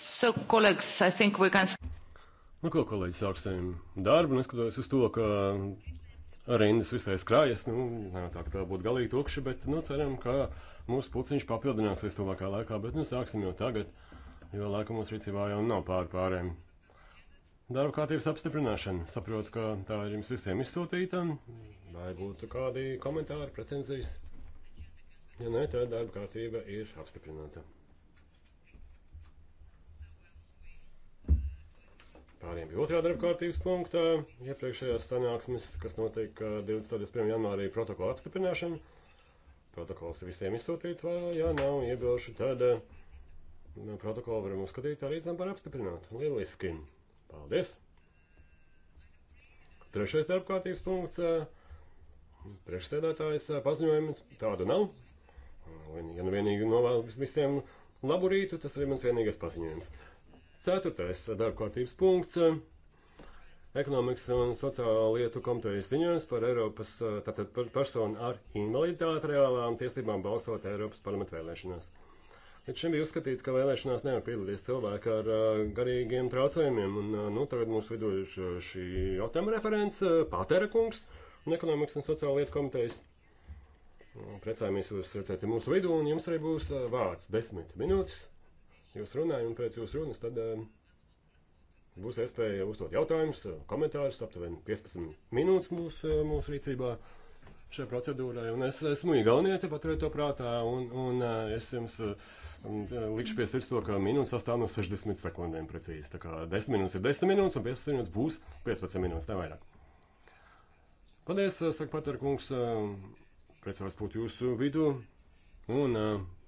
So, colleagues, I think we can... Nu, ko, kolēģi, sāksim darbu, neskatoties uz to, ka rindas visai skrājas, nu, nav tā, ka tā būtu galīgi tukša, bet, nu, ceram, ka mūsu puciņš papildināsies tuvākā laikā, bet, nu, sāksim jau tagad, jo laika mums rīcībā jau nav pāri pārējiem. Darba kārtības apstiprināšana. Saprotu, ka tā ir jums visiem izsūtīta, vai būtu kādi komentāri, pretenzijas? Ja nē, tad darba kārtība ir apstiprināta. Pāriem pie otrā darba kārtības punktā, iepriekšējās sanāksmes, kas notika 21. janvārī protokola apstiprināšana. Protokols ir visiem izsūtīts, vai jā, nav iebilšu, tad nu, protokolu varam uzskatīt arī zem par apstiprinātu. Lieliski! Paldies! Trešais darba kārtības punkts, eh, priekšsēdētājs eh, paziņojumi, tādu nav. Ja nu vienīgi novēlu visiem labu rītu, tas arī mans vienīgais paziņojums. Ceturtais darbkārtības punkts. Ekonomikas un sociālo lietu komitejas ziņojums par Eiropas, tātad par personu ar invaliditāti reālām tiesībām balsot Eiropas parlamentu vēlēšanās. Līdz šim bija uzskatīts, ka vēlēšanās nevar piedalīties cilvēki ar garīgiem traucējumiem, un nu, tagad mūsu vidū ir šī jautājuma referents Pātera kungs un ekonomikas un sociālo lietu komitejas. Priecājamies jūs redzēt mūsu vidū, un jums arī būs vārds desmit minūtes jūsu runai un pēc jūsu runas, tad eh, būs iespēja uzdot jautājumus, eh, komentārus, aptuveni 15 minūtes mūsu, eh, mūsu rīcībā šai procedūrai. Un es esmu Igaunieti, paturiet to prātā, un, un es jums likšu pie sirds to, ka minūtes sastāv no 60 sekundēm precīzi. Tā kā 10 minūtes ir 10 minūtes, un 15 minūtes būs 15 minūtes, ne vairāk. Paldies, saka Patarkungs, priecājos būt jūsu vidū un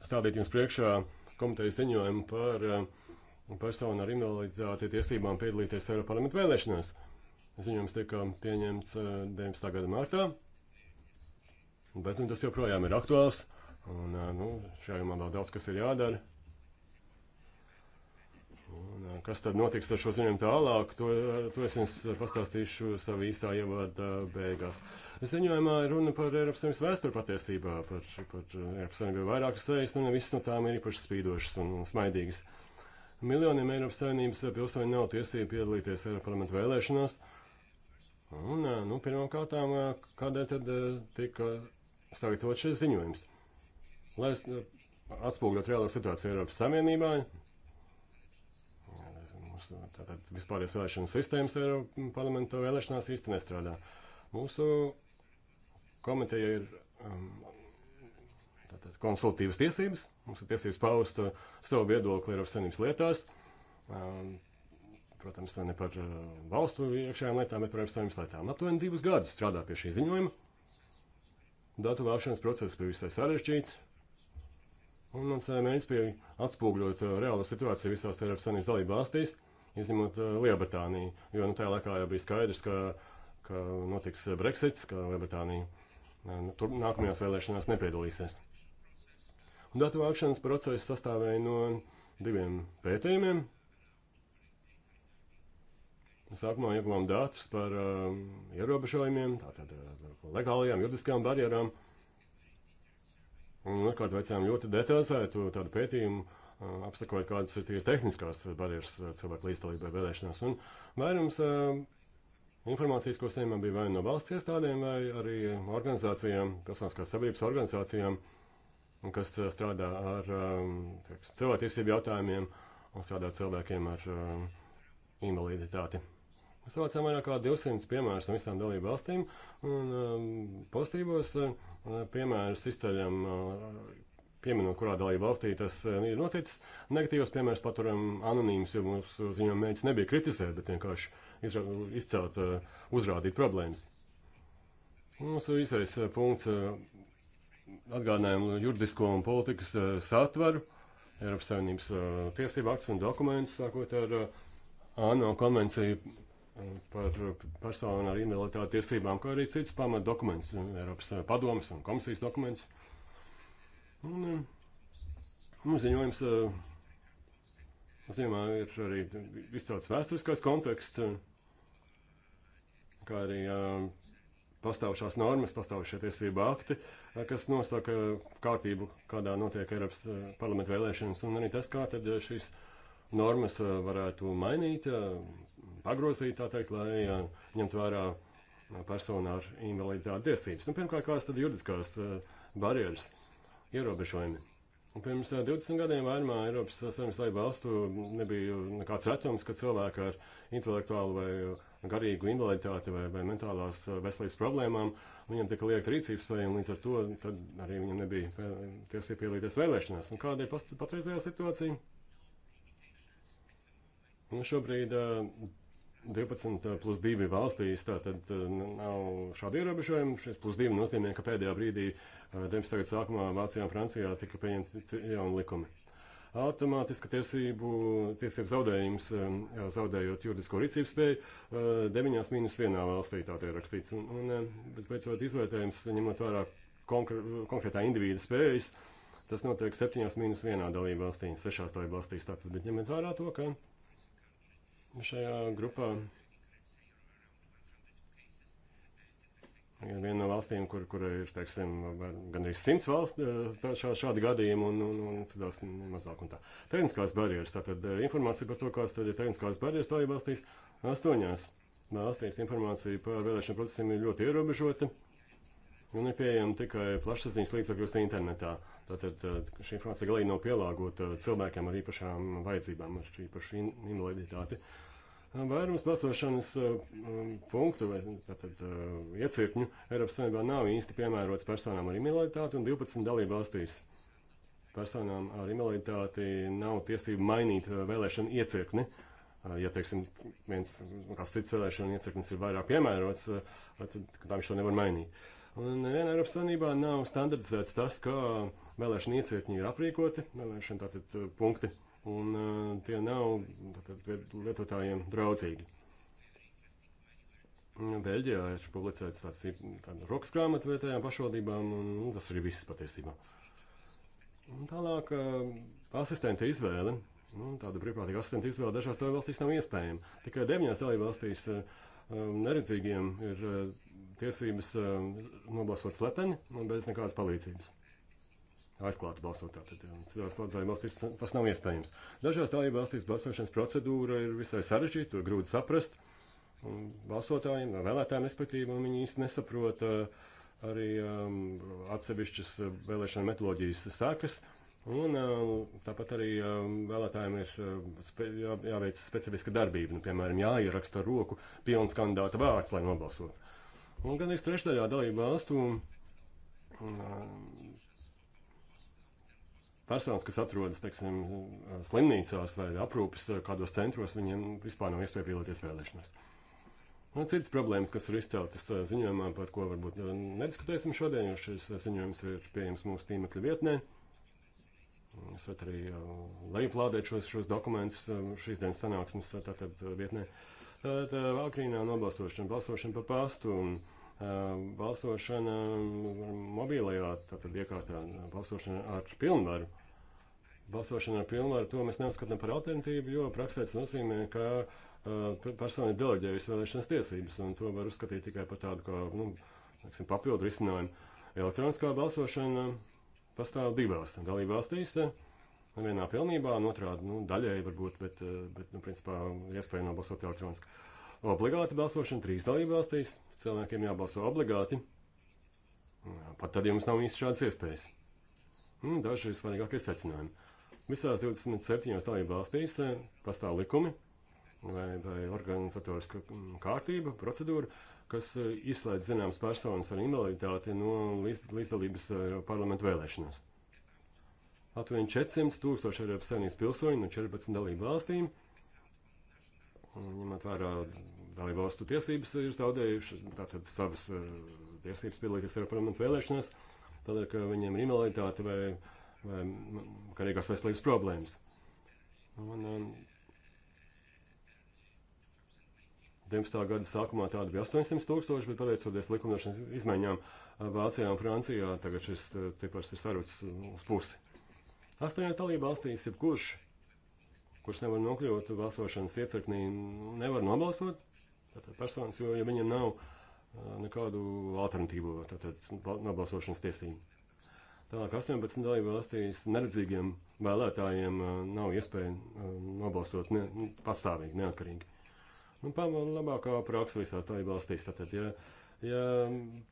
stādīt jums priekšā komitejas ziņojumu par eh, personu ar invaliditāti tiesībām piedalīties Eiropa parlamentu vēlēšanās. Ziņojums tika pieņemts 19. Eh, gada martā, bet nu, tas joprojām ir aktuāls. Un, eh, nu, šajā jomā vēl daudz kas ir jādara. Kas tad notiks ar šo ziņojumu tālāk, to, to es jums pastāstīšu savā īstā ievada beigās. Ziņojumā ir runa par Eiropas Savienības vēsturi patiesībā, par, par Eiropas Savienību vairākas sejas, un visas no tām ir īpaši spīdošas un, un smaidīgas. Miljoniem Eiropas Savienības pilsoņu nav tiesību piedalīties Eiropas parlamentu vēlēšanās. Un, nu, pirmkārt, kādēļ tad eh, tika sagatavots šis ziņojums? Lai eh, atspūgļot reālo situāciju Eiropas Savienībā, jautājumus. Nu, tātad vispārējais vēlēšana sistēmas Eiropas parlamenta vēlēšanās īsti nestrādā. Mūsu komiteja ir um, tātad konsultīvas tiesības, mums ir tiesības paust uh, savu viedokli Eiropas saimnības lietās. Um, protams, ne par uh, valstu iekšējām lietām, bet par Eiropas saimnības lietām. Aptuveni divus gadus strādā pie šī ziņojuma. Datu vākšanas process bija visai sarežģīts, Un mans mērķis bija atspūgļot uh, reālo situāciju visās Eiropas Savienības dalību valstīs, izņemot eh, Lielbritāniju, jo nu, tajā laikā jau bija skaidrs, ka, ka notiks eh, Brexits, ka Lielbritānija eh, nu, tur nākamajās vēlēšanās nepiedalīsies. Un datu vākšanas process sastāvēja no diviem pētījumiem. Sākumā ieguvām datus par uh, ierobežojumiem, tātad uh, legālajām, juridiskajām barjerām. Un otrkārt veicām ļoti detalizētu tādu pētījumu, uh, apsakot, kādas ir tie tehniskās barjeras cilvēku līdzdalībai vēlēšanās. Un vairums informācijas, ko saņemam, bija vai no valsts iestādēm, vai arī organizācijām, pilsoniskās sabiedrības organizācijām, kas strādā ar cilvēktiesību jautājumiem un strādā cilvēkiem ar invaliditāti. Mēs savācām vairāk kā 200 piemērus no visām dalību valstīm, un um, pozitīvos uh, piemērus izceļam uh, pieminot, kurā dalība valstī tas eh, ir noticis. Negatīvos piemērus paturam anonīmus, jo mūsu ziņām mērķis nebija kritizēt, bet vienkārši izcelt, eh, uzrādīt problēmas. Mūsu īsais eh, punkts atgādinājumu juridisko un politikas satvaru, Eiropas Savienības tiesību aktus un dokumentus, sākot ar ANO konvenciju par personu ar invaliditāti tiesībām, kā arī citus pamat dokumentus, Eiropas padomas un komisijas dokumentus. Nu, un, mums eh, nu, ziņojums eh, nozīmē ir arī izcelts vēsturiskais konteksts, eh, kā arī pastāvušās normas, pastāvušie tiesība akti, kas nosaka kārtību, kādā notiek Eiropas parlamenta vēlēšanas, un arī tas, kā tad šīs normas varētu mainīt, pagrozīt, tā teikt, lai ņemtu vērā personu ar invaliditāti tiesības. Nu, pirmkārt, kādas tad juridiskās barjeras? ierobežojumi. Un pirms 20 gadiem vairumā Eiropas Savienības laiba valstu nebija nekāds retums, ka cilvēki ar intelektuālu vai garīgu invaliditāti vai, vai mentālās veselības problēmām viņam tika liekta rīcības spēja, un līdz ar to arī viņam nebija tiesība piedalīties vēlēšanās. Un kāda ir patreizējā situācija? Nu, šobrīd uh, 12 eh, plus 2 valstīs, tātad eh, nav šādi ierobežojumi. Šis plus 2 nozīmē, ka pēdējā brīdī 19. Eh, gada sākumā Vācijā un Francijā tika pieņemti jauni likumi. Automātiska tiesību, tiesību zaudējums, zaudējot juridisko rīcību spēju, 9 mīnus 1 valstī tā tiek rakstīts. Un, un bezbeidzot izvērtējums, ņemot vērā konkr konkrētā individa spējas, tas notiek 7 mīnus 1 dalību valstī, 6 dalību valstīs. Tātad, bet ņemot vērā to, ka šajā grupā. Ir viena no valstīm, kur, kur ir teiksim, gandrīz simts valsts eh, šā, šādi gadījumi, un, un, un citās mazāk. Un tā. Tehniskās barjeras. Tātad eh, informācija par to, kādas ir tehniskās barjeras dalībvalstīs, astoņās valstīs informācija par vēlēšanu procesiem ir ļoti ierobežota un nu, ir pieejama tikai plašsaziņas līdzakļos internetā. Tātad šī informācija galīgi nav pielāgota cilvēkiem ar īpašām vajadzībām, ar īpašu invaliditāti. Vairums balsošanas punktu vai tātad, iecirkņu Eiropas Savienībā nav īsti piemērots personām ar invaliditāti un 12 dalību valstīs. Personām ar invaliditāti nav tiesību mainīt vēlēšanu iecirkni ja teiksim, viens kāds cits vēlēšana iecirknis ir vairāk piemērots, tad tā viņš to nevar mainīt. Un nevienā Eiropas Savienībā nav standardizēts tas, kā vēlēšana iecirkņi ir aprīkoti, vēlēšana tātad uh, punkti, un uh, tie nav tātad lietotājiem draudzīgi. Nu, Beļģijā ir publicēts tāds tāda rokas grāmata vietējām pašvaldībām, un nu, tas arī viss patiesībā. Un tālāk uh, asistenta izvēle. Nu, tāda brīvprātīga asistenta izvēle dažās dalībvalstīs nav iespējama. Tikai deviņās dalībvalstīs uh, um, neredzīgiem ir uh, tiesības um, nobalsot slepeni un bez nekādas palīdzības. Aizklāti balsot tātad. Citās slēdēju valstīs tas nav iespējams. Dažās dalību valstīs balsošanas procedūra ir visai sarežģīta, to ir grūti saprast. Un balsotājiem, vēlētājiem, respektīvi, viņi īsti nesaprot uh, arī um, atsevišķas uh, vēlēšana metoloģijas sākas. Un um, tāpat arī um, vēlētājiem ir uh, spe, jā, jāveic specifiska darbība. Nu, piemēram, jāieraksta roku pilns kandidāta vārds, lai nobalsotu. Un gan arī trešdaļā dalību valstu um, personas, kas atrodas, teiksim, slimnīcās vai aprūpes uh, kādos centros, viņiem vispār nav iespēja pielieties vēlēšanās. Un citas problēmas, kas ir izceltas uh, ziņojumā, par ko varbūt uh, nediskutēsim šodien, jo šis ziņojums ir pieejams mūsu tīmekļa vietnē. Es varu arī lejuplādēt šos, šos dokumentus um, šīs dienas sanāksmes tātad vietnē. Uh, Tad agrīnā nobalsošana, balsošana pa pastu, balsošana mobilajā, tātad iekārtā, balsošana ar pilnvaru. Balsošana ar pilnvaru, to mēs neuzskatām par alternatīvu, jo praksē tas nozīmē, ka uh, persona ir deleģējusi vēlēšanas tiesības, un to var uzskatīt tikai par tādu kā nu, liksim, papildu risinājumu. Elektroniskā balsošana pastāv divās dalībvalstīs. Uh, Nu, vienā pilnībā, un otrā nu, daļēji varbūt, bet, eh, bet nu, principā iespēja nobalsot elektroniski. Obligāti balsošana trīs dalībvalstīs. Cilvēkiem jābalso obligāti. Pat tad jums nav īsti šādas iespējas. Nu, daži ir svarīgākie secinājumi. Visās 27 dalībvalstīs eh, pastāv likumi vai, vai organizatoriska mm, kārtība, procedūra, kas eh, izslēdz zināmas personas ar invaliditāti no līdz, līdzdalības parlamentu vēlēšanās aptuveni 400 tūkstoši Eiropas Savienības pilsoņu no 14 dalību valstīm. Ņemot vērā dalību valstu tiesības, ir zaudējuši tātad savas eh, tiesības piedalīties Eiropas parlamentu vēlēšanās, tādēļ, ka viņiem ir invaliditāte vai, vai karīgās veselības problēmas. Un, um, 19. gada sākumā tāda bija 800 tūkstoši, bet pateicoties likumdošanas izmaiņām Vācijā un Francijā, tagad šis eh, cipars ir sarūts uz pusi. Astoņās dalībvalstīs jebkurš, kurš nevar nokļūt balsošanas iecirknī, nevar nobalsot. Tātad personas, jo ja viņam nav nekādu alternatīvu tātad, nobalsošanas tiesību. Tālāk 18 dalībvalstīs neredzīgiem vēlētājiem nav iespēja nobalsot ne, pastāvīgi, neatkarīgi. Nu, Pamēģinām labākā praksa visās dalībvalstīs. Tātad, ja, ja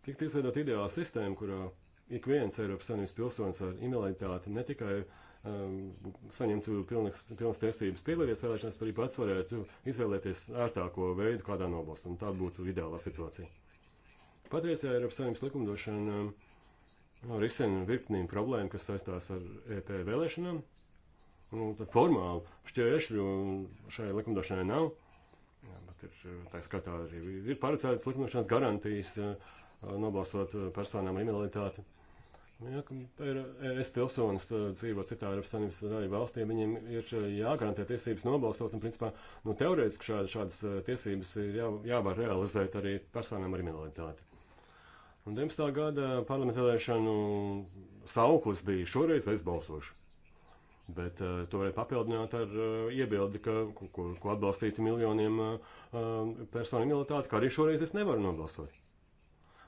tiktu izveidot ideāla sistēma, kurā ik viens Eiropas Savienības pilsonis ar invaliditāti ne tikai um, saņemtu pilnas, pilnas tiesības piedalīties vēlēšanās, bet arī pats varētu izvēlēties ērtāko veidu, kādā nobalst. Un tā būtu ideālā situācija. Patreizējā Eiropas Savienības likumdošana um, risina virknīm problēmu, kas saistās ar EP vēlēšanām. Nu, formāli šķēršļu šai likumdošanai nav. Jā, bet ir, uh, tā skatā arī ir paredzētas likumdošanas garantijas. Uh, nobalstot uh, personām invaliditāti. Ja, ir es pilsonis dzīvo citā Eiropas Savienības daļa valstī, viņiem ir eh, jāgarantē tiesības nobalstot, un principā nu, teorētiski šādas, šādas eh, tiesības ir jā, jāvar realizēt arī personām ar invaliditāti. Un 19. gada parlamentēlēšanu sauklis bija šoreiz es balsošu. Bet uh, to varēja papildināt ar uh, iebildi, ka, ko, ko atbalstītu miljoniem uh, personu invaliditāti, kā arī šoreiz es nevaru nobalsot.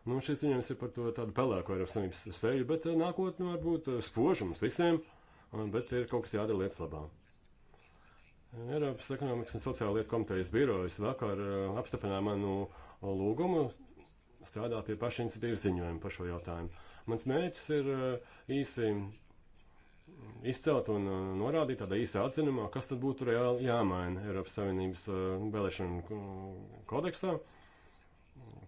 Nu, šis viņiem ir par to tādu pelēko Eiropas Savienības seju, bet eh, nākotnē varbūt eh, spožu mums visiem, bet ir kaut kas jādara lietas labā. Eiropas ekonomikas un sociāla lietu komitejas birojas vakar eh, apstiprināja manu lūgumu strādāt pie pašiniciatīvas ziņojuma par šo jautājumu. Mans mērķis ir īsi izcelt un norādīt tādā īsā atzinumā, kas tad būtu reāli jāmaina Eiropas Savienības vēlēšanu kodeksā. Uh,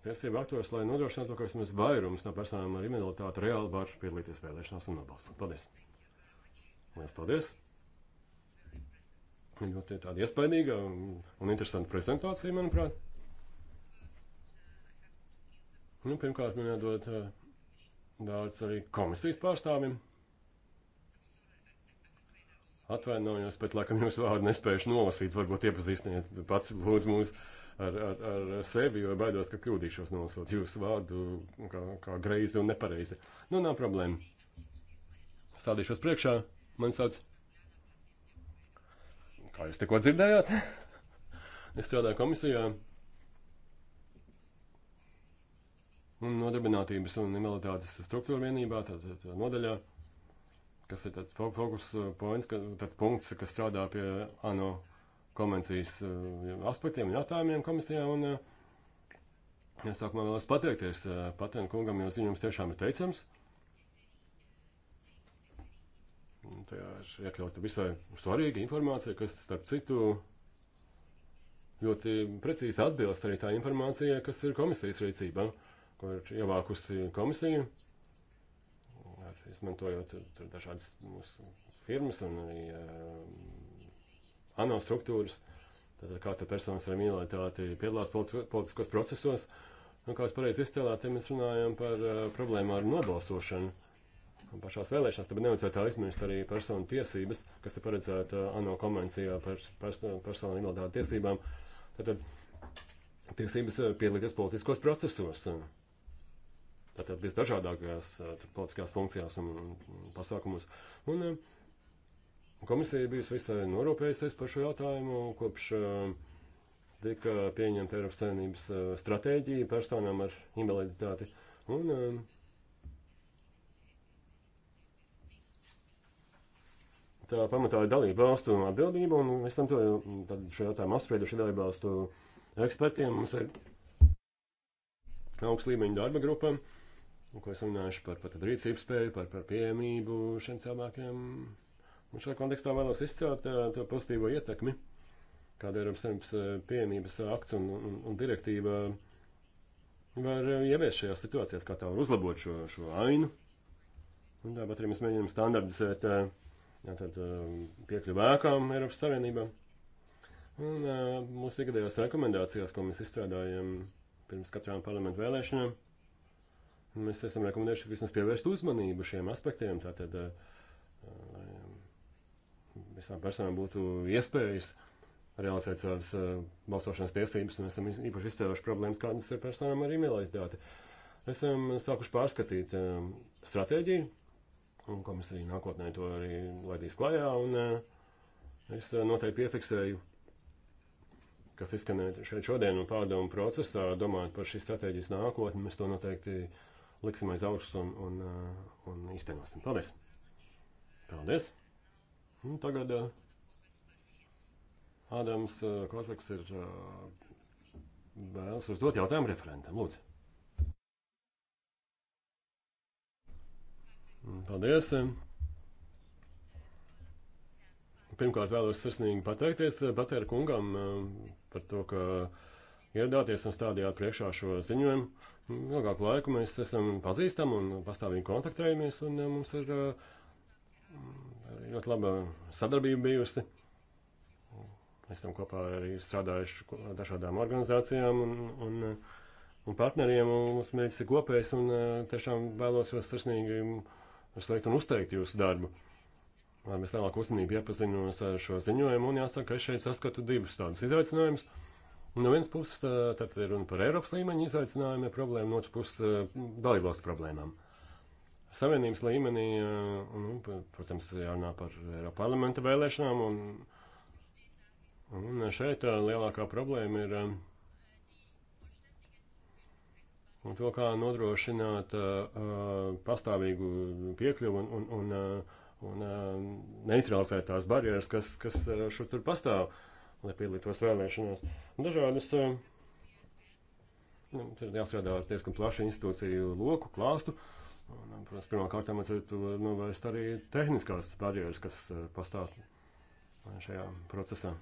tiesību aktos, lai nodrošinātu, ka vismaz vairums no personām ar invaliditāti reāli var piedalīties vēlēšanās un nobalsot. Paldies! Lielas paldies! Ļoti tāda iespaidīga un interesanta prezentācija, manuprāt. Nu, pirmkārt, man jādod eh, vārds arī komisijas pārstāvim. Atvainojos, bet, laikam, jūsu vārdu nespējuši nolasīt. Varbūt iepazīstiniet pats lūdzu mūsu ar, ar, ar sevi, jo baidos, ka kļūdīšos nosaukt jūsu vārdu kā, kā greizi un nepareizi. Nu, nav problēma. Stādīšos priekšā, man sauc. Kā jūs tikko dzirdējāt? es strādāju komisijā. Un nodarbinātības un invaliditātes struktūra vienībā, tātad tā, tā, nodaļā, kas ir tāds fokus eh, points, ka, tad punkts, kas strādā pie ANO konvencijas eh, aspektiem un jautājumiem komisijā. Un, eh, Es sākumā vēlos pateikties eh, patentu kungam, jo ziņojums tiešām ir teicams. Tajā ir iekļauta visai svarīga informācija, kas, starp citu, ļoti precīzi atbilst arī tā informācija, kas ir komisijas rīcībā, ko ir ievākusi komisija, ar, izmantojot dažādas mūsu firmas un arī ANO struktūras, tātad kā tad personas ar invaliditāti piedalās politiskos procesos. Nu, kā jūs pareizi izcēlāt, te mēs runājam par uh, problēmu ar nobalsošanu. Pašās vēlēšanās, tāpēc nevajadzētu aizmirst arī personu tiesības, kas ir paredzēta uh, ANO konvencijā par personu, personu invaliditāti tiesībām. Tātad tiesības eh, piedalīties politiskos procesos. Uh, tātad visdažādākajās politiskajās funkcijās un, un pasākumos. Un, uh, Komisija bijusi visai norūpējusies par šo jautājumu kopš tika pieņemta Eiropas Savienības stratēģija personām ar invaliditāti. Un, tā pamatā ir dalība valstu atbildība, un mēs tam to šo jautājumu apsprieduši dalība valstu ekspertiem. Mums ir augsts līmeņa darba grupa, ko esam runājuši par pat rīcības spēju, par, par pieejamību šiem cilvēkiem Un šajā kontekstā vēlos izcelt eh, to pozitīvo ietekmi, kāda Eiropas Savienības eh, pieejamības akts un, un, un direktīva var eh, ieviest šajās situācijās, kā tā var uzlabot šo, šo ainu. Un tāpat arī mēs mēģinām standardizēt piekļuvu ēkām Eiropas Savienībā. Un mūsu ikgadējās rekomendācijās, ko mēs izstrādājam pirms katrām parlamentu vēlēšanām, mēs esam rekomendējuši vismaz pievērst uzmanību šiem aspektiem, tātad, lai visām personām būtu iespējas realizēt savas uh, eh, balsošanas tiesības, un esam īpaši izcēluši problēmas, kādas ir personām ar invaliditāti. Esam sākuši pārskatīt uh, stratēģiju, un komisija nākotnē to arī laidīs klajā, un uh, es noteikti piefiksēju, kas izskanēja šeit šodien un pārdomu procesā, domājot par šīs stratēģijas nākotni, mēs to noteikti liksim aiz augšas un, un, un īstenosim. Paldies! Paldies! Un nu, tagad eh, Ādams eh, Kozaks ir eh, vēlas uzdot jautājumu referentam. Lūdzu. Mm, paldies. Pirmkārt, vēlos sirsnīgi pateikties Batēra kungam par to, ka ieradāties un stādījāt priekšā šo ziņojumu. Ilgāku laiku mēs esam pazīstami un pastāvīgi kontaktējamies, un mums ir ļoti laba sadarbība bijusi. Esam kopā arī strādājuši ar dažādām organizācijām un, un, un partneriem. Un mums mērķis ir kopējs un tiešām vēlos jūs sirsnīgi sveikt un uzteikt jūsu darbu. Lai mēs tālāk uzmanīgi iepazinos ar šo ziņojumu un jāsaka, ka es šeit saskatu divus tādus izaicinājumus. No vienas puses, tad ir runa par Eiropas līmeņa izaicinājumiem, problēmu, no otras puses, dalībvalstu problēmām. Savienības līmenī, eh, nu, protams, jārunā par Eiropa parlamenta vēlēšanām, un, un šeit eh, lielākā problēma ir eh, un to, kā nodrošināt uh, pastāvīgu piekļuvu un, un, un, uh, un uh, neutralizēt tās barjeras, kas, kas uh, šur tur pastāv, lai piedalītos vēlēšanās. Dažādas, uh, nu, tur jāsvēdā ar diezgan plašu institūciju loku klāstu. Uh, Un, protams, pirmā kārtā mēs varam novērst arī tehniskās barjeras, kas eh, pastāv šajā procesā.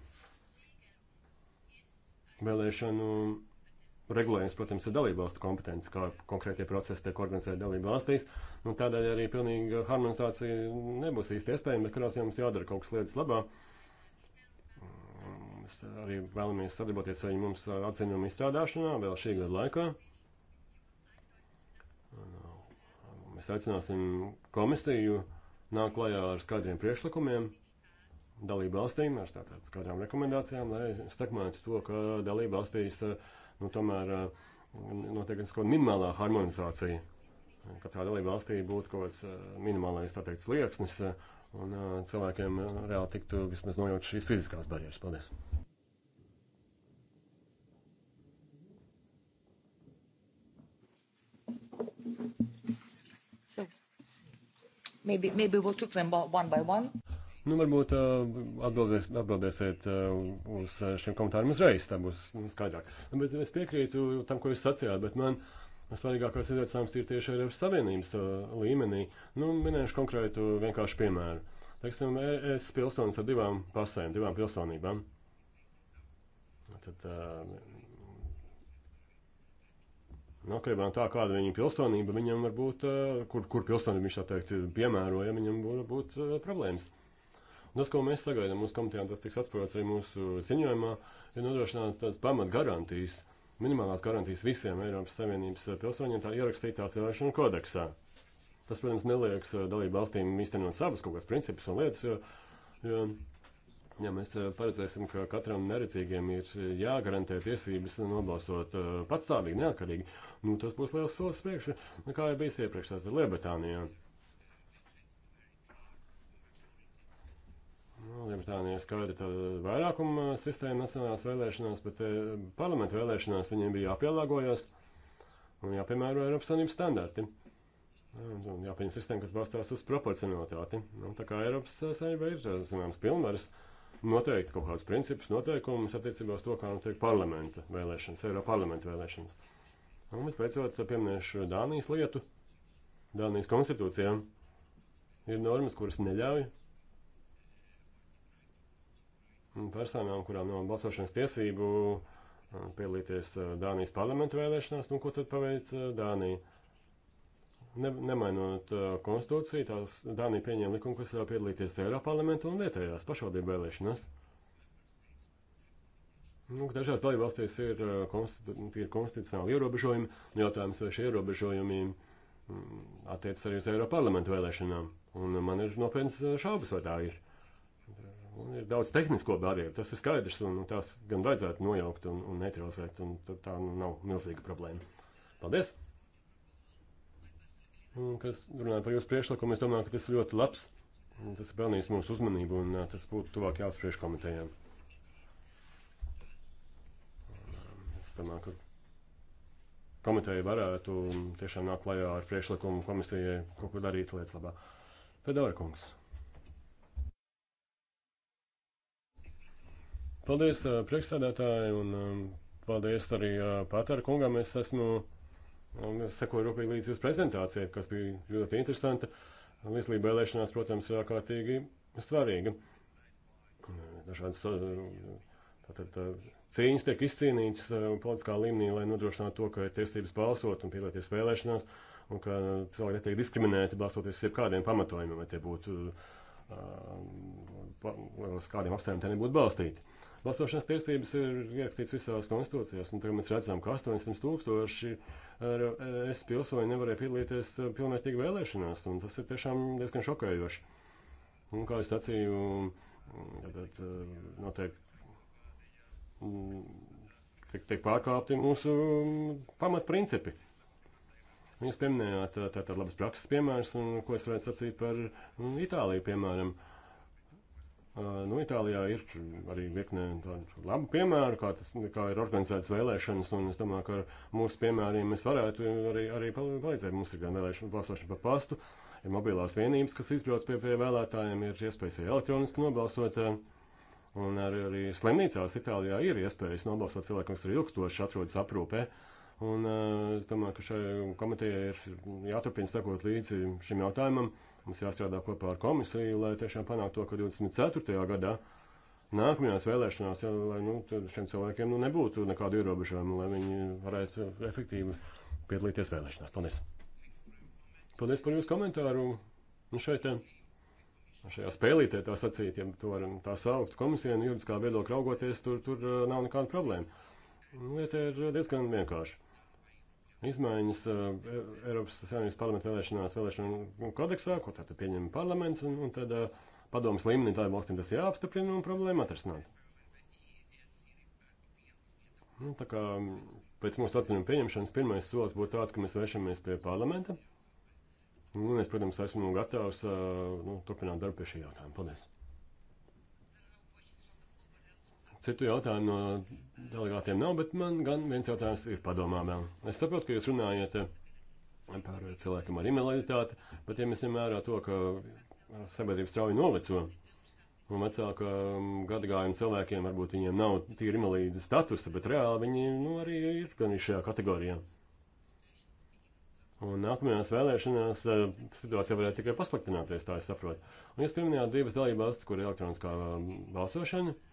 Vēlēšanu regulējums, protams, ir dalībvalstu kompetence, kā konkrētie procesi tiek organizēti dalībvalstīs. Nu, tādēļ arī pilnīga harmonizācija nebūs īsti iespējama, bet kurās jau mums jādara kaut kas lietas labā. Mm, mēs arī vēlamies sadarboties ar viņu mums atzinumu izstrādāšanā vēl šī gada laikā. Mēs aicināsim komisiju nāk klajā ar skaidriem priekšlikumiem dalību valstīm, ar tātad skaidrām rekomendācijām, lai stekmētu to, ka dalību valstīs eh, nu, tomēr eh, notiek kaut kāda minimālā harmonizācija. Katrā dalību valstī būtu kaut kāds eh, minimālais, tā teikt, slieksnis, un cilvēkiem reāli tiktu vismaz nojaukt šīs fiziskās barjeras. Paldies! Maybe, maybe we'll took them one by one. Nu, varbūt uh, atbildēs, atbildēsiet uh, uz uh, šiem komentāriem uzreiz, tā būs nu, skaidrāk. Nu, bet es piekrītu tam, ko jūs sacījāt, bet man svarīgākais izaicinājums ir tieši Eiropas Savienības līmenī. Nu, minēšu konkrētu vienkāršu piemēru. Teiksim, e, es pilsonis ar divām pasēm, divām pilsonībām. Tad, uh, Nokrībā nu, tā, kāda viņa pilsonība viņam var būt, eh, kur, kur pilsonība viņš tā teikt piemēroja, viņam var būt eh, problēmas. Un tas, ko mēs sagaidām mūsu komitejā, tas tiks atspoguļots arī mūsu ziņojumā, ir nodrošināt tādas pamat garantijas, minimālās garantijas visiem Eiropas Savienības eh, pilsoņiem, tā ierakstītās vēlēšanu kodeksā. Tas, protams, neliekas dalību valstīm īstenot savus kaut kādus principus un lietas, jo, jo Ja mēs eh, paredzēsim, ka katram neredzīgiem ir eh, jāgarantē tiesības nobalsot eh, patstāvīgi, neatkarīgi, nu, tas būs liels solis priekšu, nu, kā jau bijis iepriekš tātad Lielbritānijā. Nu, Lielbritānijā ir skaidri tāda vairākuma sistēma nacionālās vēlēšanās, bet parlamentu vēlēšanās viņiem bija jāpielāgojas un jāpiemēro Eiropas Savienības standarti. Un jāpieņem sistēma, kas balstās uz proporcionalitāti. Nu, tā kā Eiropas Savienība ir zināms pilnvaras. Uh, noteikti kaut kādus principus, noteikumus attiecībā uz to, kā notiek parlamenta vēlēšanas, Eiropa parlamenta vēlēšanas. Un visbeidzot, pieminēšu Dānijas lietu. Dānijas konstitūcijām ir normas, kuras neļauj personām, kurām nav balsošanas tiesību, piedalīties eh, Dānijas parlamenta vēlēšanās. Nu, ko tad paveic eh, Dānija? Ne, nemainot uh, konstitūciju, tās Dānija pieņēma likumu, kas ļauj piedalīties Eiropā parlamentu un vietējās pašvaldību vēlēšanās. Nu, dažās dalībvalstīs ir, uh, konstitu, ir konstitucionāli ierobežojumi, un jautājums, vai šie ierobežojumi mm, attiecas arī uz Eiropas parlamentu vēlēšanām. Un man ir nopietnas uh, šaubas, vai tā ir. Un ir daudz tehnisko barjeru, tas ir skaidrs, un tās gan vajadzētu nojaukt un, un neutralizēt, un tā nu nav milzīga problēma. Paldies! kas runā par jūsu priekšlikumu. Es domāju, ka tas ir ļoti labs. Tas ir pelnījis mūsu uzmanību un tas būtu tuvāk jāatspriež komitejām. Es domāju, ka komiteja varētu tiešām nākt klajā ar priekšlikumu komisijai kaut ko darīt lietas labā. Fedora kungs. Paldies priekšstādātāji un paldies arī patēra kungam. Es esmu. Nu, un sekoju rūpīgi līdz jūsu prezentācijai, kas bija ļoti interesanta. Līdzlība vēlēšanās, protams, ir ārkārtīgi svarīga. Dažādas uh, tātad, uh, cīņas tiek izcīnītas uh, politiskā līmenī, lai nodrošinātu to, ka ir tiesības balsot un piedalīties vēlēšanās, un ka cilvēki netiek diskriminēti balstoties uz jebkādiem pamatojumiem, vai tie būtu uh, Um, uz kādiem apstākļiem te nebūtu balstīti. Balsošanas tiesības ir ierakstīts visās konstitūcijās, un tagad mēs redzam, ka 800 tūkstoši uh, es pilsoņi nevarēja piedalīties uh, pilnvērtīgi vēlēšanās, un tas ir tiešām diezgan šokējoši. Un, kā es sacīju, tad uh, notiek mm, tiek, tiek pārkāpti mūsu mm, pamatprincipi. principi. Jūs pieminējāt tātad labas prakses piemērs, un ko es varētu sacīt par nu, Itāliju, piemēram. Nu, Itālijā ir arī virkne tādu labu piemēru, kā, tas, kā ir organizētas vēlēšanas, un es domāju, ka ar mūsu piemēriem mēs varētu arī, arī palīdzēt. Mums ir gan vēlēšana balsošana pa pastu, ir mobilās vienības, kas izbrauc pie, pie vēlētājiem, ir iespējas arī elektroniski nobalsot. Un arī, arī slimnīcās Itālijā ir iespējas nobalsot cilvēkiem, kas ir ilgstoši atrodas aprūpē. Eh? Un eh, es domāju, ka šai komitejai ir jāturpina sekot līdzi šim jautājumam. Mums jāstrādā kopā ar komisiju, lai tiešām panāktu to, ka 24. gadā nākamajās vēlēšanās, ja, lai nu, šiem cilvēkiem nu, nebūtu nekādu ierobežojumu, lai viņi varētu efektīvi piedalīties vēlēšanās. Paldies! Paldies par jūsu komentāru! Un nu, šeit, eh, šajā spēlītē tā sacīt, ja to varam tā saukt, komisija no juridiskā viedokļa raugoties, tur, tur eh, nav nekāda problēma. Lieta ir diezgan vienkārša izmaiņas uh, e- Eiropas Savienības parlamenta vēlēšanās vēlēšanu kodeksā, ko tātad pieņem parlaments, un, un tad uh, padomas līmenī tādiem valstīm tas jāapstiprina un problēma atrisināt. Nu, tā kā um, pēc mūsu atzinuma pieņemšanas pirmais solis būtu tāds, ka mēs vēršamies pie parlamenta. Nu, un es, protams, esmu gatavs uh, nu, turpināt darbu pie šī jautājuma. Paldies! Citu jautājumu no delegātiem nav, bet man gan viens jautājums ir padomā vēl. Es saprotu, ka jūs runājat eh, par cilvēkiem ar invaliditāti, bet ja mēs ņem vērā to, ka eh, sabiedrība strauji noveco, un vecāka mm, gadagājuma cilvēkiem varbūt viņiem nav tīri invalīdu statusa, bet reāli viņi nu, arī ir gan šajā kategorijā. Un nākamajās vēlēšanās eh, situācija varētu tikai pasliktināties, tā es saprotu. Un jūs pieminējāt divas dalībās, kur ir elektroniskā mm, balsošana. Uh,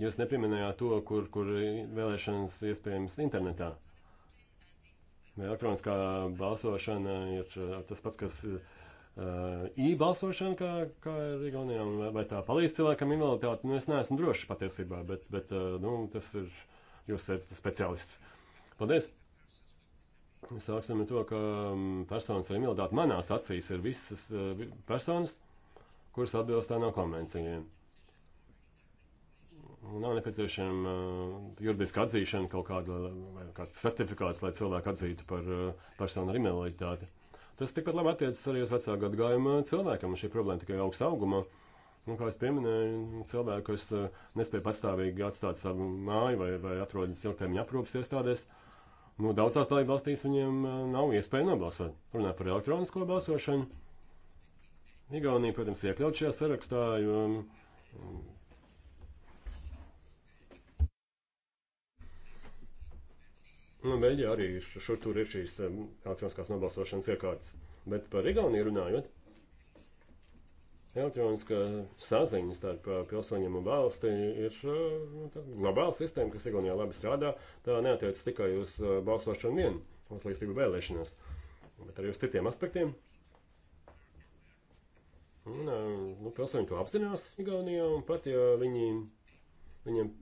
Jūs nepieminējāt to, kur, kur vēlēšanas iespējams internetā. Elektroniskā balsošana ir uh, tas pats, kas uh, e-balsošana, kā, kā ir Igaunijā, vai tā palīdz cilvēkam invaliditāti. Nu, es neesmu drošs patiesībā, bet, bet uh, nu, tas ir jūs esat speciālists. Paldies! Sāksim ar to, ka um, personas ar invaliditāti manās acīs ir visas personas, kuras atbilst tā no konvencijiem. Nav nepieciešama uh, juridiska atzīšana, kaut kāda, kāds certifikāts, lai cilvēku atzītu par uh, personu ar invaliditāti. Tas tikpat labi attiecas arī uz vecāku gadagājumu cilvēkam, un šī problēma tikai augsta auguma. Un, kā jau minēju, cilvēki, kas uh, nespēja patstāvīgi atstāt savu māju vai, vai atrodas ilgtermiņa aprūpas iestādēs, nu, daudzās dalību valstīs viņiem nav iespēja nobalsot. Runāju par elektronisko balsošanu. Igaunija, protams, iekļaut šajā sarakstā, jo um, Nu, Beļģijā arī šur tur ir šīs um, elektroniskās nobalsošanas iekārtas. Bet par Igauniju runājot, elektroniskā saziņa starp eh, pilsoņiem un valsti ir uh, globāla sistēma, kas Igaunijā labi strādā. Tā neatiecas tikai uz uh, balsošanu vien, uz līdzību vēlēšanās, bet arī uz citiem aspektiem. Un, uh, nu, pilsoņi to apzinās Igaunijā, un pat ja viņi, viņiem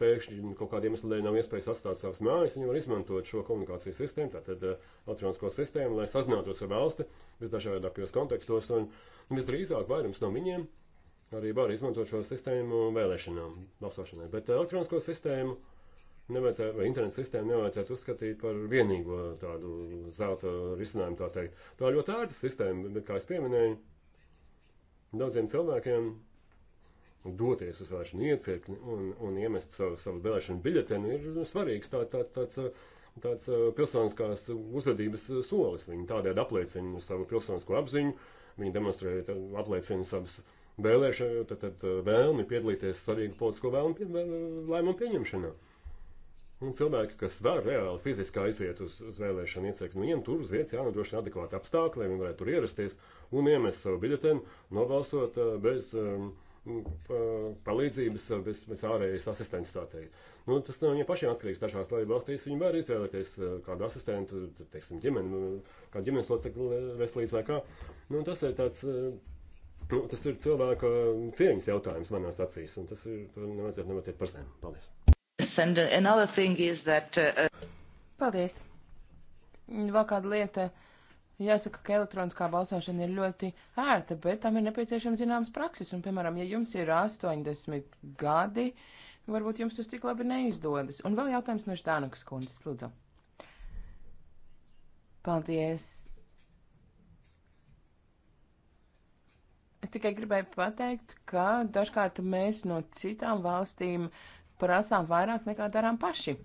pēkšņi kaut kādiem iemesliem nav iespējas atstāt savas mājas, viņi var izmantot šo komunikāciju sistēmu, tātad eh, elektronisko sistēmu, lai sazinātos ar valsti visdažādākajos kontekstos, un, un visdrīzāk vairums no viņiem arī var izmantot šo sistēmu vēlēšanām, balsošanai. Bet elektronisko sistēmu nevajadzētu, vai internetu sistēmu nevajadzētu uzskatīt par vienīgo tādu zelta risinājumu, tā teikt. Tā ļoti ērta sistēma, bet, kā es pieminēju, daudziem cilvēkiem doties uz vēlēšanu iecirkni un, un iemest savu, savu vēlēšanu biļetenu ir svarīgs tā, tā, tāds, uh, tāds uh, pilsoniskās uzvedības solis. Viņi tādēļ apliecina savu pilsonisko apziņu, viņi demonstrē, apliecina savas vēlēšanu, tad, tad vēlmi piedalīties svarīgu politisko vēlmu pie, lēmumu pieņemšanā. Un cilvēki, kas var reāli fiziski aiziet uz, uz vēlēšanu iecirkni, nu, viņiem tur uz vietas jānodrošina adekvāti apstākļi, lai viņi varētu tur ierasties un iemest savu biļetenu, nobalsot uh, bez. Um, palīdzības eh, bez, bez ārējas asistents, tā teikt. Nu, tas no viņiem pašiem atkarīgs. Dažās valstīs viņi var izvēlēties eh, kādu asistentu, teiksim, ģimeni, nu, kādu ģimenes locekli veselīdz vai kā. Nu, tas ir tāds. Eh, nu, tas ir cilvēka cieņas jautājums manās acīs, un tas ir, to nevajadzētu nematiet par zemu. Paldies. And uh, another thing is that, uh, uh Paldies. Vēl kāda lieta. Uh, Jāsaka, ka elektroniskā balsošana ir ļoti ērta, bet tam ir nepieciešams zināms prakses. Un, piemēram, ja jums ir 80 gadi, varbūt jums tas tik labi neizdodas. Un vēl jautājums no Štānakas kundzes, lūdzu. Paldies! Es tikai gribēju pateikt, ka dažkārt mēs no citām valstīm prasām vairāk nekā darām paši.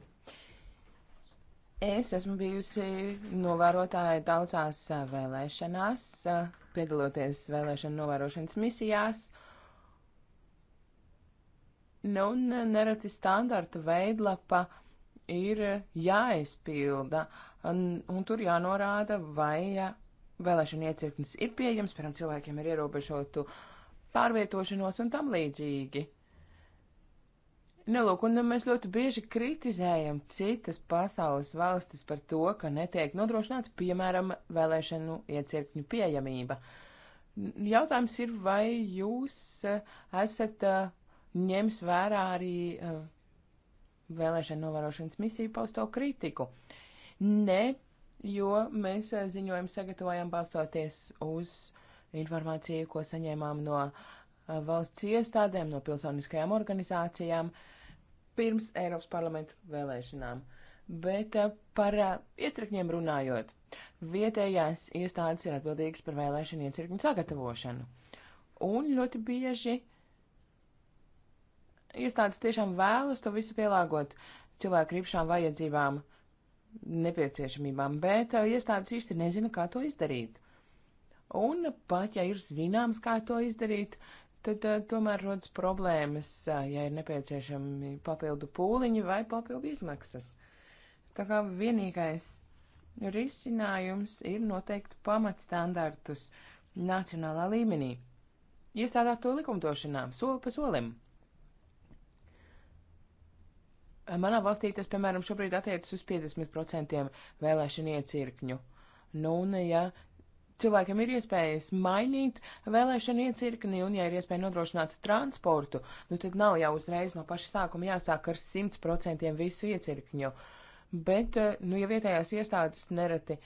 Es esmu bijusi novērotāja daudzās vēlēšanās, piedaloties vēlēšana novērošanas misijās. Nu, un nereti standartu veidlapa ir jāizpilda, un, un tur jānorāda, vai vēlēšana iecirknis ir pieejams, piemēram, cilvēkiem ir ierobežotu pārvietošanos un tam līdzīgi. Nu, lūk, un mēs ļoti bieži kritizējam citas pasaules valstis par to, ka netiek nodrošināta, piemēram, vēlēšanu iecirkņu pieejamība. Jautājums ir, vai jūs eh, esat eh, ņems vērā arī eh, vēlēšanu novērošanas misiju pausto kritiku? Nē, jo mēs ziņojumu sagatavojam balstoties uz informāciju, ko saņēmām no valsts iestādēm, no pilsoniskajām organizācijām. Uh, pirms Eiropas parlamenta vēlēšanām. Bet eh, par eh, iecirkņiem runājot, vietējās iestādes ir atbildīgas par vēlēšanu iecirkņu sagatavošanu. Un ļoti bieži iestādes tiešām vēlas to visu pielāgot cilvēku rīpšām vajadzībām, nepieciešamībām, bet eh, iestādes īsti nezina, kā to izdarīt. Un pat ja ir zināms, kā to izdarīt, uh, tad uh, tomēr rodas problēmas, uh, ja ir nepieciešami papildu pūliņi vai papildu izmaksas. Tā kā vienīgais risinājums ir noteikt pamatstandartus nacionālā līmenī, iestrādāt to likumdošanā soli pa solim. Manā valstī tas, piemēram, šobrīd attiecas uz 50% vēlēšanu iecirkņu. Nu, un, ja cilvēkam ir iespējas mainīt vēlēšanu iecirkni, un ja ir iespēja nodrošināt transportu, nu tad nav jau uzreiz no paša sākuma jāsāk ar 100% visu iecirkņu. Bet, eh, nu, ja vietējās iestādes nereti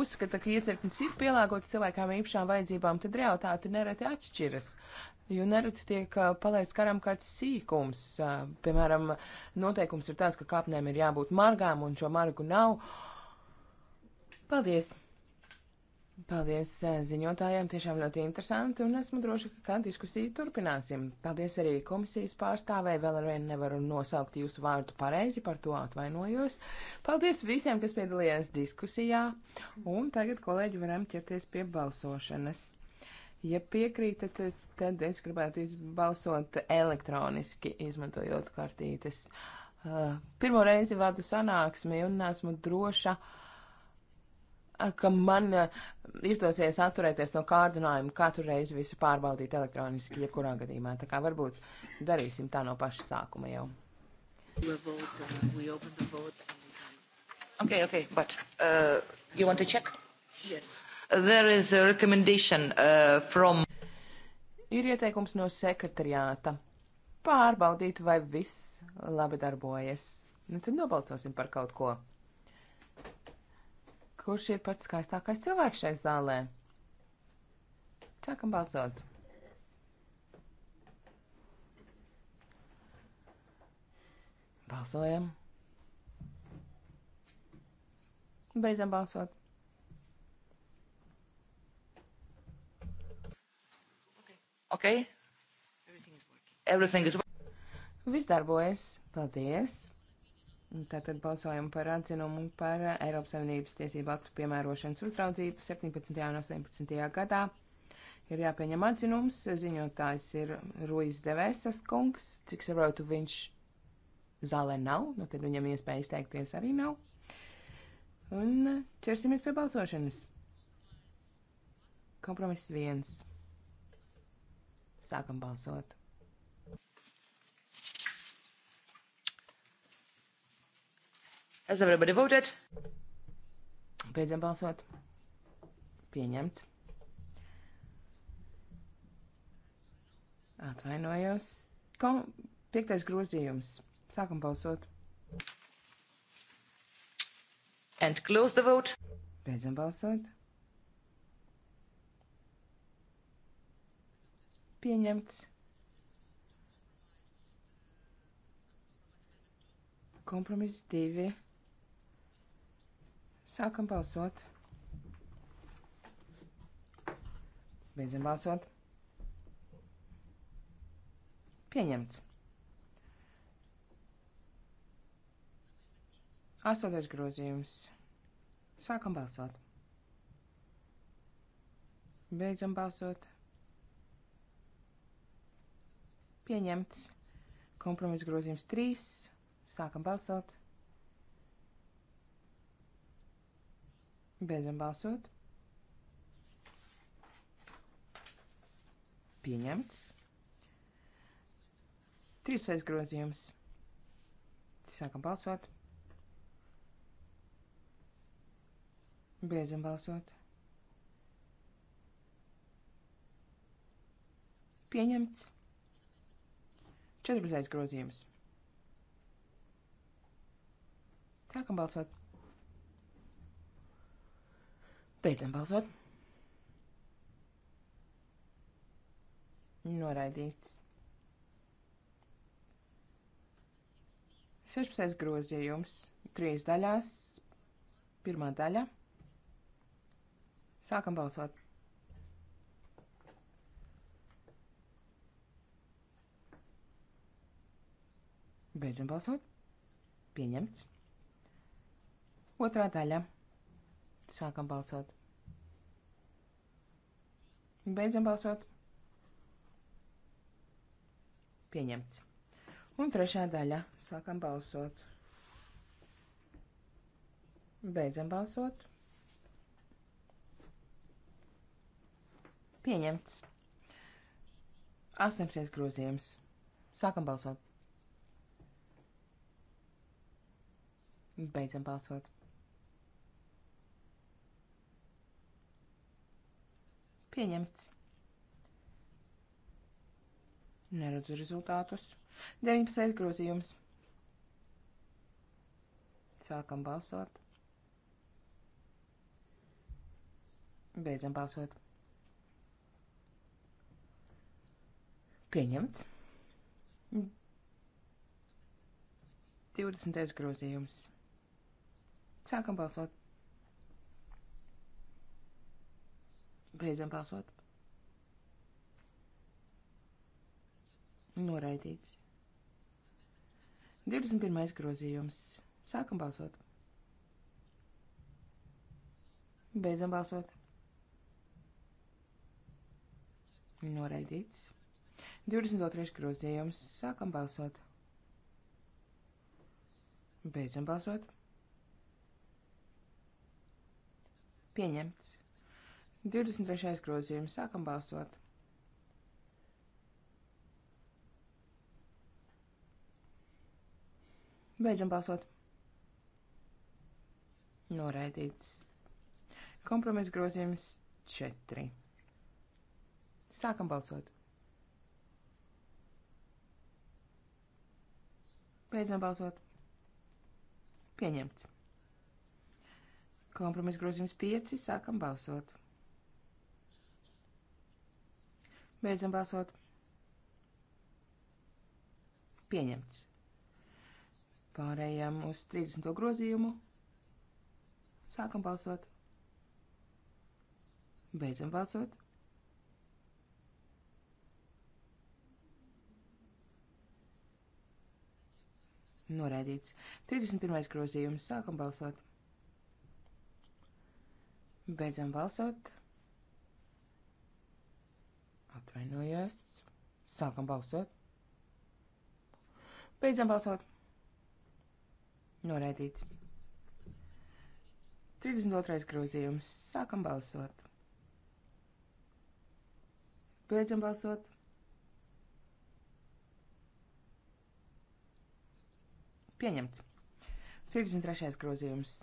uzskata, ka iecirknis ir pielāgots cilvēkām īpašām vajadzībām, tad realitāte nereti atšķiras. Jo nereti tiek eh, palaists karam kāds sīkums. Eh, piemēram, noteikums ir tāds, ka kāpnēm ir jābūt margām un šo margu nav. Uh, Paldies! Paldies eh, ziņotājiem, tiešām ļoti interesanti, un esmu droši, ka diskusiju turpināsim. Paldies arī komisijas pārstāvēji, vēl arvien nevaru nosaukt jūsu vārdu pareizi, par to atvainojos. Paldies visiem, kas piedalījās diskusijā, un tagad, kolēģi, varam ķerties pie balsošanas. Ja piekrītat, tad es gribētu izbalsot elektroniski, izmantojot kartītes. Eh, pirmo reizi vadu sanāksmi, un esmu droša. Uh, ka man eh, izdosies atturēties no kārdinājuma katru reizi visu pārbaudīt elektroniski, jebkurā gadījumā. Tā kā varbūt darīsim tā no paša sākuma jau. Uh, okay, okay, but uh, you want to check? Yes. Uh, there is a recommendation uh, from. Ir ieteikums no sekretariāta pārbaudīt, vai viss labi darbojas. Nu, tad nobalsosim par kaut ko kurš ir pats skaistākais cilvēks šai zālē. Sākam balsot. Balsojam. Beidzam balsot. Okay. Everything is working. Everything is working. Viss darbojas. Paldies. Tātad balsojam par atzinumu par Eiropas Savienības tiesību aktu piemērošanas uzraudzību 17. un 18. gadā. Ir jāpieņem atzinums, ziņotājs ir Ruiz Devesas kungs, cik saprotu viņš zālē nav, nu tad viņam iespēja izteikties arī nav. Un ķersimies pie balsošanas. Kompromiss viens. Sākam balsot. Has everybody voted? Beidzam balsot. Pieņemts. Atvainojos. Kom piektais grozījums. Sākam balsot. And close the vote. Beidzam balsot. Pieņemts. Kompromiss divi. Sākam balsot. Beidzam balsot. Pieņemts. Astotais grozījums. Sākam balsot. Beidzam balsot. Pieņemts. Kompromiss grozījums 3. Sākam balsot. Beidzam balsot. Pieņemts. 13. grozījums. Sākam balsot. Beidzam balsot. Pieņemts. 14. grozījums. Sākam balsot. Beidzam balsot. Noraidīts. 16. grozījums, 3 daļās, pirmā daļa. Sākam balsot. Beidzam balsot. Pieņemts. Otrā daļa. Sākam balsot. Beidzam balsot. Pieņemts. Un trešā daļa. Sākam balsot. Beidzam balsot. Pieņemts. 18 grozījums. Sākam balsot. Beidzam balsot. Pieņemts. Neredzu rezultātus. 19. grozījums. Sākam balsot. Beidzam balsot. Pieņemts. 20. grozījums. Sākam balsot. Beidzam balsot. Noraidīts. 21. grozījums. Sākam balsot. Beidzam balsot. Noraidīts. 22. grozījums. Sākam balsot. Beidzam balsot. Pieņemts. 23. grozījums. Sākam balsot. Beidzam balsot. Noraidīts. Kompromiss grozījums 4. Sākam balsot. Beidzam balsot. Pieņemts. Kompromiss grozījums 5. Sākam balsot. Beidzam balsot. Pieņemts. Pārējām uz 30. grozījumu. Sākam balsot. Beidzam balsot. Noraidīts. 31. grozījums. Sākam balsot. Beidzam balsot. Atvainojos. Sākam balsot. Beidzam balsot. Noraidīts. 32. grozījums. Sākam balsot. Beidzam balsot. Pieņemts. 33. grozījums.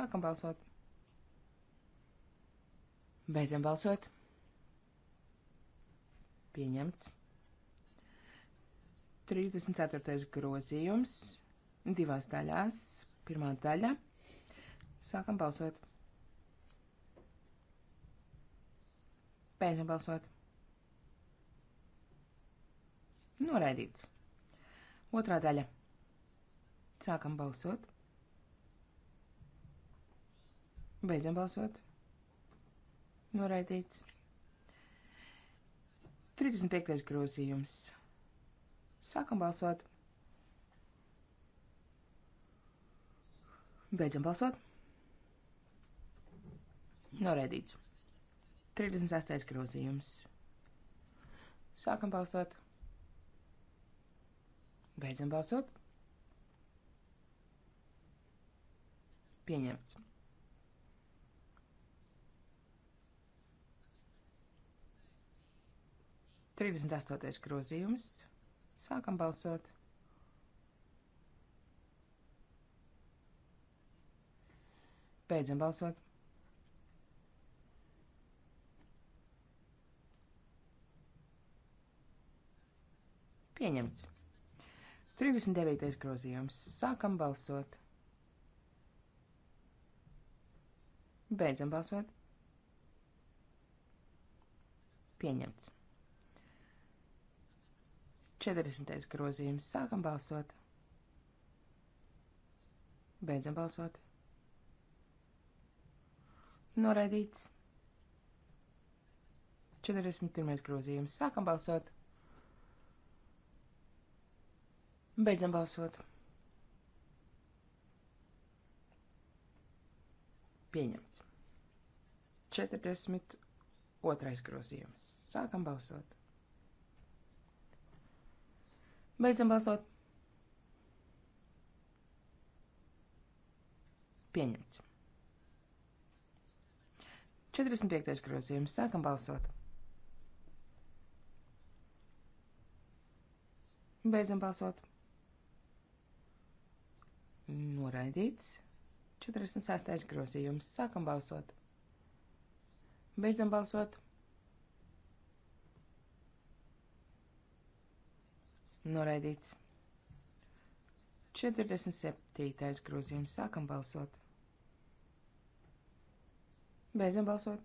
Sākam balsot. Beidzam balsot. Pieņemts. 34. grozījums divās daļās. Pirmā daļa. Sākam balsot. Beidzam balsot. Noraidīts. Otrā daļa. Sākam balsot. Beidzam balsot. Noraidīts. 35. grozījums. Sākam balsot. Beidzam balsot. Noraidīts. 36. grozījums. Sākam balsot. Beidzam balsot. Pieņemts. 38. grozījums. Sākam balsot. Beidzam balsot. Pieņemts. 39. grozījums. Sākam balsot. Beidzam balsot. Pieņemts. 40. grozījums. Sākam balsot. Beidzam balsot. Noraidīts. 41. grozījums. Sākam balsot. Beidzam balsot. Pieņemts. 42. grozījums. Sākam balsot. Beidzam balsot. Pieņemts. 45. grozījums. Sākam balsot. Beidzam balsot. Noraidīts. 46. grozījums. Sākam balsot. Beidzam balsot. Noraidīts. 47. grozījums. Sākam balsot. Beidzam balsot.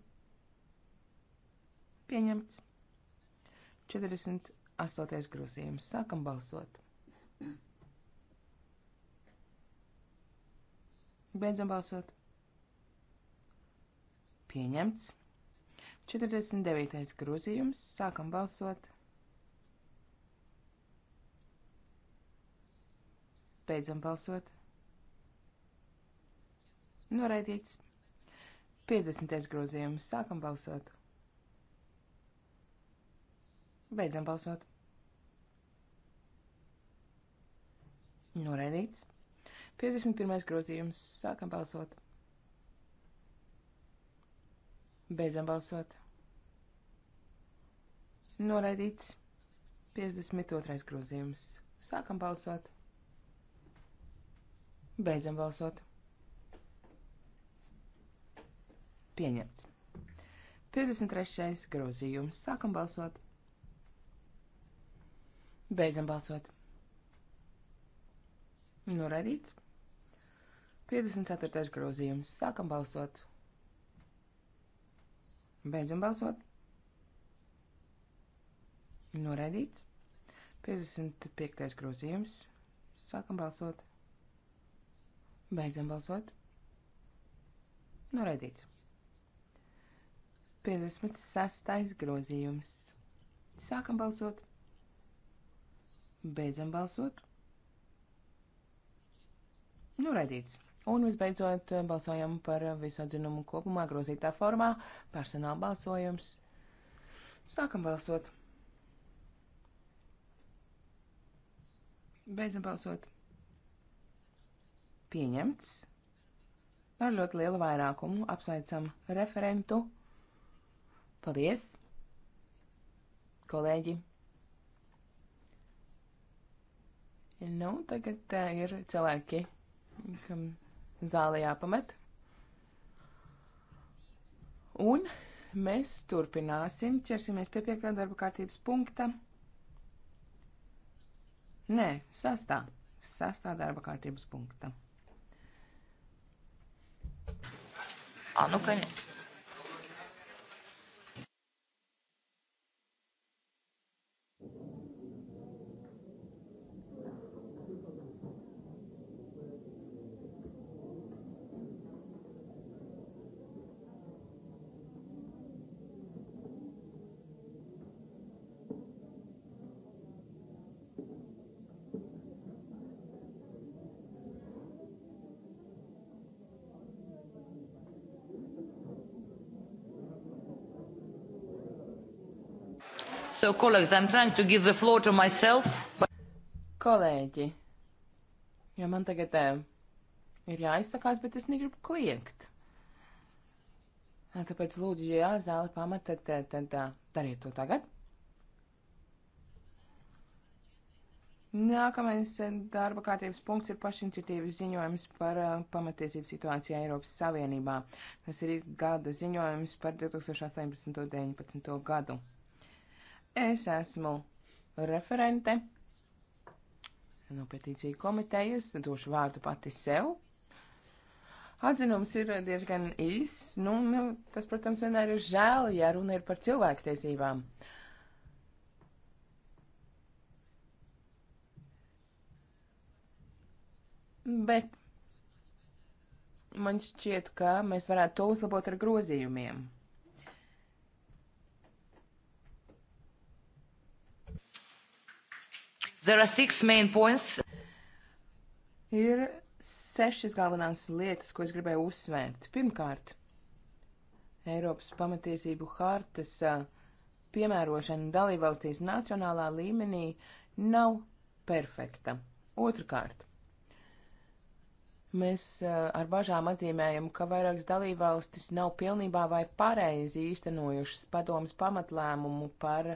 Pieņemts. 48. grozījums. Sākam balsot. Beidzam balsot. Pieņemts. 49. grozījums. Sākam balsot. Beidzam balsot. Noraidīts. 50. grozījums. Sākam balsot. Beidzam balsot. Noraidīts. 51. grozījums. Sākam balsot. Beidzam balsot. Noraidīts. 52. grozījums. Sākam balsot. Beidzam balsot. Pieņemts. 53. grozījums. Sākam balsot. Beidzam balsot. Noraidīts. 54. grozījums. Sākam balsot. Beidzam balsot. Noraidīts. 55. grozījums. Sākam balsot. Beidzam balsot. Noraidīts. 56. grozījums. Sākam balsot. Beidzam balsot. Noraidīts. Un visbeidzot balsojam par visu atzinumu kopumā grozītā formā. Personāla balsojums. Sākam balsot. Beidzam balsot pieņemts ar ļoti lielu vairākumu. Apsveicam referentu. Paldies, kolēģi! Nu, tagad uh, ir cilvēki, kam zāle jāpamet. Un mēs turpināsim, ķersimies pie piektā darba kārtības punkta. Nē, sastā, sastā darba kārtības punkta. А ну, конечно. So, colleagues, I'm trying to give the floor to myself. But... Kolēģi, jo man tagad eh, ir jāizsakās, bet es negribu kliegt. Eh, tāpēc lūdzu, ja zāli pamat, eh, tad, tad, tad tā, dariet to tagad. Nākamais eh, darba kārtības punkts ir pašiniciatīvas ziņojums par uh, pamatiesību situāciju Eiropas Savienībā. Tas ir gada ziņojums par 2018. un 2019. gadu. Es esmu referente no petīciju komitejas, došu vārdu pati sev. Atzinums ir diezgan īss, nu, nu, tas, protams, vienmēr ir žēl, ja runa ir par cilvēktiesībām. Bet man šķiet, ka mēs varētu to uzlabot ar grozījumiem. There are six main points. Ir sešas galvenās lietas, ko es gribēju uzsvērt. Pirmkārt, Eiropas pamatiesību hartas piemērošana dalībvalstīs nacionālā līmenī nav perfekta. Otrakārt, Mēs ar bažām atzīmējam, ka vairākas dalībvalstis nav pilnībā vai pareizi īstenojušas padomas pamatlēmumu par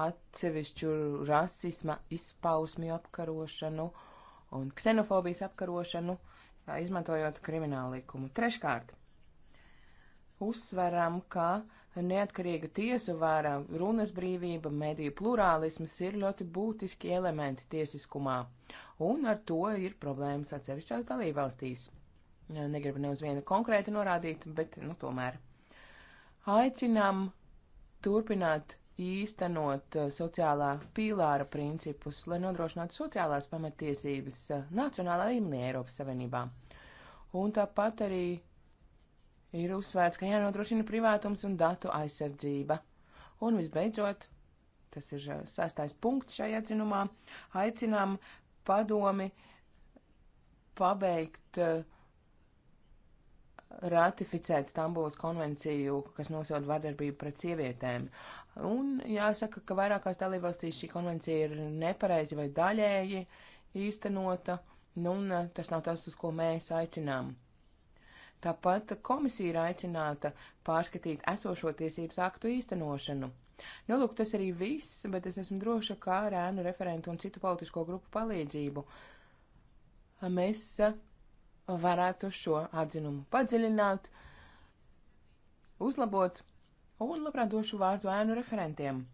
atsevišķu rasisma izpausmi apkarošanu un ksenofobijas apkarošanu, izmantojot krimināllikumu. Treškārt, uzsveram, ka uh, neatkarīga tiesu vārā, runas brīvība, mediju plurālisms ir ļoti būtiski elementi tiesiskumā, un ar to ir problēmas atsevišķās dalībvalstīs. Negribu ne uz vienu konkrēti norādīt, bet, nu, tomēr. Aicinām turpināt īstenot eh, sociālā pīlāra principus, lai nodrošinātu sociālās pamatiesības eh, nacionālā līmenī Eiropas Savienībā. Un tāpat arī ir uzsvērts, ka jānodrošina privātums un datu aizsardzība. Un visbeidzot, tas ir eh, sastais punkts šajā atzinumā, aicinām padomi pabeigt eh, ratificēt Stambulas konvenciju, kas nosauc vardarbību pret sievietēm. Un jāsaka, ka vairākās dalībvalstīs šī konvencija ir nepareizi vai daļēji īstenota, nu, un eh, tas nav tas, uz ko mēs aicinām. Tāpat komisija ir aicināta pārskatīt esošo tiesības aktu īstenošanu. Nu, lūk, tas arī viss, bet es esmu droša, kā ar ēnu referentu un citu politisko grupu palīdzību mēs varētu šo atzinumu padziļināt, uzlabot un labprāt došu vārdu ēnu referentiem.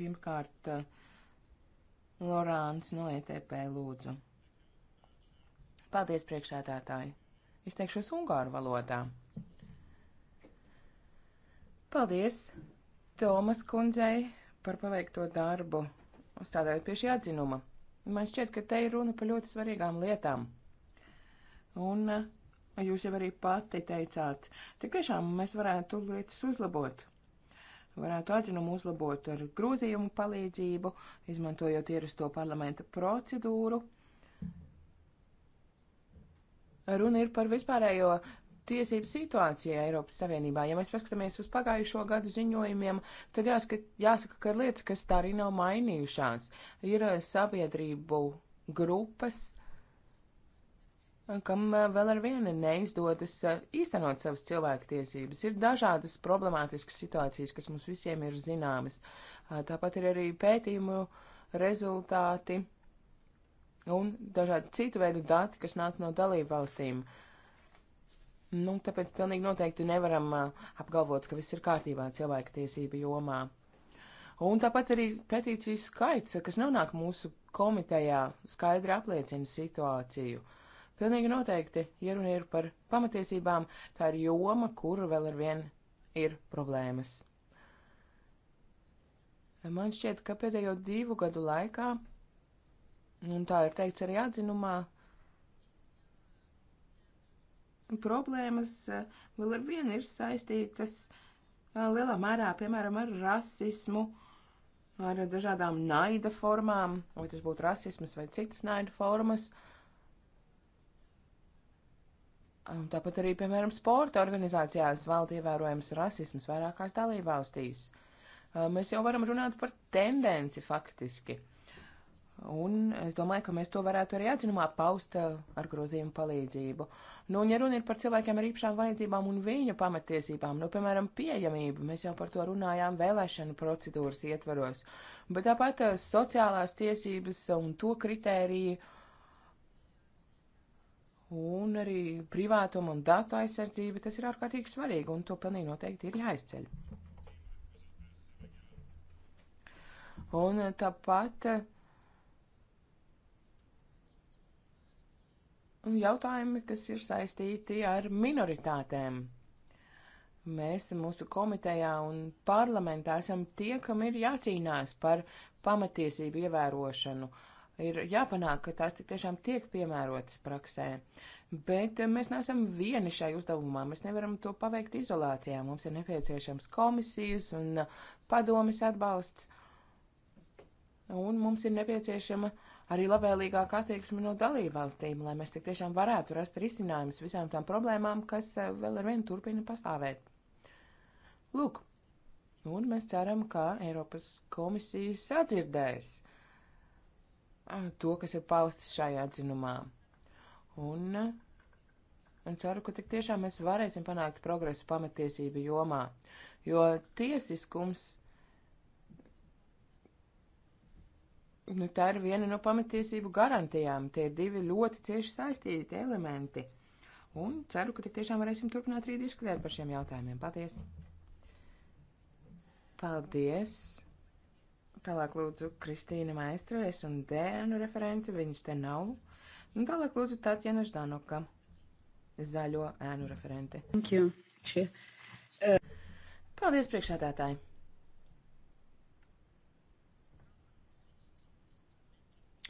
Pirmkārt, Lorāns no ETP lūdzu. Paldies, priekšsēdētāji! Izteikšos ungāru valodā. Paldies Tomas kundzei par paveikto darbu, uzstādājot pie šī atzinuma. Man šķiet, ka te ir runa par ļoti svarīgām lietām. Un eh, jūs jau arī pati teicāt, tik tiešām mēs varētu lietas uzlabot. Varētu atzinumu uzlabot ar grozījumu palīdzību, izmantojot ierasto parlamenta procedūru. Runa ir par vispārējo tiesību situāciju Eiropas Savienībā. Ja mēs paskatāmies uz pagājušo gadu ziņojumiem, tad jāsaka, jāsaka ka ir lietas, kas tā arī nav mainījušās. Ir eh, sabiedrību grupas, eh, kam eh, vēl ar vienu neizdodas īstenot savas cilvēktiesības. Ir dažādas problemātiskas situācijas, kas mums visiem ir zināmas. Tāpat ir arī pētījumu rezultāti un dažādi citu veidu dati, kas nāk no dalību valstīm. Nu, tāpēc pilnīgi noteikti nevaram apgalvot, ka viss ir kārtībā cilvēka tiesība jomā. Un tāpat arī petīcijas skaits, kas nonāk mūsu komitejā, skaidri apliecina situāciju. Pilnīgi noteikti, ja runa ir par pamatiesībām, tā ir joma, kur vēl ar vien ir problēmas. Man šķiet, ka pēdējo divu gadu laikā un tā ir teikts arī atzinumā, problēmas eh, vēl ar vienu ir saistītas eh, lielā mērā, piemēram, ar rasismu, ar dažādām naida formām, vai tas būtu rasismas vai citas naida formas. Um, tāpat arī, piemēram, sporta organizācijās valda ievērojams rasisms vairākās dalībvalstīs. Uh, mēs jau varam runāt par tendenci faktiski. Uh, Un es domāju, ka mēs to varētu arī atzinumā paust eh, ar grozījumu palīdzību. Nu, un ja runa ir par cilvēkiem ar īpašām vajadzībām un viņu pamatiesībām, nu, piemēram, pieejamību, mēs jau par to runājām vēlēšanu procedūras ietvaros, bet tāpat eh, sociālās tiesības un to kritēriju un arī privātuma un datu aizsardzība, tas ir ārkārtīgi svarīgi un to pilnīgi noteikti ir jāizceļ. Un eh, tāpat un jautājumi, kas ir saistīti ar minoritātēm. Mēs mūsu komitejā un parlamentā esam tie, kam ir jācīnās par pamatiesību ievērošanu. Ir jāpanāk, ka tās tik tiešām tiek piemērotas praksē. Bet mēs neesam vieni šai uzdevumā. Mēs nevaram to paveikt izolācijā. Mums ir nepieciešams komisijas un padomis atbalsts. Un mums ir nepieciešama uh, arī labvēlīgāka attieksme no dalībvalstīm, lai mēs tik tiešām varētu rast risinājumus visām tām problēmām, kas eh, vēl ar vienu turpina pastāvēt. Lūk, un mēs ceram, ka Eiropas komisija sadzirdēs eh, to, kas ir paustas šajā atzinumā. Un, eh, un ceru, ka tik tiešām mēs varēsim panākt progresu pamatiesību jomā, jo tiesiskums Nu, tā ir viena no pamatiesību garantijām. Tie ir divi ļoti cieši saistīti elementi. Un ceru, ka tik tiešām varēsim turpināt arī diskutēt par šiem jautājumiem. Paldies! Paldies! Tālāk lūdzu Kristīna Maistrojas un Dēnu referenti, viņas te nav. Un tālāk lūdzu Tatjana Ždanoka, zaļo ēnu referenti. Thank you. Sure. Uh... Paldies priekšādātāji!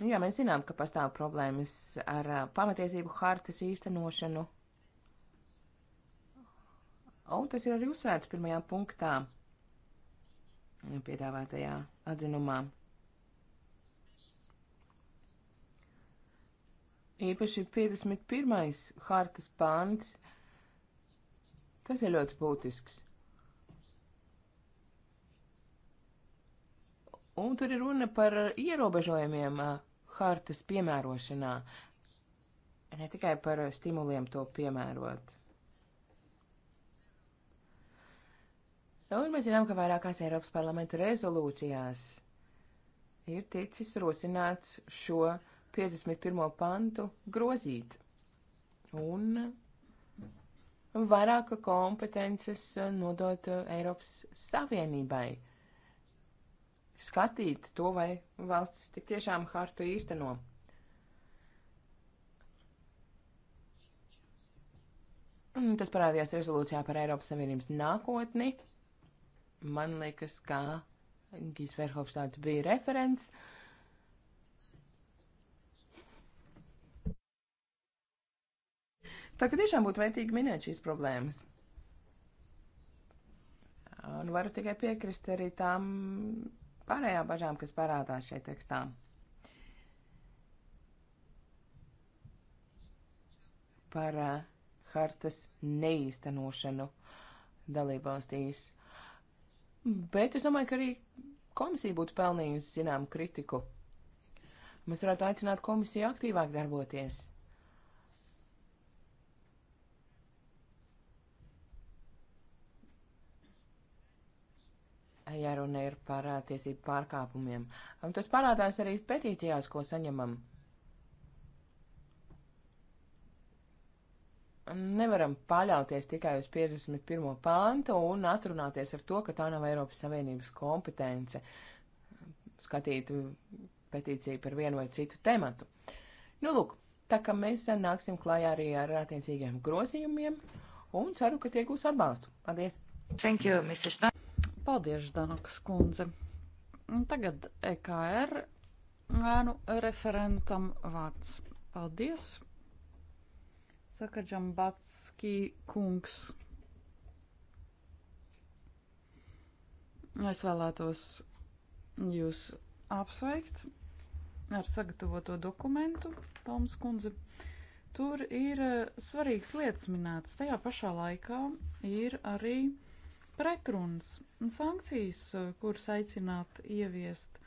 Nu jā, mēs zinām, ka pastāv problēmas ar pamatiesību hartas īstenošanu. Un tas ir arī uzsvērts pirmajā punktā piedāvātajā atzinumā. Īpaši 51. hartas pāns. Tas ir ļoti būtisks. Un tur ir runa par ierobežojumiem hartas piemērošanā, ne tikai par stimuliem to piemērot. Un mēs zinām, ka vairākās Eiropas parlamenta rezolūcijās ir ticis rosināts šo 51. pantu grozīt. Un vairāka kompetences nodot Eiropas Savienībai skatīt to, vai valsts tik tiešām hartu īsteno. Tas parādījās rezolūcijā par Eiropas Savienības nākotni. Man liekas, ka Gijs Verhofstāds bija referents. Tā ka tiešām būtu vērtīgi minēt šīs problēmas. Un varu tikai piekrist arī tām pārējām bažām, kas parādās šeit tekstā. Par uh, hartas neīstenošanu dalībvalstīs. Bet es domāju, ka arī komisija būtu pelnījusi zinām kritiku. Mēs varētu aicināt komisiju aktīvāk darboties. ja runa ir par tiesību pārkāpumiem. Un tas parādās arī petīcijās, ko saņemam. Nevaram paļauties tikai uz 51. pāntu un atrunāties ar to, ka tā nav Eiropas Savienības kompetence skatīt petīciju par vienu vai citu tematu. Nu, lūk, tā kā mēs nāksim klājā arī ar attiecīgiem grozījumiem un ceru, ka tie gūs atbalstu. Paldies! Thank you, Mr. Stein. Paldies, Danakas kundze. Tagad EKR ēnu referentam vārds. Paldies, saka Džambatski kungs. Es vēlētos jūs apsveikt ar sagatavoto dokumentu, Toms kundze. Tur ir eh, svarīgas lietas minētas. Tajā pašā laikā ir arī pretrunas un sankcijas, eh, kuras aicināt ieviest.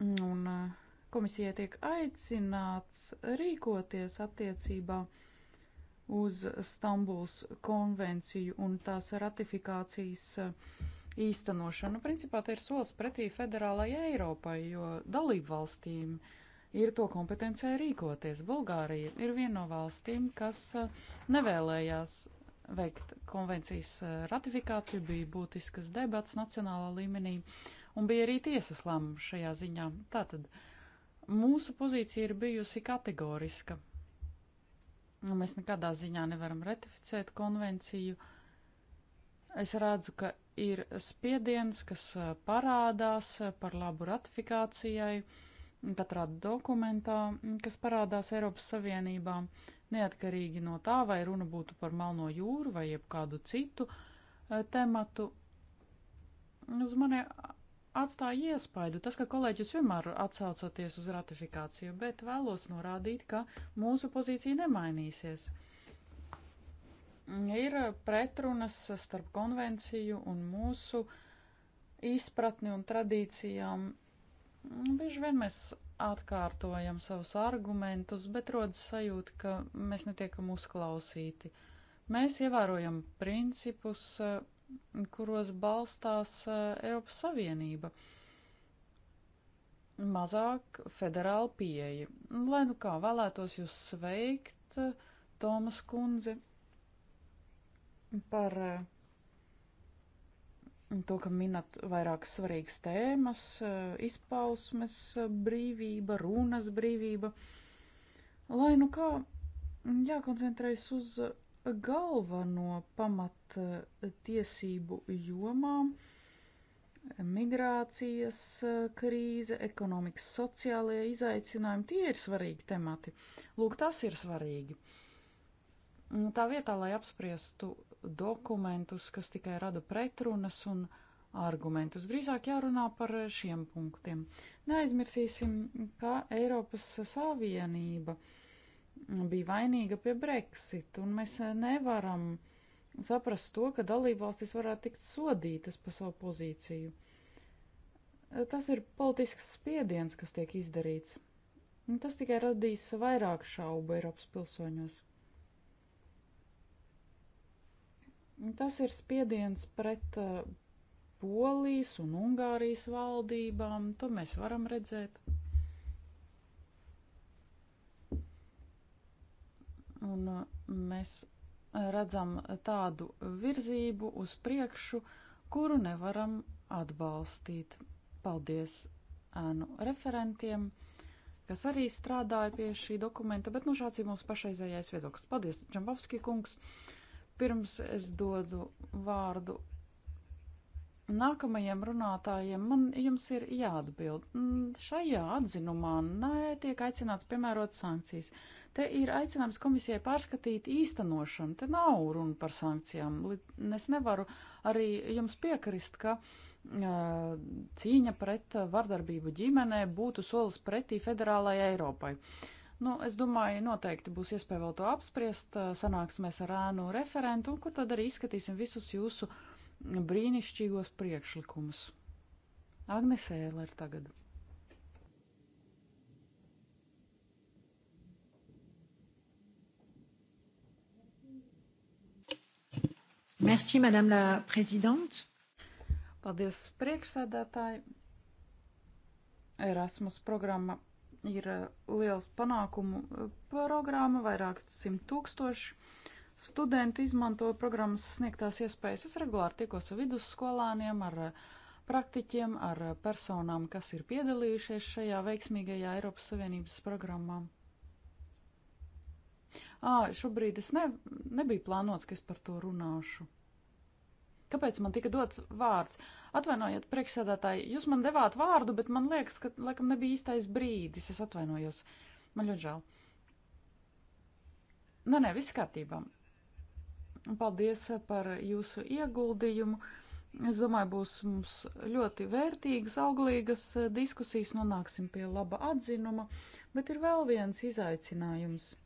Un eh, komisijai tiek aicināts rīkoties attiecībā uz Stambuls konvenciju un tās ratifikācijas eh, īstenošanu. Principā tā ir solis pretī federālajai Eiropai, jo dalību valstīm ir to kompetencija rīkoties. Bulgārija ir viena no valstīm, kas nevēlējās veikt konvencijas eh, ratifikāciju, bija būtiskas debats nacionālā līmenī, un bija arī tiesas lēmums šajā ziņā. Tātad mūsu pozīcija ir bijusi kategoriska. Nu, mēs nekādā ziņā nevaram ratificēt konvenciju. Es redzu, ka ir spiediens, kas eh, parādās eh, par labu ratifikācijai katrā dokumentā, mm, kas parādās Eiropas Savienībā. Uh, neatkarīgi no tā, vai runa būtu par Melno jūru vai jebkādu citu e, tematu. Uz mani atstāja iespaidu tas, ka kolēģis vienmēr atsaucoties uz ratifikāciju, bet vēlos norādīt, ka mūsu pozīcija nemainīsies. Ir pretrunas starp konvenciju un mūsu izpratni un tradīcijām. Bieži vien mēs atkārtojam savus argumentus, bet rodas sajūta, ka mēs netiekam uzklausīti. Mēs ievērojam principus, eh, kuros balstās eh, Eiropas Savienība. Mazāk federāla pieeja. Lai nu kā vēlētos jūs sveikt, eh, Tomas kundzi, par to, ka minat vairākas svarīgas tēmas, eh, izpausmes eh, brīvība, runas brīvība. Lai nu kā jākoncentrējas uz eh, galveno pamat tiesību jomām - migrācijas krīze, ekonomikas sociālajie izaicinājumi - tie ir svarīgi temati. Lūk, tas ir svarīgi. Nu, tā vietā, lai apspriestu dokumentus, kas tikai rada pretrunas un argumentus. Drīzāk jārunā par šiem punktiem. Neaizmirsīsim, ka Eiropas Savienība bija vainīga pie Brexit, un mēs nevaram saprast to, ka dalībvalstis varētu tikt sodītas par savu pozīciju. Tas ir politisks spiediens, kas tiek izdarīts. Tas tikai radīs vairāk šaubu Eiropas pilsoņos. Tas ir spiediens pret eh, Polijas un Ungārijas valdībām, to mēs varam redzēt. Un eh, mēs eh, redzam tādu virzību uz priekšu, kuru nevaram atbalstīt. Paldies ēnu referentiem, kas arī strādāja pie šī dokumenta, bet nu šāds ir mūsu pašreizējais viedoklis. Paldies, Džambavski kungs! Uh, Pirms es dodu vārdu nākamajiem runātājiem, man jums ir jāatbild. Mm, šajā atzinumā netiek aicināts piemērot sankcijas. Te ir aicinājums komisijai pārskatīt īstenošanu. Te nav runa par sankcijām. Es nevaru arī jums piekrist, ka uh, cīņa pret vardarbību ģimenē būtu solis pretī federālajai Eiropai. Uh, Nu, es domāju, noteikti būs iespēja vēl to apspriest, sanāksimies ar ēnu referentu, un kur tad arī izskatīsim visus jūsu brīnišķīgos priekšlikumus. Agnes Ēler tagad. Merci, Madame la Présidente. Paldies, priekšsēdētāji. Erasmus programma ir eh, liels panākumu eh, programma, vairāk simt tūkstoši studenti izmanto programmas sniegtās iespējas. Es regulāri tikos ar vidusskolāniem, ar eh, praktiķiem, ar personām, kas ir piedalījušies šajā veiksmīgajā Eiropas Savienības programmā. À, šobrīd es ne, nebiju plānots, ka es par to runāšu. Kāpēc man tika dots vārds? Atvainojiet, priekšsēdētāji, jūs man devāt vārdu, bet man liekas, ka laikam nebija īstais brīdis. Es atvainojos. Man ļoti žēl. Nē, nē, viss kārtībā. Paldies par jūsu ieguldījumu. Es domāju, būs mums ļoti vērtīgas, auglīgas diskusijas, nonāksim pie laba atzinuma, bet ir vēl viens izaicinājums –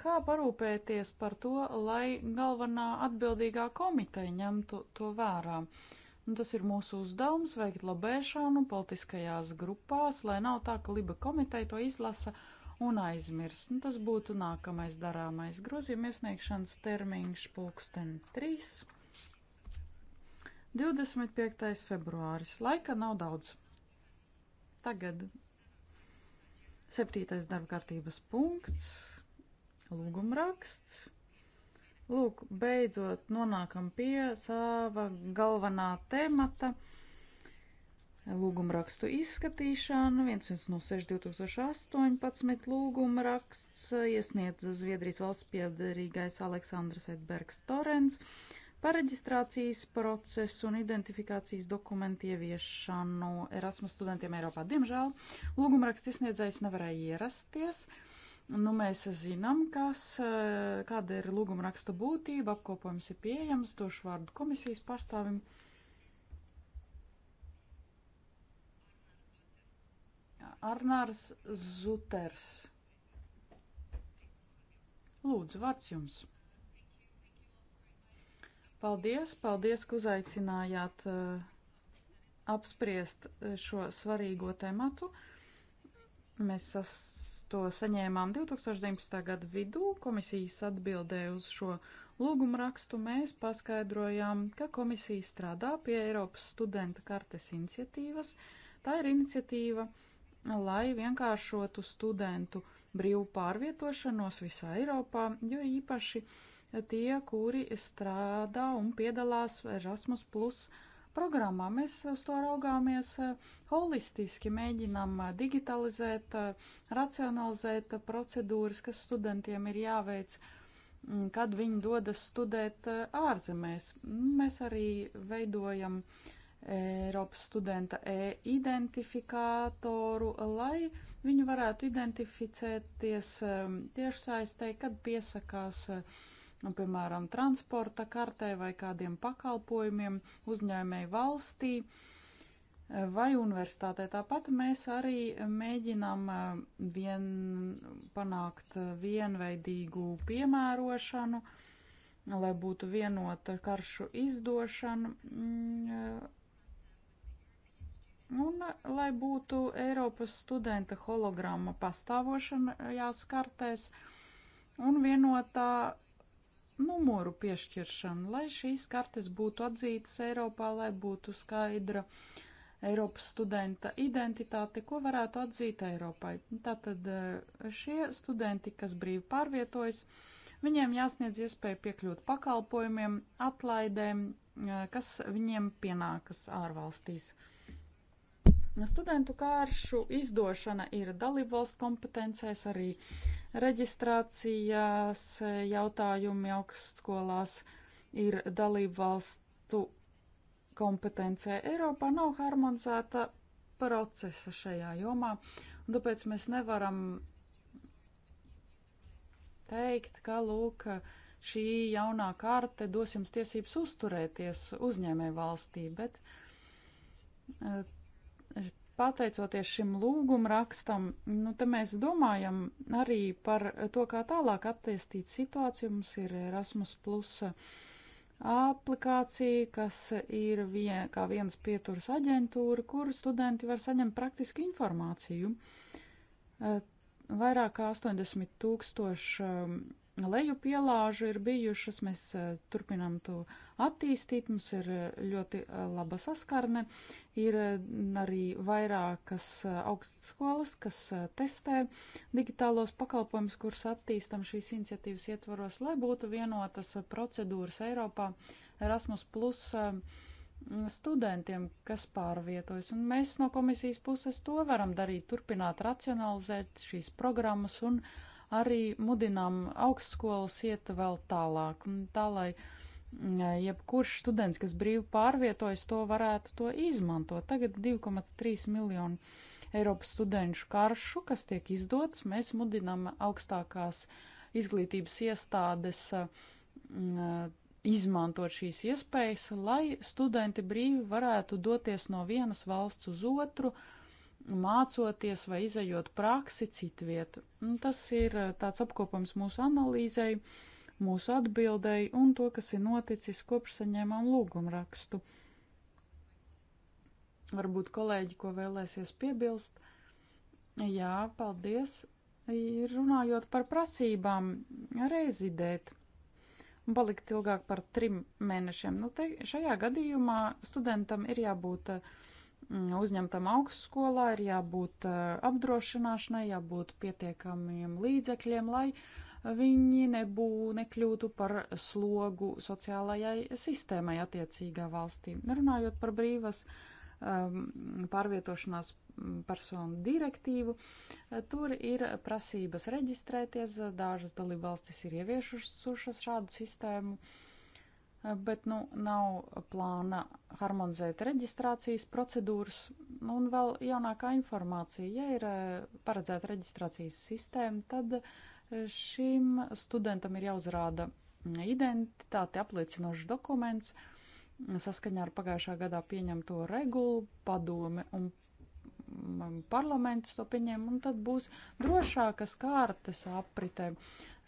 Kā parūpēties par to, lai galvenā atbildīgā komiteja ņemtu to vērā? Un nu, tas ir mūsu uzdevums veikt labēšanu politiskajās grupās, lai nav tā, ka liba komiteja to izlasa un aizmirst. Un nu, tas būtu nākamais darāmais grozījuma iesniegšanas termiņš pulksten 3. 25. februāris. Laika nav daudz. Tagad septītais darba kārtības punkts lūgumraksts. Lūk, beidzot nonākam pie sava galvenā temata lūgumrakstu izskatīšanu. 1.06.2018 lūgumraksts iesniedz Zviedrijas valsts piedarīgais Aleksandrs Edbergs Torens par reģistrācijas procesu un identifikācijas dokumentu ieviešanu Erasmus studentiem Eiropā. Diemžēl lūgumraksts izsniedzējs nevarēja ierasties. Uh, Nu, mēs zinām, kas, eh, kāda ir lūguma raksta būtība, apkopojums ir pieejams, došu vārdu komisijas pārstāvim. Arnārs Zuters. Lūdzu, vārds jums. Paldies, paldies, ka uzaicinājāt uh, apspriest eh, šo svarīgo tematu. Mēs sas To saņēmām 2019. gada vidū. Komisijas atbildēja uz šo lūgumu rakstu. Mēs paskaidrojām, ka komisija strādā pie Eiropas studenta kartes iniciatīvas. Tā ir iniciatīva, lai vienkāršotu studentu brīvu pārvietošanos visā Eiropā, jo īpaši tie, kuri strādā un piedalās Erasmus programmā. Mēs uz to raugāmies eh, holistiski, mēģinām eh, digitalizēt, eh, racionalizēt procedūras, kas studentiem ir jāveic, mm, kad viņi dodas studēt ārzemēs. Mēs arī veidojam Eiropas studenta e-identifikātoru, lai viņi varētu identificēties tiešsaistē, kad piesakās uh, nu, piemēram, transporta kartē vai kādiem pakalpojumiem uzņēmēju valstī vai universitātē. Tāpat mēs arī mēģinām eh, vien, panākt vienveidīgu piemērošanu, lai būtu vienota karšu izdošana. Mm, eh, un, eh, lai būtu Eiropas studenta hologramma pastāvošana jāskartēs un vienotā numuru piešķiršanu, lai šīs kartes būtu atzītas Eiropā, lai būtu skaidra Eiropas studenta identitāte, ko varētu atzīt Eiropai. Tātad eh, šie studenti, kas brīvi pārvietojas, viņiem jāsniedz iespēja piekļūt pakalpojumiem, atlaidēm, eh, kas viņiem pienākas ārvalstīs. Studentu kāršu izdošana ir dalībvalsts kompetencēs arī uh, reģistrācijas e, jautājumi augstskolās ir dalību valstu kompetencē. Eiropā nav harmonizēta procesa šajā jomā, un tāpēc mēs nevaram teikt, ka lūk, šī jaunā karte dos jums tiesības uzturēties uzņēmē valstī, bet e, pateicoties šim lūgumrakstam, nu, te mēs domājam arī par to, kā tālāk attīstīt situāciju. Mums ir Erasmus Plus aplikācija, kas ir vien, kā viens pieturas aģentūra, kur studenti var saņemt praktisku informāciju. Eh, vairāk kā 80 tūkstoši leju pielāžu ir bijušas, mēs eh, turpinām to attīstīt, mums ir eh, ļoti eh, laba saskarne, ir arī vairākas augstskolas, kas testē digitālos pakalpojumus, kurus attīstam šīs iniciatīvas ietvaros, lai būtu vienotas procedūras Eiropā Erasmus Plus studentiem, kas pārvietojas, un mēs no komisijas puses to varam darīt, turpināt racionalizēt šīs programmas un uh, arī mudinām augstskolas iet vēl tālāk, tā lai mm, jebkurš students, kas brīvi pārvietojas, to varētu to izmantot. Tagad 2,3 miljonu Eiropas studenšu karšu, kas tiek izdots, mēs mudinām augstākās izglītības iestādes mm, izmantot šīs iespējas, lai studenti brīvi varētu doties no vienas valsts uz otru, uh, mācoties vai izējot praksi citviet. Tas ir eh, tāds apkopams mūsu analīzei, mūsu atbildei un to, kas ir noticis kopš saņēmām lūgumrakstu. Varbūt kolēģi, ko vēlēsies piebilst. Jā, paldies. Runājot par prasībām, rezidēt un palikt ilgāk par trim mēnešiem. Nu, te, šajā gadījumā studentam ir jābūt uh, Mm, uzņemtam augstskolā ir jābūt eh, apdrošināšanai, jābūt pietiekamiem līdzekļiem, lai viņi nebū, nekļūtu par slogu sociālajai sistēmai attiecīgā valstī. Runājot par brīvas um, pārvietošanās mm, personu direktīvu, eh, tur ir prasības reģistrēties, dažas dalībvalstis ir ieviešušas šādu sistēmu. Uh, bet nu, nav plāna harmonizēt reģistrācijas procedūras. Un vēl jaunākā informācija, ja ir eh, paredzēta reģistrācijas sistēma, tad eh, šim studentam ir jāuzrāda identitāte apliecinošs dokuments saskaņā ar pagājušā gadā pieņemto regulu, padome un mm, parlaments to pieņēma, un tad būs drošākas kārtas apritē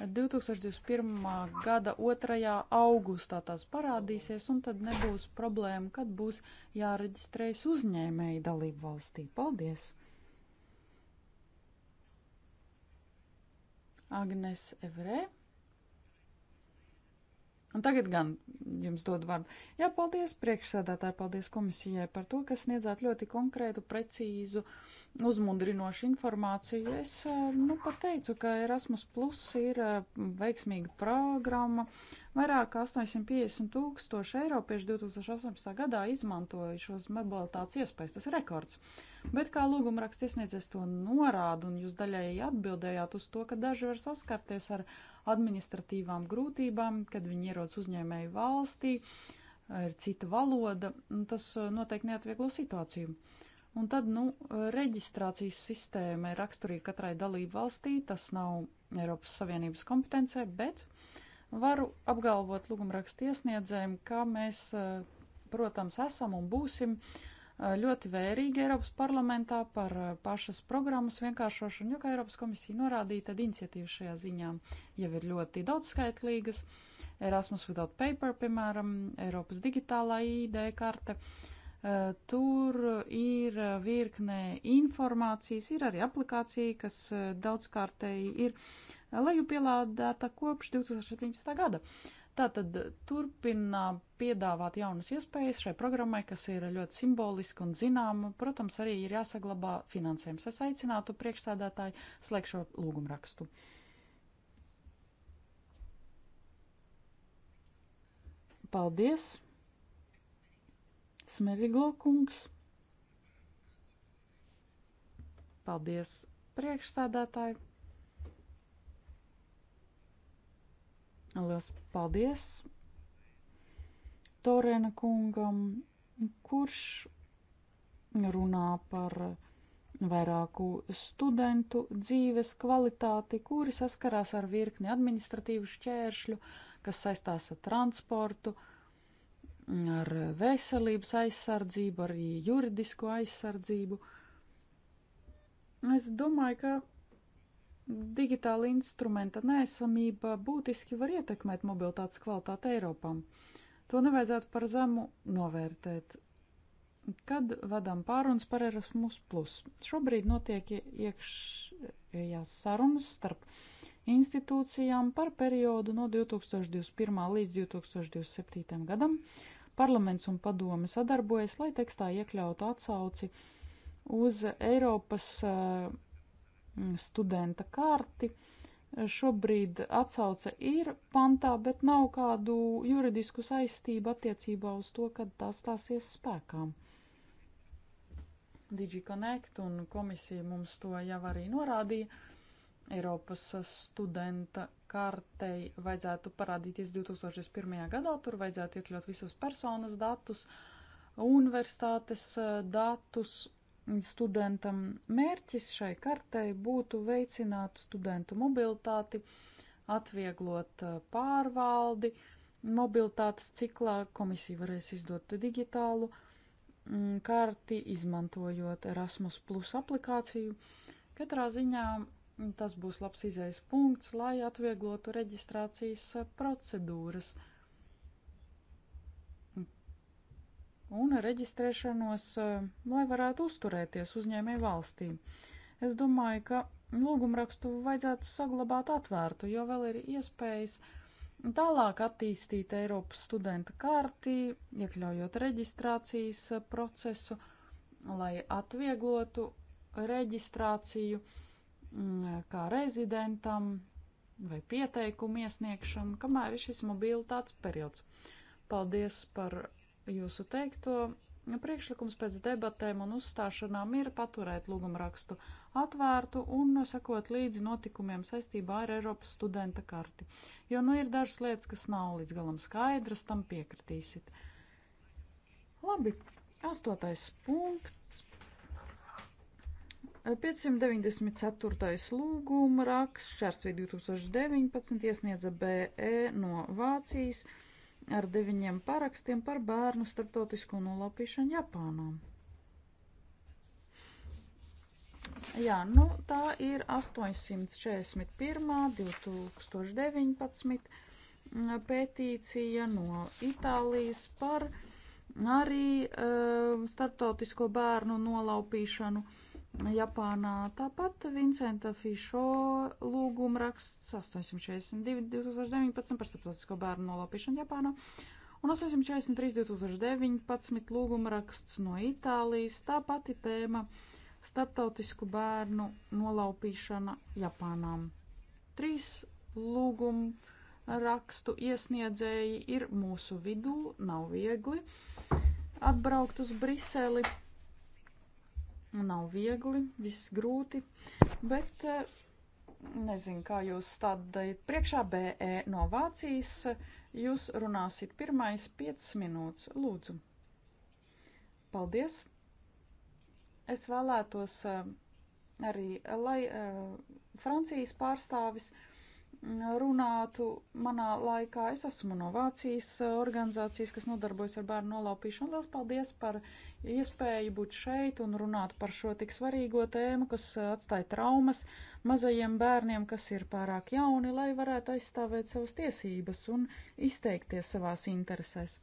2021. gada 2. augustā tās parādīsies, un tad nebūs problēma, kad būs jāreģistrējas uzņēmēji dalību valstī. Paldies! Agnes Evrē. Un tagad gan jums dod vārdu. Jā, paldies priekšsēdētāji, paldies komisijai par to, ka sniedzāt ļoti konkrētu, precīzu, uzmundrinošu informāciju. Es eh, nu pateicu, ka Erasmus Plus ir eh, veiksmīga programma. Vairāk kā 850 tūkstoši eiropiešu 2018. gadā izmantoja šos mobilitātes iespējas. Tas ir rekords. Bet kā lūguma raksts iesniedzies to norādu, un jūs daļai atbildējāt uz to, ka daži var saskarties ar administratīvām grūtībām, kad viņi ierodas uzņēmēju valstī, ir cita valoda, tas uh, noteikti neatvieglo situāciju. Un tad, nu, reģistrācijas sistēma ir raksturīga katrai dalību valstī, tas nav Eiropas Savienības kompetencē, bet varu apgalvot lūgumrakstu iesniedzējiem, ka mēs, uh, protams, esam un būsim uh, Eh, ļoti vērīgi Eiropas parlamentā par eh, pašas programmas vienkāršošanu, jo, kā Eiropas komisija norādīja, tad iniciatīvas šajā ziņā jau ir ļoti daudzskaitlīgas. Erasmus Without Paper, piemēram, Eiropas digitālā ID karte. Eh, tur ir virknē informācijas, ir arī aplikācija, kas daudzkārtēji ir lejupielādēta kopš 2017. gada. Uh, Tātad eh, turpinām piedāvāt jaunas iespējas šai programmai, kas ir ļoti simboliska un zināma. Protams, arī ir jāsaglabā finansējums. Es aicinātu priekšsēdētāju slēgšo lūgumrakstu. Paldies, Smeriglo kungs. Paldies, priekšsēdētāji. Lielas paldies Torēna kungam, kurš runā par vairāku studentu dzīves kvalitāti, kuri saskarās ar virkni administratīvu šķēršļu, kas saistās ar transportu, ar veselības aizsardzību, arī juridisko aizsardzību. Es domāju, ka digitāla instrumenta neesamība būtiski var ietekmēt mobilitātes kvalitāti Eiropam. To nevajadzētu par zemu novērtēt. Kad vadām pārunas par Erasmus, šobrīd notiek iekšējās sarunas starp institūcijām par periodu no 2021. līdz 2027. gadam. Parlaments un padome sadarbojas, lai tekstā iekļautu atsauci uz Eiropas uh, Mm, studenta karti. Šobrīd atsauce ir pantā, bet nav kādu juridisku saistību attiecībā uz to, kad tā stāsies spēkā. DigiConnect un komisija mums to jau arī norādīja. Eiropas studenta kartei vajadzētu parādīties 2001. gadā, tur vajadzētu iekļaut visus personas datus, universitātes datus studentam. Mērķis šai kartei būtu veicināt studentu mobilitāti, atvieglot eh, pārvaldi. Mobilitātes ciklā komisija varēs izdot digitālu mm, karti, izmantojot Erasmus Plus aplikāciju. Katrā ziņā mm, tas būs labs izējas punkts, lai atvieglotu reģistrācijas eh, procedūras. Uh, un reģistrēšanos, eh, lai varētu uzturēties uzņēmēju valstī. Es domāju, ka lūgumrakstu vajadzētu saglabāt atvērtu, jo vēl ir iespējas tālāk attīstīt Eiropas studenta kārtī, iekļaujot reģistrācijas eh, procesu, lai atvieglotu reģistrāciju mm, kā rezidentam vai pieteikumu iesniegšanu, kamēr ir šis mobilitātes periods. Paldies par jūsu teikto. Priekšlikums pēc debatēm un uzstāšanām ir paturēt lūgumrakstu atvērtu un sekot līdzi notikumiem saistībā ar Eiropas studenta karti. Jo nu ir dažas lietas, kas nav līdz galam skaidras, tam piekritīsit. Labi, astotais punkts. 594. lūguma raksts Šarsvī 2019 iesniedza BE no Vācijas ar deviņiem parakstiem par bērnu starptautisko nolaupīšanu Japānā. Jā, nu tā ir 841. 2019 pētīcija no Itālijas par arī um, starptautisko bērnu nolaupīšanu uh, Japānā. Tāpat Vincenta Fišo lūguma raksts 842 2019 par starptautisko bērnu nolaupīšanu Japānā un 843 2019 lūguma raksts no Itālijas. Tā pati tēma - starptautisku bērnu nolaupīšana Japānā. Trīs lūguma rakstu iesniedzēji ir mūsu vidū, nav viegli atbraukt uz Briseli Nav viegli, viss grūti, bet eh, nezinu, kā jūs stādājat priekšā BE no Vācijas. Jūs runāsit pirmais 5 minūtes, lūdzu. Paldies! Es vēlētos eh, arī, lai eh, Francijas pārstāvis runātu manā laikā. Es esmu no Vācijas organizācijas, kas nodarbojas ar bērnu nolaupīšanu. Lielas paldies par iespēju būt šeit un runāt par šo tik svarīgo tēmu, kas eh, atstāja traumas mazajiem bērniem, kas ir pārāk jauni, lai varētu aizstāvēt savas tiesības un izteikties savās interesēs.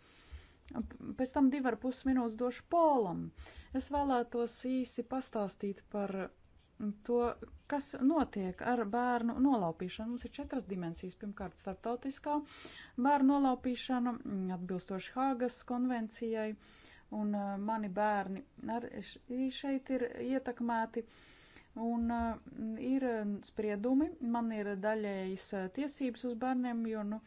Pēc tam divi ar pus minūtes došu polam. Es vēlētos īsi pastāstīt par to, kas notiek ar bērnu nolaupīšanu. Mums ir četras dimensijas. Pirmkārt, starptautiskā bērnu nolaupīšana, mm, atbilstoši Hāgas konvencijai. Uh, un eh, mani bērni arī šeit ir ietekmēti. Un eh, ir mm, spriedumi, man ir daļējas eh, tiesības uz bērniem, jo, nu,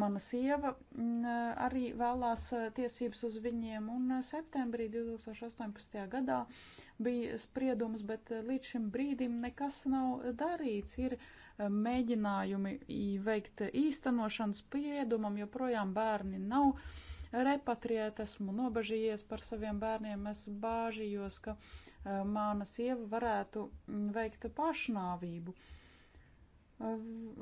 mana sieva mm, arī vēlās tiesības uz viņiem, un septembrī 2018. gadā bija spriedums, bet līdz šim brīdim nekas nav darīts. Ir mēģinājumi veikt īstenošanas spriedumam, jo projām bērni nav repatriēt, esmu nobažījies par saviem bērniem, es bāžījos, ka e, mana sieva varētu veikt pašnāvību. E,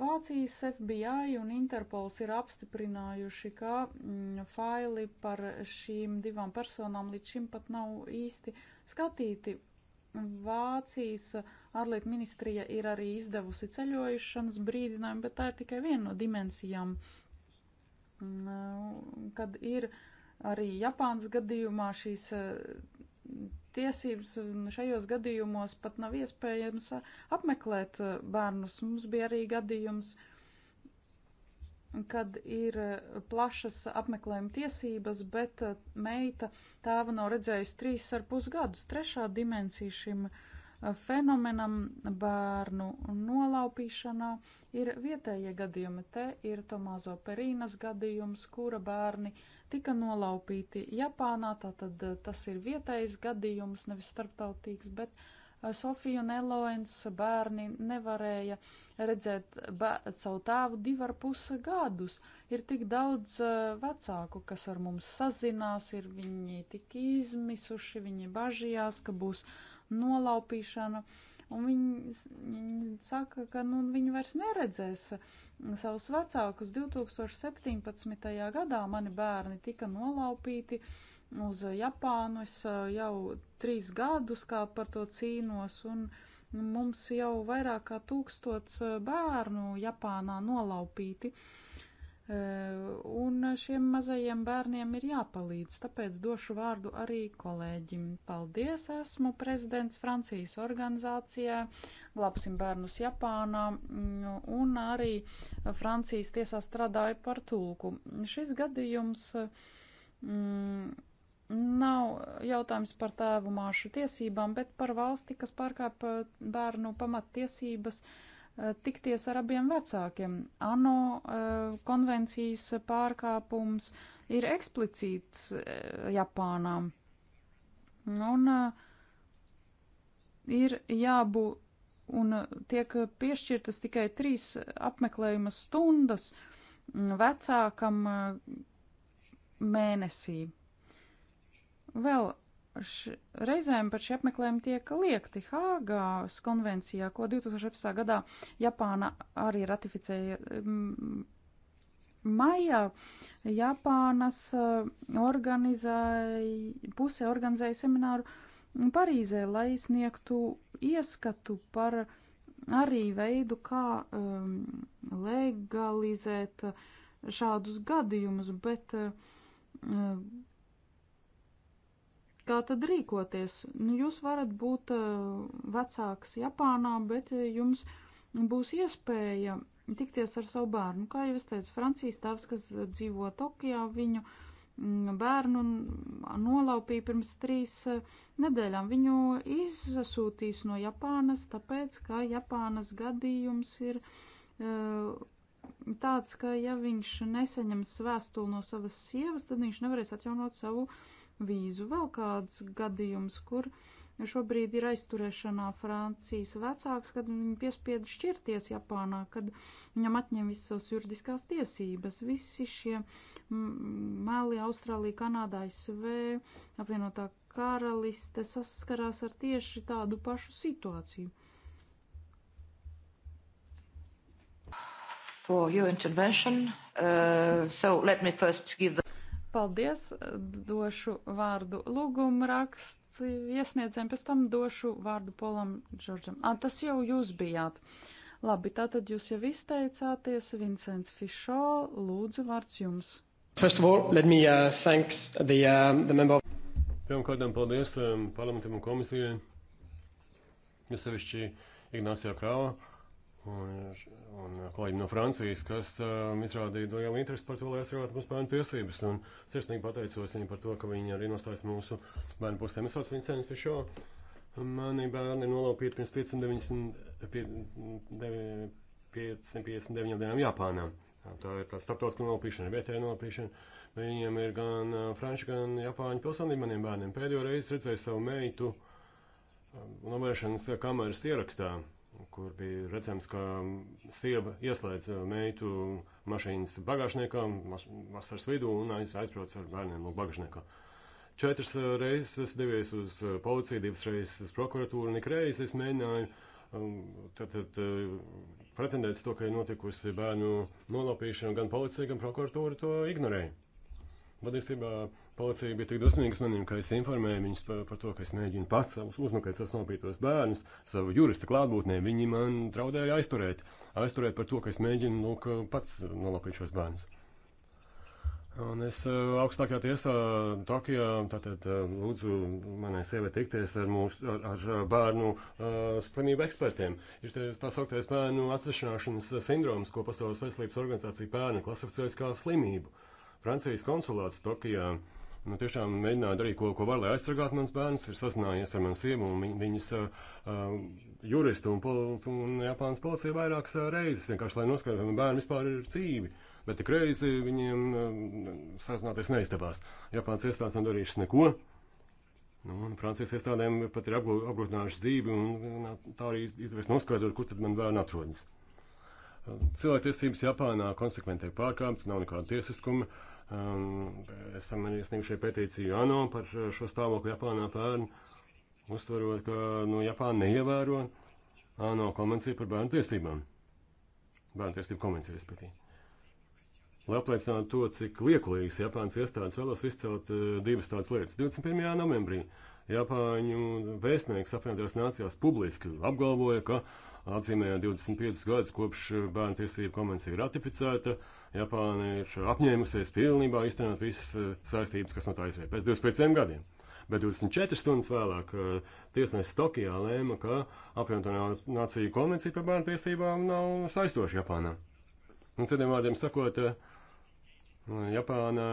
Vācijas FBI un Interpols ir apstiprinājuši, ka mm, faili par šīm divām personām līdz šim pat nav īsti skatīti. Vācijas ārlietu ministrija ir arī izdevusi ceļojušanas brīdinājumu, bet tā ir tikai viena no dimensijām uh, Mm, kad ir arī Japānas gadījumā šīs eh, tiesības, un šajos gadījumos pat nav iespējams eh, apmeklēt eh, bērnus. Mums bija arī gadījums, kad ir plašas apmeklējuma tiesības, bet meita tēva nav redzējusi trīs ar pusgadus. Trešā dimensija šim gadījumam fenomenam bērnu nolaupīšanā ir vietējie gadījumi. Te ir Tomāzo Perīnas gadījums, kura bērni tika nolaupīti Japānā, tātad eh, tas ir vietējs gadījums, nevis starptautīgs, bet eh, Sofija un Eloens bērni nevarēja redzēt savu tēvu divar pusi gadus. Ir tik daudz eh, vecāku, kas ar mums sazinās, ir viņi tik izmisuši, viņi bažījās, ka būs uh, nolaupīšana. Un viņi, viņi saka, ka nu, viņi vairs neredzēs savus vecākus. 2017. gadā mani bērni tika nolaupīti uz Japānu. Es jau trīs gadus kā par to cīnos, un mums jau vairāk kā tūkstots bērnu Japānā nolaupīti. Uh, Un šiem mazajiem bērniem ir jāpalīdz, tāpēc došu vārdu arī kolēģim. Paldies, esmu prezidents Francijas organizācijā, glābsim bērnus Japānā, un arī Francijas tiesā strādāju par tulku. Šis gadījums mm, nav jautājums par tēvu māšu tiesībām, bet par valsti, kas pārkāp bērnu pamattiesības. tiesības tikties ar abiem vecākiem. ANO eh, konvencijas pārkāpums ir eksplicīts eh, Japānā. Un eh, ir jābūt, un tiek piešķirtas tikai trīs apmeklējuma stundas mm, vecākam mēnesī. Vēl š, reizēm pat šie apmeklējumi tiek liekti Hāgās konvencijā, ko 2017. gadā Japāna arī ratificēja. Maijā Japānas eh, organizēja, puse organizēja semināru Parīzē, lai sniegtu ieskatu par arī veidu, kā um, legalizēt šādus gadījumus, bet um, Kā tad rīkoties? Nu, jūs varat būt eh, vecāks Japānā, bet eh, jums būs iespēja tikties ar savu bērnu. Kā jau es teicu, Francijas tēvs, kas dzīvo Tokijā, viņu mm, bērnu nolaupīja pirms trīs eh, nedēļām. Viņu izsūtīs no Japānas, tāpēc, ka Japānas gadījums ir tāds, ka ja viņš neseņems vēstuli no savas sievas, tad viņš nevarēs atjaunot savu bērnu vīzu. Vēl kāds gadījums, kur šobrīd ir aizturēšanā Francijas vecāks, kad viņu piespiedu šķirties Japānā, kad viņam atņem visas savas juridiskās tiesības. Visi šie meli Austrālija, Kanādā, SV, apvienotā karaliste saskarās ar tieši tādu pašu situāciju. For your intervention, uh, so let me first give the Paldies, došu vārdu lūgumu rakstu iesniedzējiem, pēc tam došu vārdu Polam Džordžam. Ā, ah, tas jau jūs bijāt. Labi, tātad jūs jau izteicāties, Vincents Fišo, lūdzu vārds jums. First of all, let me uh, thanks the, uh, the member of... Pirmkārt, paldies um, parlamentam un komisijai, jo sevišķi Ignācijā Krāvā un, un kolēģi no Francijas, kas um, izrādīja lielu interesi par to, lai aizsargātu mūsu bērnu tiesības. Un sirsnīgi pateicos viņiem par to, ka viņi arī nostājas mūsu bērnu pusē. Es sauc Vincents Fišo. Mani bērni nolaupīti pirms 590, 559 dienām Japānā. Tā ir tā starptautiska nolaupīšana, vietējā nolaupīšana. Viņiem ir gan franču, gan japāņu pilsonība maniem bērniem. Pēdējo reizi redzēju savu meitu novēršanas kameras ierakstā kur bija redzams, ka sieva ieslēdz uh, meitu mašīnas bagāžniekā, vasaras vidū un aizbrauc ar bērniem no bagāžniekā. Četras uh, reizes es devies uz uh, policiju, divas reizes uz prokuratūru, un ik reizi es mēģināju tātad, um, pretendēt to, ka ir notikusi bērnu nolaupīšana, gan policija, gan prokuratūra to ignorēja. Patiesībā Policija bija tik dusmīga uz maniem, ka es informēju viņus par, par to, ka es mēģinu pats savus uzmeklēt savus nopītos bērnus, savu jurista klātbūtnē. Viņi man draudēja aizturēt. Aizturēt par to, ka es mēģinu lūk, pats nolapīt šos bērnus. Un es eh, augstākajā tiesā Tokijā tātad eh, lūdzu manai sievai tikties ar, mūsu, ar, ar bērnu uh, slimību ekspertiem. Ir tā sauktais bērnu atsvešināšanas sindroms, ko Pasaules veselības organizācija bērni klasificējas kā slimību. Francijas konsulāts Tokijā uh, Nu, tiešām mēģināju darīt ko, ko var, lai aizsargātu mans bērns. Ir sazinājies ar manu sievu un viņ, viņas uh, juristu un, pol, un Japānas policiju vairākas uh, reizes, vienkārši lai noskaidrotu, vai bērni vispār ir dzīvi. Bet tik reizi viņiem uh, sazināties neizdevās. Japānas iestādes nav darījušas neko. Nu, un Francijas iestādēm pat ir apgrūtinājušas dzīvi un tā arī izdevies noskaidrot, kur tad man bērni atrodas. Cilvēktiesības Japānā konsekventi tiek pārkāptas, nav nekāda tiesiskuma. Uh, Um, esam arī snieguši petīciju ANO par šo stāvokli Japānā pērn, uztverot, ka no nu, Japāna neievēro ANO konvenciju par bērnu tiesībām. Bērnu tiesību konvenciju, respektīvi. Lai apliecinātu to, cik liekulīgs Japānas iestādes vēlos izcelt uh, divas tādas lietas. 21. novembrī Japāņu vēstnieks apvienotajās nācijās publiski apgalvoja, ka uh, atzīmējot 25 gadus kopš eh, bērnu tiesību konvencija ratificēta. Japāna ir apņēmusies pilnībā iztenot visas eh, saistības, kas no tā izriet pēc 25 gadiem. Bet 24 stundas vēlāk eh, tiesnesis Tokijā lēma, ka apvienoto nāciju konvencija par bērnu tiesībām nav saistoša Japānā. Un citiem vārdiem sakot, Japāna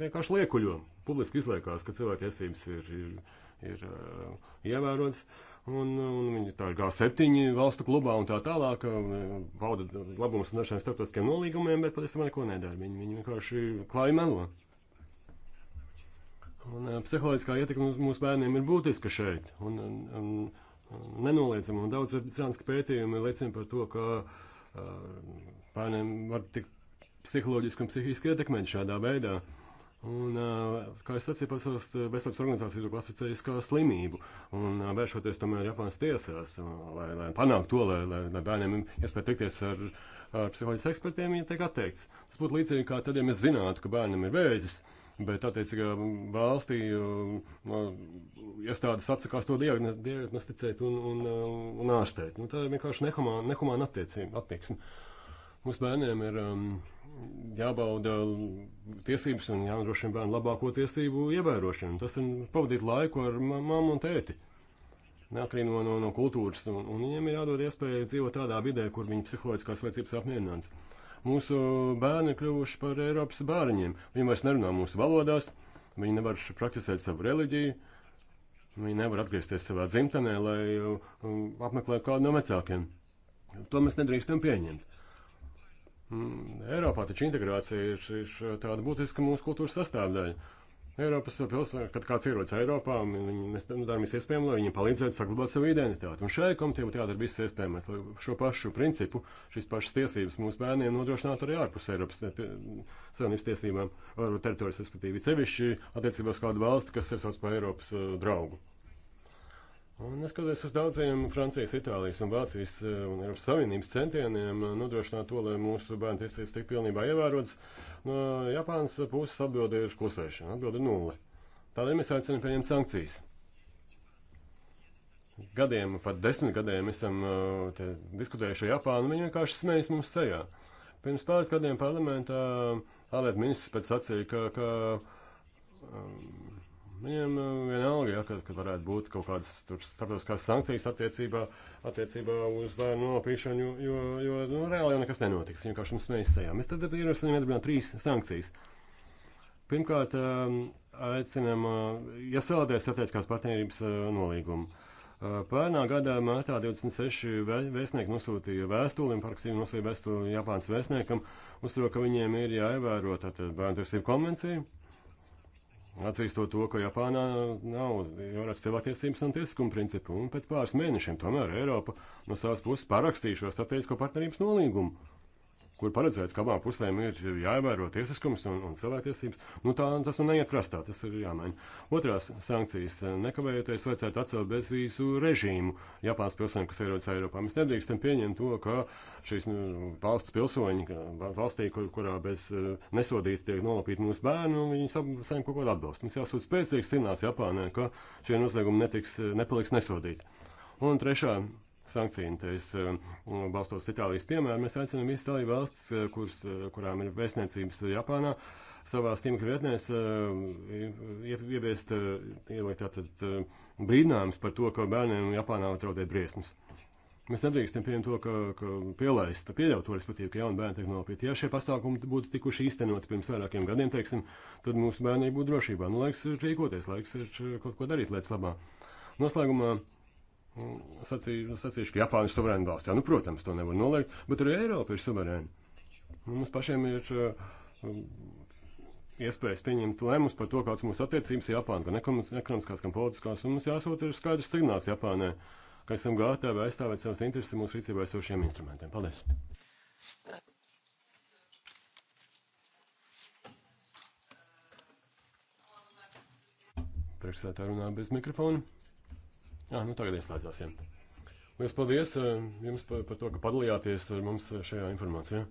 vienkārši liekuļo, publiski izliekās, ka cilvēktiesības ir, ir, ir ievērotas. Un, uh, un viņi tā ir G7 valstu klubā un tā tālāk, uh, valda labums no šiem starptautiskiem nolīgumiem, bet patiesībā neko nedara. Viņi, viņi vienkārši klāja melo. Un uh, psiholoģiskā ietekme mūsu bērniem ir būtiska šeit. Un, un, un nenoliedzama, un daudz zinātniski pētījumi liecina par to, ka uh, bērniem var tik psiholoģiski un psihiski ietekmēt šādā veidā. Uh, Un, kā es teicu, pasaules veselības organizācija to klasificējusi kā slimību. Un vēršoties tomēr Japānas tiesās, lai, lai panāktu to, lai, lai, lai bērniem iespēja tikties ar, ar psiholoģiskiem ekspertiem, ja tiek atteikts. Tas būtu līdzīgi kā tad, ja mēs zinātu, ka bērnam ir vēzis. Bet attiecīgā valstī iestādes atsakās to diagnosticēt un, un, un ārstēt. Nu, tā ir vienkārši nehumāna nehumān attieksme. Mūsu bērniem ir um, jābauda tiesības un jānodrošina bērnu labāko tiesību ievērošanu. Tas ir pavadīt laiku ar mammu un tēti. Neatkarīgi no, no, no kultūras, un, un viņiem ir jādod iespēja dzīvot tādā vidē, kur viņu psiholoģiskās vajadzības apmierināts. Mūsu bērni kļuvuši par Eiropas bērniem. Viņi vairs nerunā mūsu valodās, viņi nevar praktizēt savu reliģiju, viņi nevar atgriezties savā dzimtenē, lai um, apmeklētu kādu no vecākiem. To mēs nedrīkstam pieņemt. Mm, Eiropā taču integrācija ir, ir tāda būtiska mūsu kultūras sastāvdaļa. Eiropas pilsoņi, kad kāds ierodas Eiropā, viņi, mēs darām visu iespējamo, lai viņiem palīdzētu saglabāt savu identitāti. Un šai komitē būtu jādara viss iespējamais, lai šo pašu principu, šīs pašas tiesības mūsu bērniem nodrošinātu arī ārpus Eiropas savienības tiesībām, teritorijas, respektīvi, sevišķi attiecībās kādu valsti, kas sev sauc par Eiropas uh, draugu. Un neskatoties uz daudziem Francijas, Itālijas un Vācijas eh, un Eiropas Savienības centieniem eh, nodrošināt to, lai mūsu bērnu tiesības tik pilnībā ievērotas, no Japānas puses atbilde ir klusēšana, atbilde ir nulle. Tādēļ mēs aicinām pieņemt sankcijas. Gadiem, pat desmit gadiem esam eh, te, diskutējuši ar Japānu, viņi vienkārši smējas mums sejā. Pirms pāris gadiem parlamentā ārlietu ministrs pēc sacīja, ka, ka um, Viņiem nu, vienalga, ja, ka, ka varētu būt kaut kādas starptautiskās sankcijas attiecībā, attiecībā uz bērnu nopīšanu, jo, jo, jo nu, reāli jau nekas nenotiks. Viņi vienkārši mums neizsējā. Mēs tad ierosinām iedarbināt trīs sankcijas. Pirmkārt, um, aicinām iesaldēt uh, ja starptautiskās partnerības uh, nolīgumu. Uh, pērnā gadā mārtā 26 vēstnieki nosūtīja vēstuli, un parakstīja nosūtīja vēstuli Japānas vēstniekam, uzsver, ka viņiem ir jāievēro tātad bērnu tiesību konvenciju Atzīstot to, ka Japānā nav ievērots cilvēktiesības un tiesiskuma principu, un pēc pāris mēnešiem tomēr Eiropa no savas puses parakstīja šo strateģisko partnerības nolīgumu kur paredzēts, ka abām pusēm ir jāievēro tiesiskums un, un cilvēktiesības. Nu, tā, tas nu neiet prastā, tas ir jāmaina. Otrās sankcijas - nekavējoties vajadzētu atcelt bezvīzu režīmu Japānas pilsoņiem, kas ierodas Eiropā. Mēs nedrīkstam pieņemt to, ka šīs nu, valsts pilsoņi, valstī, kur, kurā bez eh, nesodīti tiek nolapīti mūsu bērni, un nu, viņi saņem kaut kādu atbalstu. Mums jāsūt spēcīgs signāls Japānai, ka šie noziegumi netiks, nepaliks nesodīti. Un trešā sankcijām. Te es eh, balstos Itālijas piemēru. Mēs aicinām visas dalību valsts, eh, kuras, eh, kurām ir vēstniecības Japānā, savā stīmekļa vietnēs ieviest ielikt tātad brīdinājums par to, ka bērniem Japānā var traudēt briesmas. Mēs nedrīkstam pieņemt to, ka, ka pielaist, pieļaut to, respektīvi, ka jauni bērni tiek nolaupīti. Ja šie pasākumi būtu tikuši īstenoti pirms vairākiem gadiem, teiksim, tad mūsu bērni būtu drošībā. Nu, laiks ir rīkoties, laiks ir kaut ko darīt lietas labā. Noslēgumā uh, Nu, Sacīju, nu, sacīšu, ka Japāna ir suverēna valsts. Jā, nu, protams, to nevar noliegt, bet arī Eiropa ir suverēna. Nu, mums pašiem ir uh, um, iespējas pieņemt lēmumus par to, kādas mūsu attiecības ar Japānu, gan ekonomiskās, gan politiskās. Mums jāsūta ir skaidrs signāls Japānai, ka esam gatavi aizstāvēt savas intereses mūsu rīcībā esošiem instrumentiem. Paldies! Priekšsētā runā bez mikrofona. Jā, nu tagad ieslēdzās. Jā. Lielas paldies eh, jums par, par to, ka padalījāties ar mums šajā informācijā.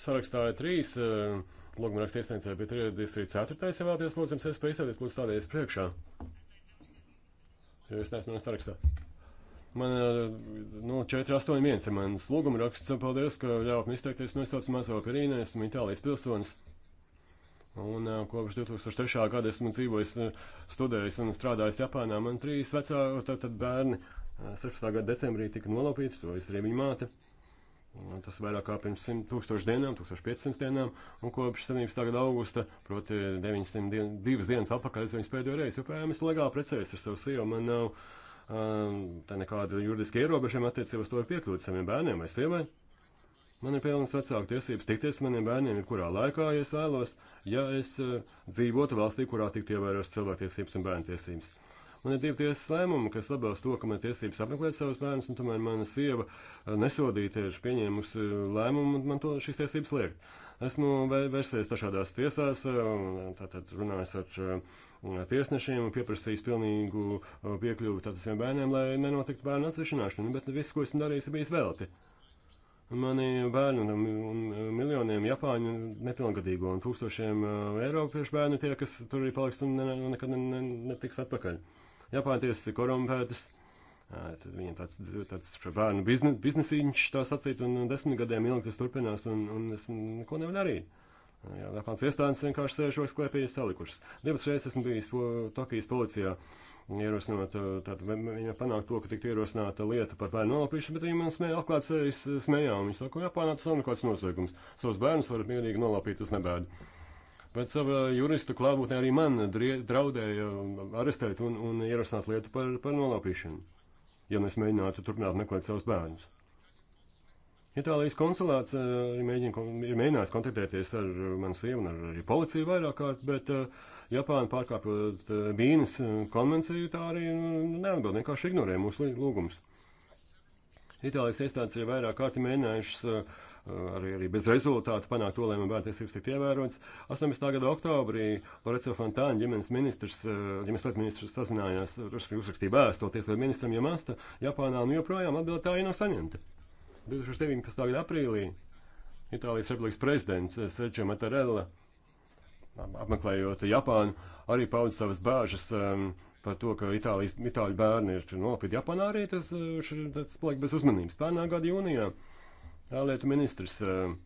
Sarakstā ir trīs eh, logumraksta iesniedzēji, bet ir arī ceturtais, ja vēlaties lūdzu jums iespēju izstāties, lūdzu stādieties priekšā. Jo es neesmu manā sarakstā. Man, eh, nu, 481 ir mans lūgumraksts. Paldies, ka ļāvāt man izteikties. Mēs saucam Mazo Perīnē, esmu Itālijas pilsonis. Un kopš 2003. gada esmu dzīvojis, studējis un strādājis Japānā. Man trīs vecā, tad, tad bērni 16. gada decembrī tika nolaupīti, to es arī viņa māte. Tas vairāk kā pirms 100 tūkstošu dienām, 1500 dienām, un kopš 17. gada augusta, proti 900 dien, divas dienas atpakaļ, es viņas pēdējo reizi joprojām esmu legāli precējies ar savu sievu. Man nav um, nekāda juridiska ierobežojuma attiecībā uz to piekļūt saviem bērniem vai sievai. Man ir pilnas vecāku tiesības tikties ar maniem bērniem, jebkurā laikā, ja es vēlos, ja es uh, dzīvotu valstī, kurā tiktu ievērotas cilvēktiesības un bērnu tiesības. Man ir divi tiesas lēmumi, kas labās to, ka man ir tiesības apmeklēt savus bērnus, un tomēr mana sieva uh, nesodīta ir pieņēmusi eh, lēmumu, un man to šīs tiesības liekt. Esmu vērsies dažādās tiesās, uh, tātad runājis ar tiesnešiem un pieprasījis pilnīgu piekļuvi tātad saviem bērniem, lai nenotiktu bērnu atsevišķināšanu, bet viss, ko esmu darījis, ir bijis velti. Mani bērni un, un miljoniem japāņu nepilngadīgo un tūkstošiem eiropiešu bērnu tie, kas tur arī paliks un ne, nekad ne, ne, netiks atpakaļ. Japāņu tiesas ir korumpētas, viņiem tāds, tāds bērnu bizne, biznesiņš tā sacīt, un desmit gadiem ilgi tas turpinās, un, un es neko nevaru darīt. Jā, Japāns iestādes vienkārši sēžos klēpījas salikušas. Divas reizes esmu bijis po, Tokijas policijā ierosināt, uh, tad viņa panāk to, ka tiktu ierosināta lieta par bērnu nolaupīšanu, bet viņa man smēja, atklāt sejas smējā, un viņa saka, Japānā tas nav nekāds noziegums. Savus bērnus varat mierīgi nolaupīt uz nebēdu. Bet sava jurista klātbūtnē arī man draudēja um, arestēt un, un ierosināt lietu par, par nolaupīšanu, ja es mēģinātu turpināt meklēt savus bērnus. Itālijas konsulāts arī uh, mēģina, ir mēģinājis kontaktēties ar uh, manu sievu un ar, arī policiju vairāk kārt, bet uh, Japāna pārkāpjot eh, Bīnes eh, konvenciju, tā arī nu, nu, neatbild, vienkārši ignorē mūsu lūgumus. Itālijas iestādes ir vairāk kārti mēģinājušas eh, arī, arī bez rezultātu panākt to, lai man bērntiesības tiktu ievērotas. 18. gada oktobrī Lorenzo Fontāna ģimenes ministrs, ģimenes lietu ministrs sazinājās, uzrakstīja vēstuli tieslietu ministram Jamasta Japānā, un joprojām atbildi tā ir nav saņemta. 2019. gada aprīlī Itālijas republikas prezidents Sergio Mattarella apmeklējot Japānu, arī paudz savas bāžas um, par to, ka Itālijas, Itāļu bērni ir nopietni Japānā arī tas, uh, tas paliek bez uzmanības. Pērnā gada jūnijā ārlietu ministrs uh,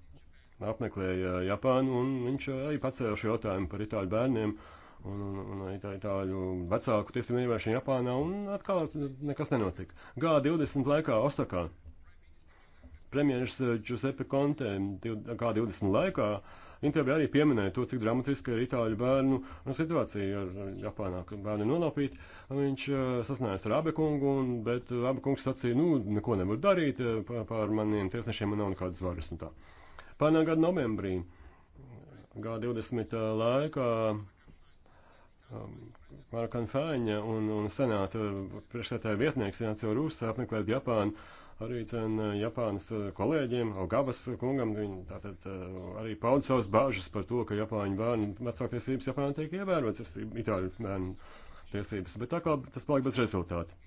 apmeklēja Japānu un viņš uh, arī pacēla šo jautājumu par Itāļu bērniem un, un, un itā, Itāļu vecāku tiesību ievērošanu Japānā un atkal nekas nenotika. G20 laikā Osakā premjerministrs uh, Giuseppe Conte G20 laikā uh, Intervijā arī pieminēja to, cik dramatiska ir itāļu bērnu nu, situācija ar Japānā, kad bērni nonāpīt. Viņš eh, sasinājās ar abekungu, un, bet abekungs sacīja, nu, neko nevar darīt, eh, pār maniem tiesnešiem man nav nekādas varas. Pērnā gada novembrī G20 eh, laikā um, Marka Fāņa un, un senāta priekšsētāja vietnieks Jānis Rūss apmeklēja Japānu arī cien, eh, Japānas eh, kolēģiem, Ogabas kungam. Viņi tātad eh, arī pauda savas bāžas par to, ka Japāņu bērnu vecāktiesības Japānā tiek ievērotas, ir itāļu bērnu tiesības, bet tā kā tas paliek bez rezultātu.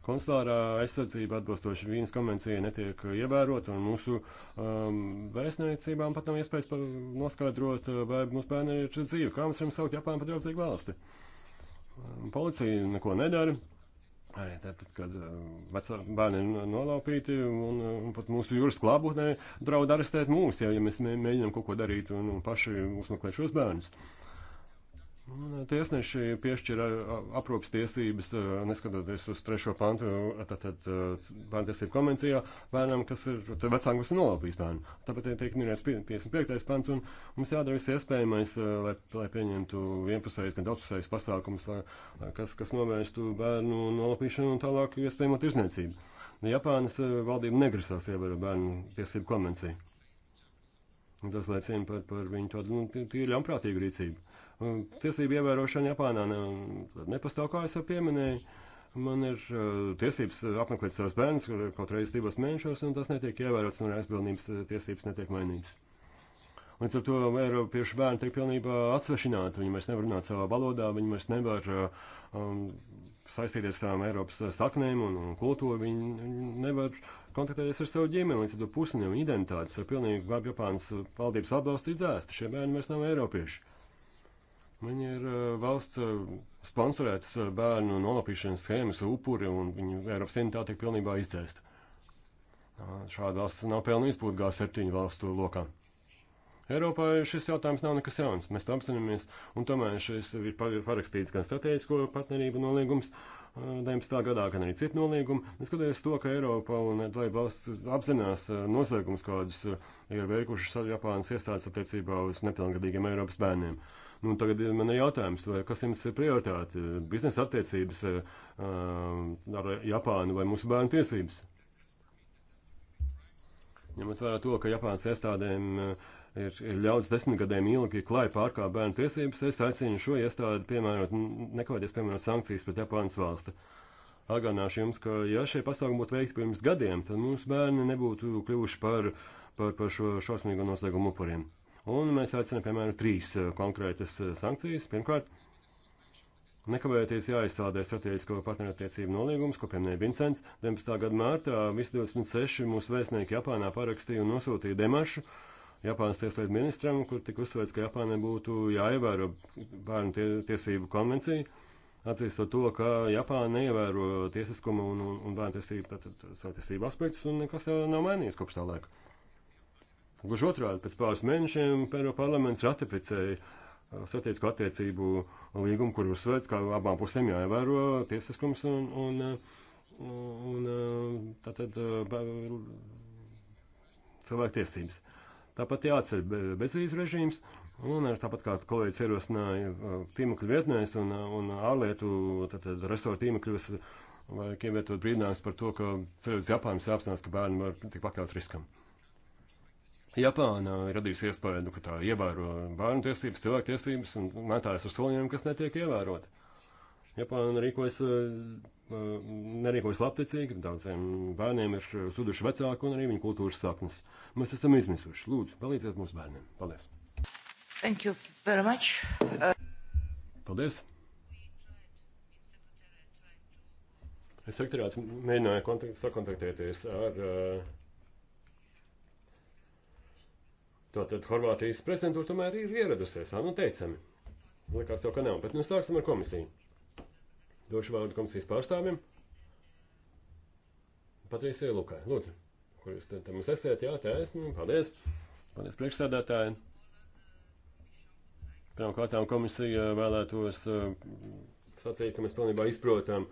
Konsulārā aizsardzība atbilstoši Vīnas konvencijai netiek ievērot, un mūsu um, vēstniecībām pat nav iespējas noskaidrot, vai mūsu bērni ir dzīvi. Kā mēs varam saukt Japānu par draudzīgu valsti? Ehm, policija neko nedara. Arī tad, kad eh, vecāki bērni ir nolaupīti un, un pat mūsu jūras klābūtnē draud arestēt mūs, ja, ja mēs mēģinām kaut ko darīt un, un paši uzmeklēt šos bērnus. Uh, Eh, tiesneši piešķira aprūpas tiesības, eh, neskatoties uz trešo pantu, tātad eh, bērnu tiesību konvencijā, bērnam, kas ir vecākam, kas ir nolaupījis bērnu. Tāpēc tiek minēts 55. pants, un mums jādara viss iespējamais, lai, lai pieņemtu vienpusējus, gan daudzpusējus pasākumus, kas, kas novērstu bērnu nolaupīšanu un tālāk iespējamo tirzniecību. Japānas valdība negrasās ievērot bērnu tiesību konvenciju. Tas liecina par, par viņu tādu nu, tīri ļaunprātīgu rīcību tiesību ievērošana Japānā ne, nepastāv, kā es jau pieminēju. Man ir uh, tiesības apmeklēt savus bērnus kaut reiz divos mēnešos, un tas netiek ievērots, un aizbildnības eh, tiesības netiek mainītas. Līdz ar to Eiropiešu bērni tiek pilnībā atsvešināti. Viņi vairs nevar runāt savā valodā, viņi vairs nevar eh, um, saistīties ar savām Eiropas saknēm un, un kultūru. Viņi nevar kontaktēties ar savu ģimeni, līdz ar to pusniem identitātes ar pilnīgi Japānas valdības atbalstu ir dzēsta. Šie bērni vairs nav Eiropieši. Viņi ir eh, valsts eh, sponsorētas eh, bērnu nolapīšanas schēmas upuri, un viņu Eiropas Savienībā tiek pilnībā izdzēsta. Šāda valsts nav pelnījusi būt G7 valstu lokā. Eiropai šis jautājums nav nekas jauns, mēs to apzināmies, un tomēr šis ir parakstīts gan strateģisko partnerību nolīgums 19. gadā, gan arī citu nolīgumu. Neskatoties to, ka Eiropa un dalība valsts apzinās noslēgumus, kādus ir veikušas Japānas iestādes attiecībā uz nepilngadīgiem Eiropas bērniem. Uh, Nu, tagad man ir jautājums, vai kas jums ir prioritāte? Biznesa attiecības eh, eh, ar Japānu vai mūsu bērnu tiesības? Ņemot vērā to, ka Japānas iestādēm eh, ir, ir ļauts desmit gadiem ilgi klāja pārkāpt bērnu tiesības, es aicinu šo iestādi piemērot, nekavēties piemērot sankcijas pret Japānas valsti. Atgādināšu jums, ka ja šie pasākumi būtu veikti pirms gadiem, tad mūsu bērni nebūtu kļuvuši par, par, par šo šausmīgo noziegumu upuriem. Un mēs aicinām, piemēram, trīs eh, konkrētas eh, sankcijas. Pirmkārt, nekavējoties jāizstādē strateģisko partnerattiecību nolīgums, ko pieminēja Vincents. 19. gada mārtā visi 26 mūsu vēstnieki Japānā parakstīja un nosūtīja demaršu Japānas tieslietu ministram, kur tika uzsvērts, ka Japānai būtu jāievēro bērnu tie, tiesību konvenciju atzīstot to, ka Japāna neievēro tiesiskuma un, un, un bērnu tiesību, tātad, tiesību aspektus, un nekas jau eh, nav mainījies kopš tā laika. Gluži otrādi, pēc pāris mēnešiem Pēro parlaments ratificēja uh, satiecku attiecību līgumu, kur uzsvērts, ka abām pusēm jāievēro tiesiskums un, un, uh, un, un uh, tātad cilvēktiesības. Tāpat jāatceļ bezvīzu režīms, un tāpat kā kolēģis ierosināja tīmekļu vietnēs un, un ārlietu tātad, resortu tīmekļos, vajag ievietot brīdinājums par to, ka ceļot uz Japānu jāapzinās, ka bērni var tik pakļaut riskam. Japāna radīs iespēju, ka tā ievēro bērnu tiesības, cilvēktiesības un metājas ar soļiem, kas netiek ievēroti. Japāna rīkojas, eh, eh, nerīkojas labticīgi, daudziem bērniem ir suduši vecāki un arī viņu kultūras saknes. Mēs esam izmisuši. Lūdzu, palīdziet mūsu bērniem. Paldies! Thank you very much. Uh... Paldies! Sekretārāts mēģināja kontakti, sakontaktēties ar uh, Tātad Horvātijas prezidentūra tomēr ir ieradusies, tā nu teicami. Likās jau, ka nav, bet nu sāksim ar komisiju. Došu vārdu komisijas pārstāvim. Patrīsija Lukai, lūdzu, kur jūs te, te mums esat, jā, tā es, nu, paldies. Paldies priekšstādātāji. Pirmkārtām komisija vēlētos uh, sacīt, ka mēs pilnībā izprotam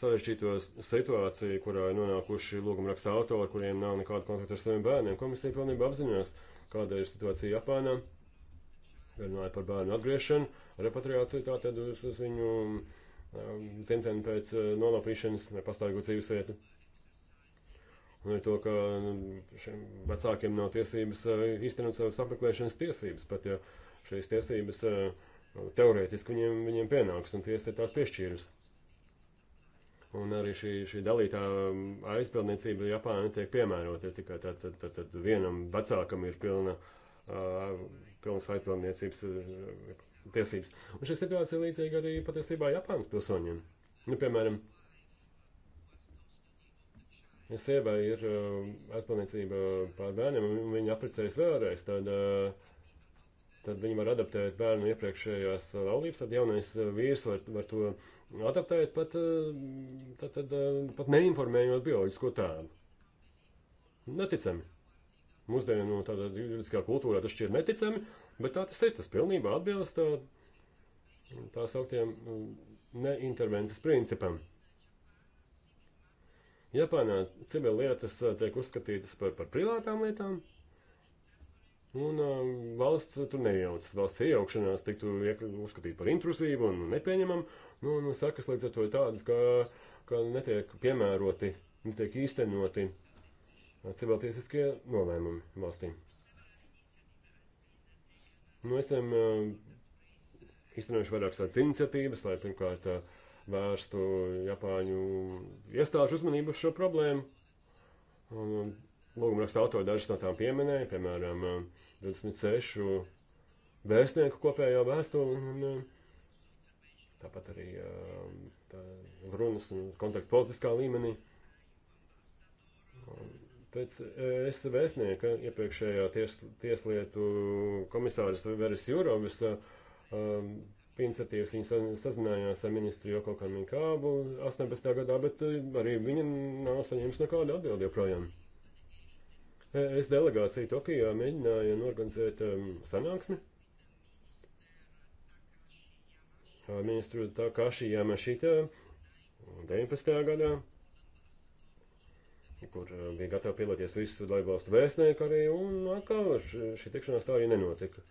sarežģīto situāciju, kurā ir nonākuši lūgumraksta autori, kuriem nav nekāda kontakta ar saviem bērniem. Komisija pilnībā apzinās, uh, kāda ir situācija Japānā. Runāja par bērnu atgriešanu, repatriāciju tātad uz, uz viņu um, dzimteni pēc uh, nolaupīšanas vai pastāvīgu dzīves vietu. Un ir to, ka nu, šiem vecākiem nav tiesības uh, īstenot savas apmeklēšanas tiesības, pat ja šīs tiesības uh, teorētiski viņiem, viņiem pienāks un tiesa ir tās piešķīrusi. Un arī šī, šī dalītā um, aizpildniecība Japāna netiek piemērota, jo tikai tad, tad, tad, tad vienam vecākam ir pilna, uh, pilnas aizpildniecības uh, tiesības. Un šī situācija ir līdzīga arī patiesībā Japānas pilsoņiem. Nu, piemēram, ja sievai ir uh, aizpildniecība pār bērniem un viņa apprecējas vēlreiz, tad, uh, tad viņa var adaptēt bērnu iepriekšējās laulības, tad jaunais uh, vīrs var, var to adaptēt pat, eh, tad, tad, eh, pat neinformējot bioloģisko tēlu. Neticami. Mūsdienu no tādā juridiskā kultūrā tas šķiet neticami, bet tā tas ir. Tas pilnībā atbilst tā, eh, tā sauktiem neintervences principam. Japānā civil lietas tiek uzskatītas par, par privātām lietām, Un uh, valsts tur nejaucas. Valsts iejaukšanās tiktu uzskatīta par intrusīvu un nepieņemamu. Nu, nu, sakas līdz ar to ir tādas, ka, ka netiek piemēroti, netiek īstenoti civiltiesiskie nolēmumi valstīm. Nu, esam uh, izstrādājuši vairākas tādas iniciatīvas, lai pirmkārt uh, vērstu Japāņu iestāžu uzmanību uz šo problēmu. Un, Lūguma raksta autori dažas no tām pieminēja, piemēram, 26 eh, vēstnieku kopējā vēstuli un eh, tāpat arī eh, tā, runas un kontaktu politiskā līmenī. Pēc es vēstnieka iepriekšējā ties, tieslietu komisāras Veres Jurovas iniciatīvas viņa sazinājās ar ministru Joko Kanikābu 18. gadā, bet arī viņa nav saņēmusi nekādu atbildi joprojām. Ja Es delegācija Tokijā mēģināja norganizēt um, sanāksmi ar ministru Takashi Yamashita 19. gadā, kur bija gatavi pielāties visu daļbalstu vēstnieku arī, un atkal šī tikšanās tā arī nenotika.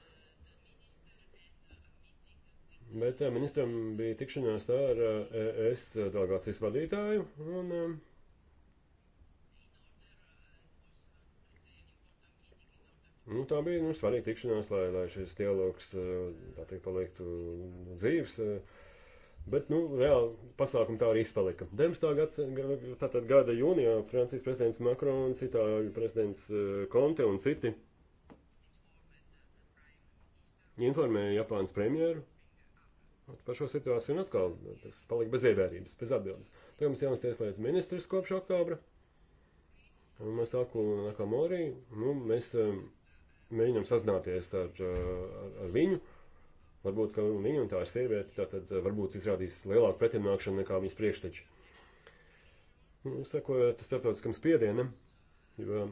Bet ministram bija tikšanās tā ar ES delegācijas vadītāju, un um, Nu, tā bija nu, svarīga tikšanās, lai, lai šis dialogs teikt, paliktu dzīves. Bet, nu, reāli pasākumi tā arī izpalika. 19. Gads, tātad gada jūnijā Francijas prezidents Makrons, Itāļu prezidents Konte un citi informēja Japānas premjeru par šo situāciju un atkal tas palika bez ievērības, bez atbildes. Tagad mums jauns tieslietu ministrs kopš oktobra. Un mēs sāku Nakamori, nu, mēs um, mēģinām sazināties ar, ar, eh, ar viņu. Varbūt, ka viņa un tā ir sieviete, tā tad eh, varbūt izrādīs lielāku pretimnākšanu nekā viņas priekšteči. Nu, sekojot starptautiskam spiedienam, jo,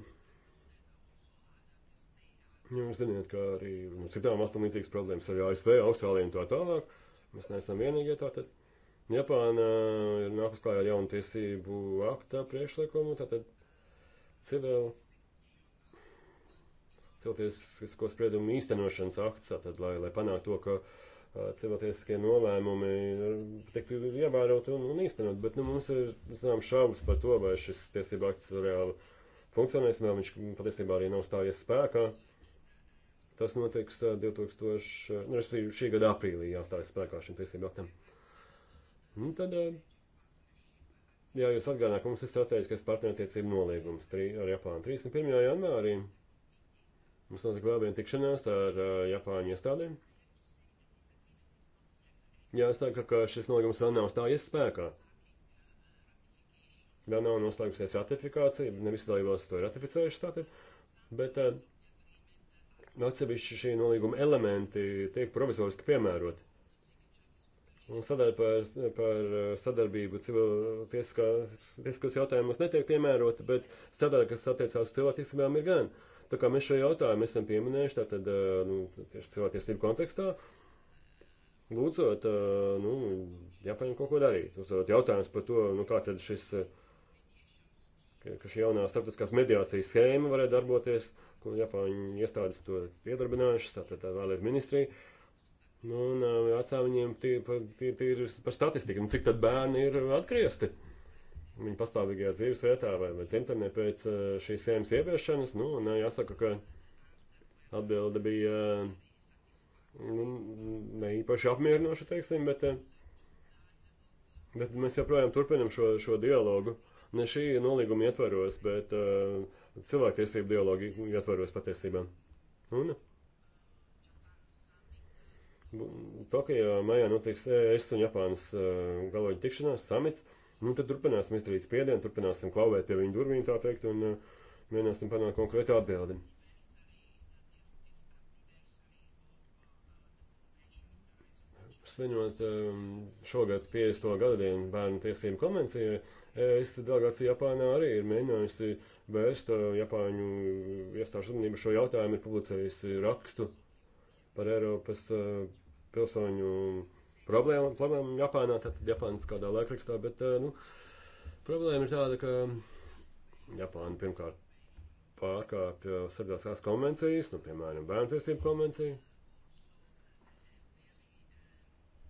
jo ziniet, ka arī nu, citām valstīm līdzīgas problēmas arī ASV, Austrālija un tā tālāk. Mēs neesam vienīgie tātad. Japāna eh, ir nākus klājā jaunu tiesību akta priekšlikumu, tātad civilu cilvēcisko spriedumu īstenošanas akts, tad, lai, lai panāktu to, ka uh, cilvēciskie nolēmumi tiktu ievēroti un, un īstenot. Bet nu, mums ir zinām, šaubas par to, vai šis tiesība akts reāli funkcionēs, vēl viņš patiesībā arī nav stājies spēkā. Tas notiks 2000, nu, šī gada aprīlī jāstājas spēkā šim tiesību aktam. Nu, tad, jā, jūs atgādināt, ka mums ir strateģiskais partnerattiecību nolīgums ar Japānu 31. janvārī. Mums notika vēl viena tikšanās ar uh, Japāņu iestādēm. Jāsaka, ka šis nolīgums vēl nav stājies spēkā. Vēl nav noslēgusies ratifikācija, ne visas dalībvalstis to ir ratificējušas, tātad, bet uh, atsevišķi šī nolīguma elementi tiek provizoriski piemēroti. Un sadarbība par, par sadarbību civiltieskos jautājumos netiek piemērota, bet sadarbība, kas attiecās uz cilvēktiesībām, ir gan. Uh, Tā kā mēs šo jautājumu esam pieminējuši, tātad, nu, tieši cilvēktiesību kontekstā, lūdzot, nu, Japāņiem kaut ko darīt. Uzdot jautājumus par to, nu, kā tad šis, ka šī jaunā starptautiskās mediācijas schēma varētu darboties, ko Japāņu iestādes to iedarbinājušas, tātad tā vēlēt ministrija. Nu, un atsā viņiem tīri par statistiku, nu, cik tad bērni ir atgriezti viņa pastāvīgajā dzīves vietā vai, vai dzimtenē pēc eh, šīs schēmas ieviešanas. Nu, un, eh, jāsaka, ka atbilde bija eh, nu, ne īpaši apmierinoša, teiksim, bet, bet mēs joprojām turpinam šo, šo dialogu. Ne šī nolīguma ietvaros, bet uh, cilvēktiesību dialogu ietvaros patiesībā. Un, Tokijā maijā notiks ES un Japānas uh, galvoņu tikšanās samits. Uh, Nu, tad turpināsim izdarīt spiedienu, turpināsim klauvēt pie viņa durvīm, tā teikt, un uh, mēģināsim panākt konkrētu atbildi. Svinot um, šogad 50. gadadienu bērnu tiesību konvencijai, es delegācija Japānā arī ir mēģinājusi vērst uh, Japāņu iestāžu uzmanību šo jautājumu, ir publicējusi rakstu par Eiropas uh, pilsoņu problēma, problēma Japānā, tad Japānas kādā laikrakstā, bet, eh, nu, problēma ir tāda, ka Japāna pirmkārt pārkāpja starptautiskās konvencijas, nu, piemēram, bērntiesību konvenciju.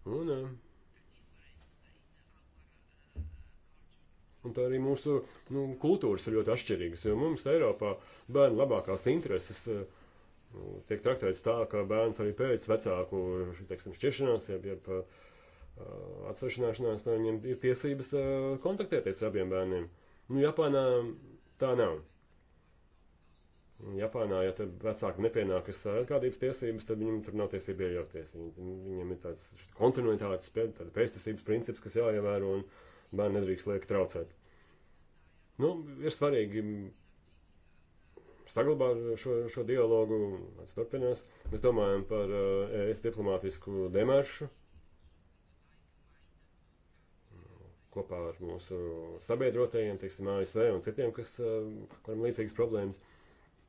Un, eh, un tā arī mūsu nu, kultūras ir ļoti atšķirīgas, jo mums Eiropā bērnu labākās intereses uh, tiek traktēts tā, ka bērns arī pēc vecāku teiksim, šķiršanās, jeb, jeb atsevišķināšanās, viņiem ir tiesības kontaktēties ar abiem bērniem. Nu, Japānā tā nav. Japānā, ja vecāki nepienākas atkādības tiesības, tad viņiem tur nav tiesība iejaukties. Viņiem ir tāds kontinuitātes, tāda pēctiesības princips, kas jāievēro, un bērni nedrīkst liek traucēt. Nu, ir svarīgi saglabā šo, šo dialogu, tas turpinās. Mēs domājam par eh, ES diplomātisku demaršu kopā ar mūsu sabiedrotajiem, teiksim, ASV un citiem, kas, eh, kuriem līdzīgas problēmas.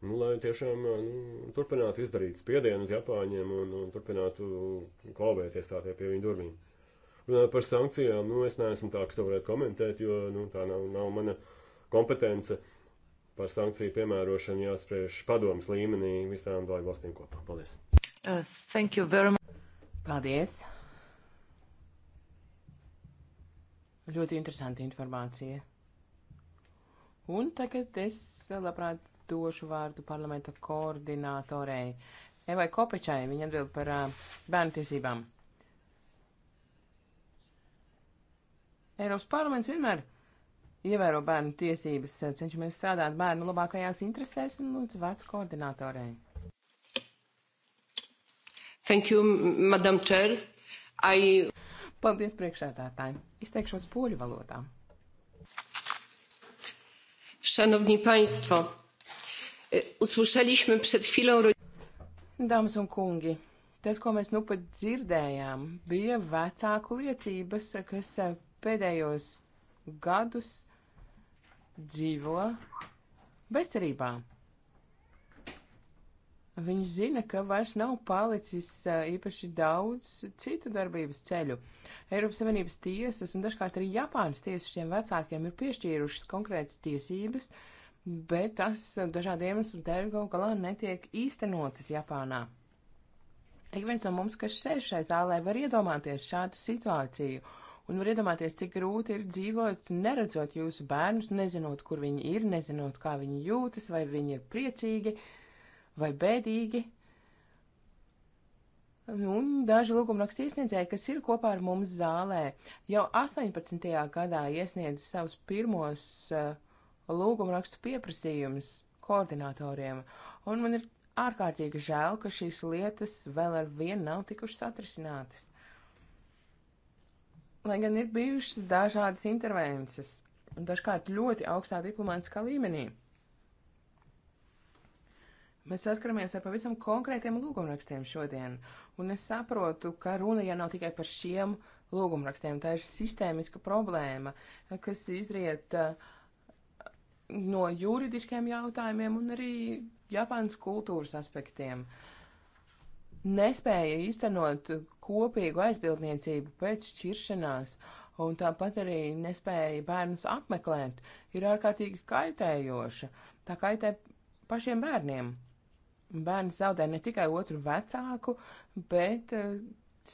Nu, lai tiešām eh, nu, turpinātu izdarīt spiedienu uz Japāņiem un, un turpinātu klauvēties tādā pie viņu durvīm. Runājot par sankcijām, nu, es neesmu tā, kas to varētu komentēt, jo nu, tā nav, nav mana kompetence. Uh, par sankciju piemērošanu jāspriež padomas līmenī visām dalību valstīm kopā. Paldies! Uh, thank you very much! Paldies! Ļoti interesanti informācija. Un tagad es labprāt došu vārdu parlamenta koordinātorei Evai Kopečai. Viņa atbild par uh, bērnu tiesībām. Eiropas parlaments vienmēr ievēro bērnu tiesības, eh, cenšamies strādāt bērnu labākajās interesēs un lūdzu vārds koordinātorei. Thank you, Madam Chair. I... Paldies priekšētātājiem. Izteikšos poļu valodā. Szanowni Państwo, e, usłyszeliśmy przed chwilą... Dāmas un kungi, tas, ko mēs nu pat dzirdējām, bija vecāku liecības, kas e, pēdējos gadus dzīvo bezcerībā. Viņi zina, ka vairs nav palicis īpaši daudz citu darbības ceļu. Eiropas Savienības tiesas un dažkārt arī Japānas tiesas šiem vecākiem ir piešķīrušas konkrētas tiesības, bet tas dažādu iemeslu dēļ galu galā netiek īstenotas Japānā. Ik viens no mums, kas sēž šai zālē, var iedomāties šādu situāciju. Uh, Un var iedomāties, cik grūti ir dzīvot, neredzot jūsu bērnus, nezinot, kur viņi ir, nezinot, kā viņi jūtas, vai viņi ir priecīgi vai bēdīgi. Un daži lūgumrakstu iesniedzēji, kas ir kopā ar mums zālē, jau 18. gadā iesniedz savus pirmos uh, lūgumrakstu pieprasījumus koordinatoriem, un man ir ārkārtīgi žēl, ka šīs lietas vēl ar vienu nav tikušas atrisinātas lai gan ir bijušas dažādas intervences, un dažkārt ļoti augstā diplomātiskā līmenī. Mēs saskaramies ar pavisam konkrētiem lūgumrakstiem šodien, un es saprotu, ka runa jau nav tikai par šiem lūgumrakstiem, tā ir sistēmiska problēma, kas izriet eh, no juridiskiem jautājumiem un arī Japānas kultūras aspektiem. Uh, nespēja īstenot kopīgu aizbildniecību pēc šķiršanās, un tāpat arī nespēja bērnus apmeklēt, ir ārkārtīgi kaitējoša. Tā kaitē pašiem bērniem. Bērni zaudē ne tikai otru vecāku, bet eh,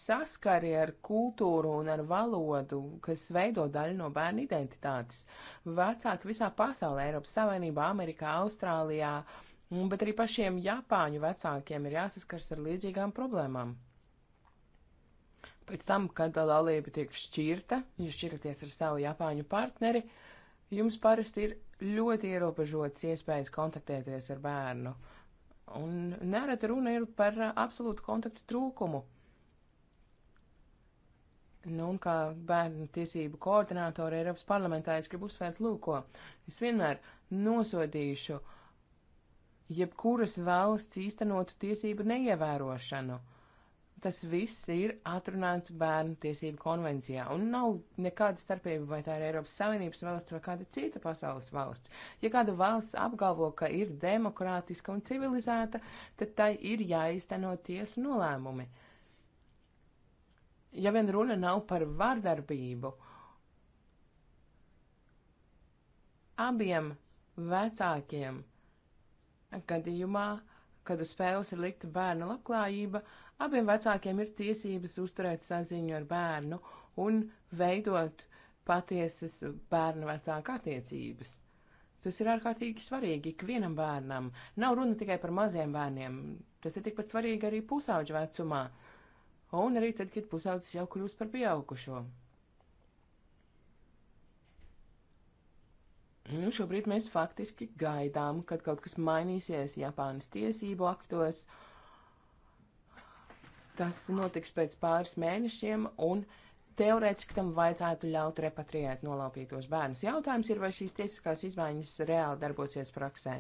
saskari ar kultūru un ar valodu, kas veido daļu no bērna identitātes. Vecāki visā pasaulē, Eiropas Savienībā, Amerikā, Austrālijā, uh, Un, bet arī pašiem Japāņu vecākiem ir jāsaskars ar līdzīgām problēmām. Pēc tam, kad laulība tiek šķirta, jūs šķirties ar savu Japāņu partneri, jums parasti ir ļoti ierobežotas iespējas kontaktēties ar bērnu. Un nereti runa ir par uh, absolūtu kontaktu trūkumu. Nu, un kā bērnu tiesību koordinātori Eiropas parlamentā, es gribu uzsvērt lūko. Es vienmēr nosodīšu uh, jebkuras valsts īstenotu tiesību neievērošanu. Tas viss ir atrunāts bērnu tiesību konvencijā, un nav nekāda starpība, vai tā ir Eiropas Savienības valsts vai kāda cita pasaules valsts. Ja kāda valsts apgalvo, ka ir demokrātiska un civilizēta, tad tai ir jāizteno tiesu nolēmumi. Ja vien runa nav par vardarbību, abiem vecākiem Gadījumā, kad uz spēles ir likta bērna labklājība, abiem vecākiem ir tiesības uzturēt saziņu ar bērnu un veidot patiesas bērna vecāka attiecības. Tas ir ārkārtīgi svarīgi ikvienam bērnam. Nav runa tikai par maziem bērniem. Tas ir tikpat svarīgi arī pusauģu vecumā, un arī tad, kad pusaudzis jau kļūst par pieaugušo. Nu, šobrīd mēs faktiski gaidām, kad kaut kas mainīsies Japānas tiesību aktos. Tas notiks pēc pāris mēnešiem, un teorētiski tam vajadzētu ļaut repatriēt nolaupītos bērnus. Jautājums ir, vai šīs tiesiskās izmaiņas reāli darbosies praksē.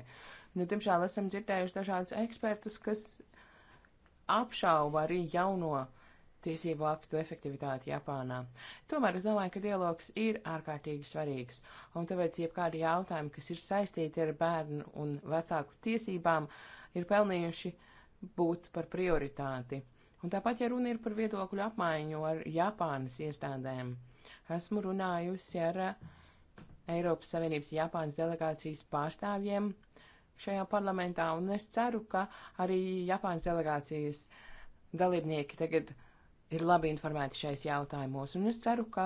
Nu, diemžēl esam dzirdējuši dažādus ekspertus, kas apšauba arī jauno uh, tiesību aktu efektivitāti Japānā. Tomēr es domāju, ka dialogs ir ārkārtīgi svarīgs, un tāpēc jebkādi jautājumi, kas ir saistīti ar bērnu un vecāku tiesībām, ir pelnījuši būt par prioritāti. Un tāpat, ja runa ir par viedokļu apmaiņu ar Japānas iestādēm, esmu runājusi ar eh, Eiropas Savienības Japānas delegācijas pārstāvjiem šajā parlamentā, un es ceru, ka arī Japānas delegācijas dalībnieki tagad ir labi informēti šais jautājumos, un es ceru, ka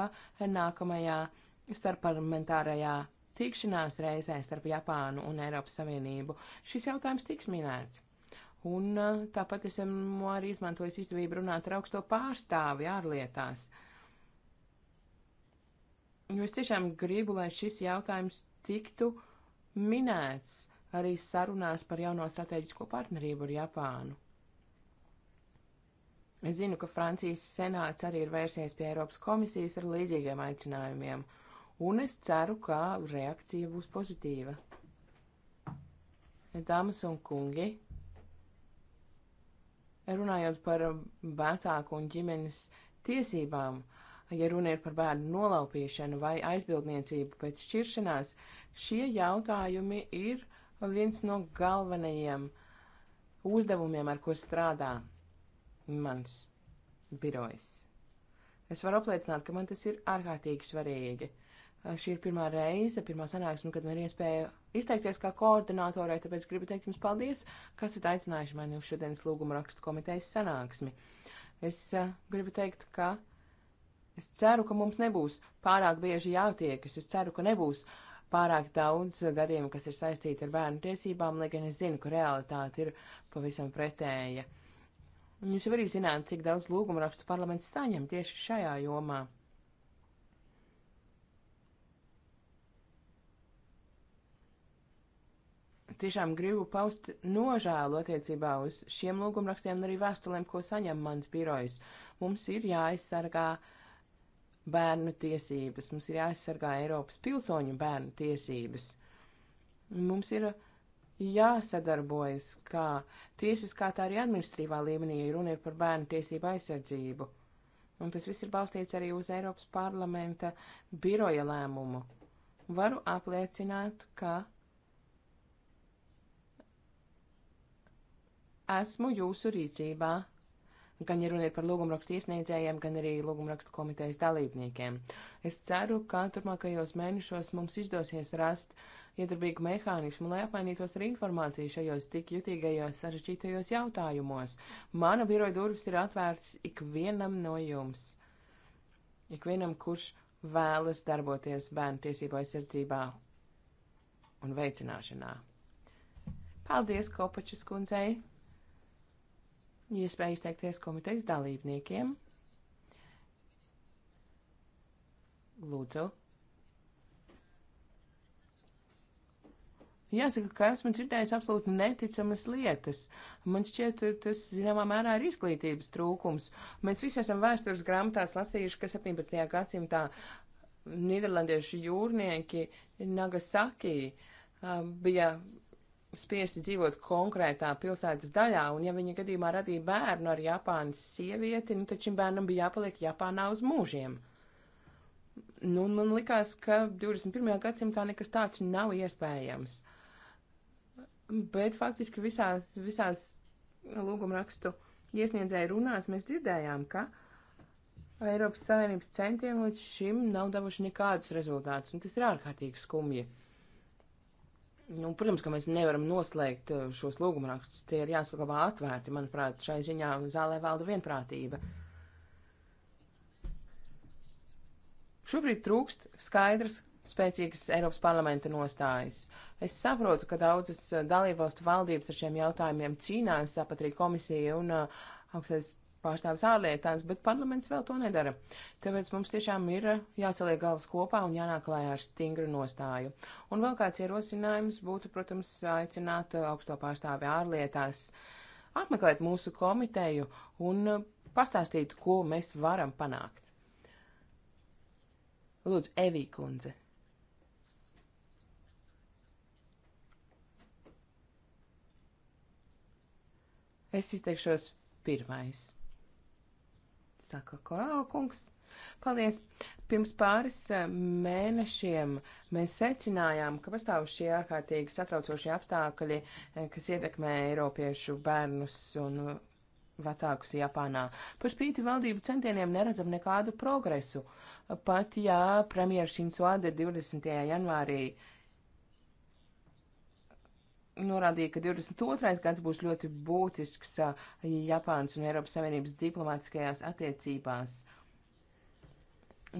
nākamajā starpparlamentārajā tikšanās reizē starp Japānu un Eiropas Savienību šis jautājums tiks minēts. Un uh, tāpat esmu arī izmantojis izdevību runāt ar augsto pārstāvi ārlietās. Jo es tiešām gribu, lai šis jautājums tiktu minēts arī sarunās par jauno strateģisko partnerību ar Japānu. Es zinu, ka Francijas senāts arī ir vērsies pie Eiropas komisijas ar līdzīgiem aicinājumiem, un es ceru, ka reakcija būs pozitīva. Dāmas un kungi, runājot par vecāku un ģimenes tiesībām, ja runa ir par bērnu nolaupīšanu vai aizbildniecību pēc šķiršanās, šie jautājumi ir viens no galvenajiem uzdevumiem, ar ko strādā mans birojs. Es varu apliecināt, ka man tas ir ārkārtīgi svarīgi. Šī ir pirmā reize, pirmā sanāksme, kad man ir iespēja izteikties kā koordinātorai, tāpēc gribu teikt jums paldies, kas ir aicinājuši mani uz šodienas lūguma rakstu komitejas sanāksmi. Es uh, gribu teikt, ka es ceru, ka mums nebūs pārāk bieži jātiekas, es ceru, ka nebūs pārāk daudz gadījumu, kas ir saistīti ar bērnu tiesībām, lai gan es zinu, ka realitāte ir pavisam pretēja. Uh, Un jūs jau arī zināt, cik daudz lūgumu rakstu parlaments saņem tieši šajā jomā. Tiešām gribu paust nožēlu attiecībā uz šiem lūgumrakstiem un arī vēstulēm, ko saņem mans birojs. Mums ir jāaizsargā bērnu tiesības, mums ir jāaizsargā Eiropas pilsoņu bērnu tiesības. Mums ir uh, jāsadarbojas, kā tiesiskā tā arī administrīvā līmenī, ja runa ir par bērnu tiesību aizsardzību. Un tas viss ir balstīts arī uz Eiropas parlamenta biroja lēmumu. Varu apliecināt, ka esmu jūsu rīcībā, gan ja runa ir par lūgumrakstu iesniedzējiem, gan arī lūgumrakstu komitejas dalībniekiem. Es ceru, ka turpmākajos mēnešos mums izdosies rast uh, iedarbīgu mehānismu, lai apmainītos ar informāciju šajos tik jutīgajos sarežģītajos jautājumos. Mana biroja durvis ir atvērtas ikvienam no jums. Ikvienam, kurš vēlas darboties bērnu tiesību aizsardzībā un veicināšanā. Paldies Kopačas kundzei! Iespēja izteikties komitejas dalībniekiem. Lūdzu! Jāsaka, ka esmu dzirdējis absolūti neticamas lietas. Man šķiet, tas zināmā mērā ir izglītības trūkums. Mēs visi esam vēstures grāmatās lasījuši, ka 17. gadsimtā Nīderlandiešu jūrnieki Nagasaki bija spiesti dzīvot konkrētā pilsētas daļā, un ja viņa gadījumā radīja bērnu ar Japānas sievieti, nu taču šim bērnam bija jāpaliek Japānā uz mūžiem. Nu, man likās, ka 21. gadsimtā nekas tāds nav iespējams. Uh, Bet faktiski visās, visās lūgumrakstu iesniedzēju runās mēs dzirdējām, ka Eiropas Savienības centieni līdz šim nav devuši nekādus rezultātus, un tas ir ārkārtīgi skumji. Nu, protams, ka mēs nevaram noslēgt uh, šos lūgumrakstus, tie ir jāsaglabā atvērti, manuprāt, šai ziņā zālē valda vienprātība. Šobrīd trūkst skaidras spēcīgas Eiropas parlamenta nostājas. Es saprotu, ka daudzas eh, dalībvalstu valdības ar šiem jautājumiem cīnās, tāpat arī komisija un uh, augstais pārstāvis ārlietās, bet parlaments vēl to nedara. Tāpēc mums tiešām ir eh, jāsaliek galvas kopā un jānāk klājā ar stingru nostāju. Un vēl kāds ierosinājums būtu, protams, aicināt augsto pārstāvi ārlietās apmeklēt mūsu komiteju un pastāstīt, ko mēs varam panākt. Lūdzu, Evī kundze. Es izteikšos pirmais. Saka Korāla kungs. Paldies! Pirms pāris eh, mēnešiem mēs secinājām, ka pastāv šie ārkārtīgi satraucošie apstākļi, eh, kas ietekmē Eiropiešu bērnus un eh, vecākus Japānā. Par spīti valdību centieniem neredzam nekādu progresu. Pat ja premjeras Šinsuāde 20. janvārī norādīja, ka 22. gads būs ļoti būtisks Japānas un Eiropas Savienības diplomātiskajās attiecībās.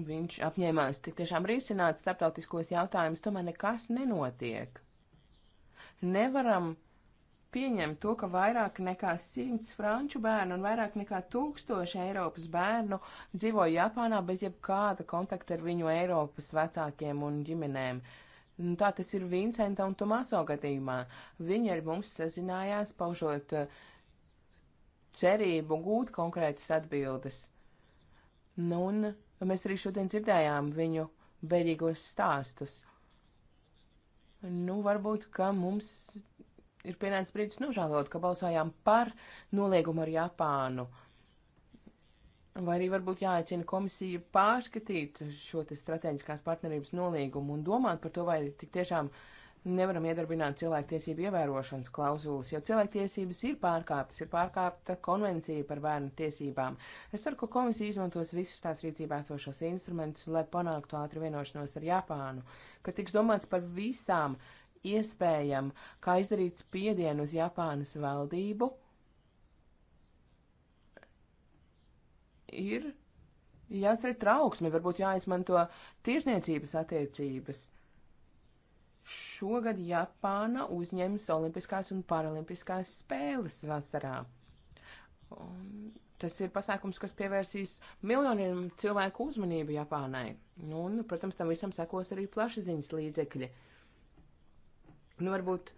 Viņš apņēmās tik tiešām risināt starptautiskos jautājumus, tomēr nekas nenotiek. Nevaram pieņemt to, ka vairāk nekā simts franču bērnu un vairāk nekā tūkstoši Eiropas bērnu dzīvo Japānā bez jebkāda kontakta ar viņu Eiropas vecākiem un ģimenēm. Uh, Un nu, tā tas ir Vincenta un Tomaso gadījumā. Viņi ar mums sazinājās, paužot eh, cerību gūt konkrētas atbildes. Nu, un mēs arī šodien dzirdējām viņu beļīgos stāstus. Nu, varbūt, ka mums ir pienācis brīdis nožēlot, ka balsojām par noliegumu ar Japānu. Uh, Vai arī varbūt jāaicina komisija pārskatīt šo te strateģiskās partnerības nolīgumu un domāt par to, vai tik tiešām nevaram iedarbināt cilvēktiesību ievērošanas klauzulas, jo cilvēktiesības ir pārkāptas, ir pārkāpta konvencija par bērnu tiesībām. Es ceru, ka komisija izmantos visus tās rīcībā esošos instrumentus, lai panāktu ātru vienošanos ar Japānu, ka tiks domāts par visām iespējām, kā izdarīt spiedienu uz Japānas valdību ir jāceļ trauksme, varbūt jāizmanto tiešniecības attiecības. Šogad Japāna uzņems Olimpiskās un Paralimpiskās spēles vasarā. Un tas ir pasākums, kas pievērsīs miljoniem cilvēku uzmanību Japānai. Nu, un, protams, tam visam sekos arī plašsaziņas līdzekļi. Nu, varbūt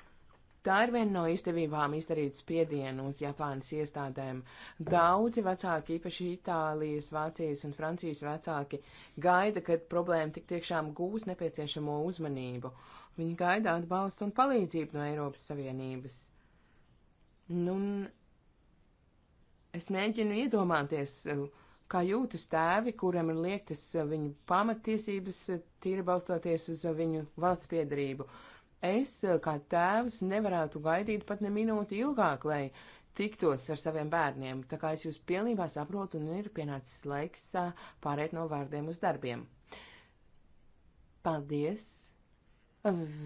Tā ir viena no izdevībām izdarīt spiedienu uz Japānas iestādēm. Daudzi vecāki, īpaši Itālijas, Vācijas un Francijas vecāki, gaida, kad problēma tik tiešām gūs nepieciešamo uzmanību. Viņi gaida atbalstu un palīdzību no Eiropas Savienības. Nu, es mēģinu iedomāties, kā jūtas tēvi, kuriem ir liektas viņu pamatiesības, tīri balstoties uz viņu valsts piedarību. Uh, es eh, kā tēvs nevarētu gaidīt pat ne minūti ilgāk, lai tiktos ar saviem bērniem, tā kā es jūs pilnībā saprotu un ir pienācis laiks eh, pāriet no vārdiem uz darbiem. Paldies!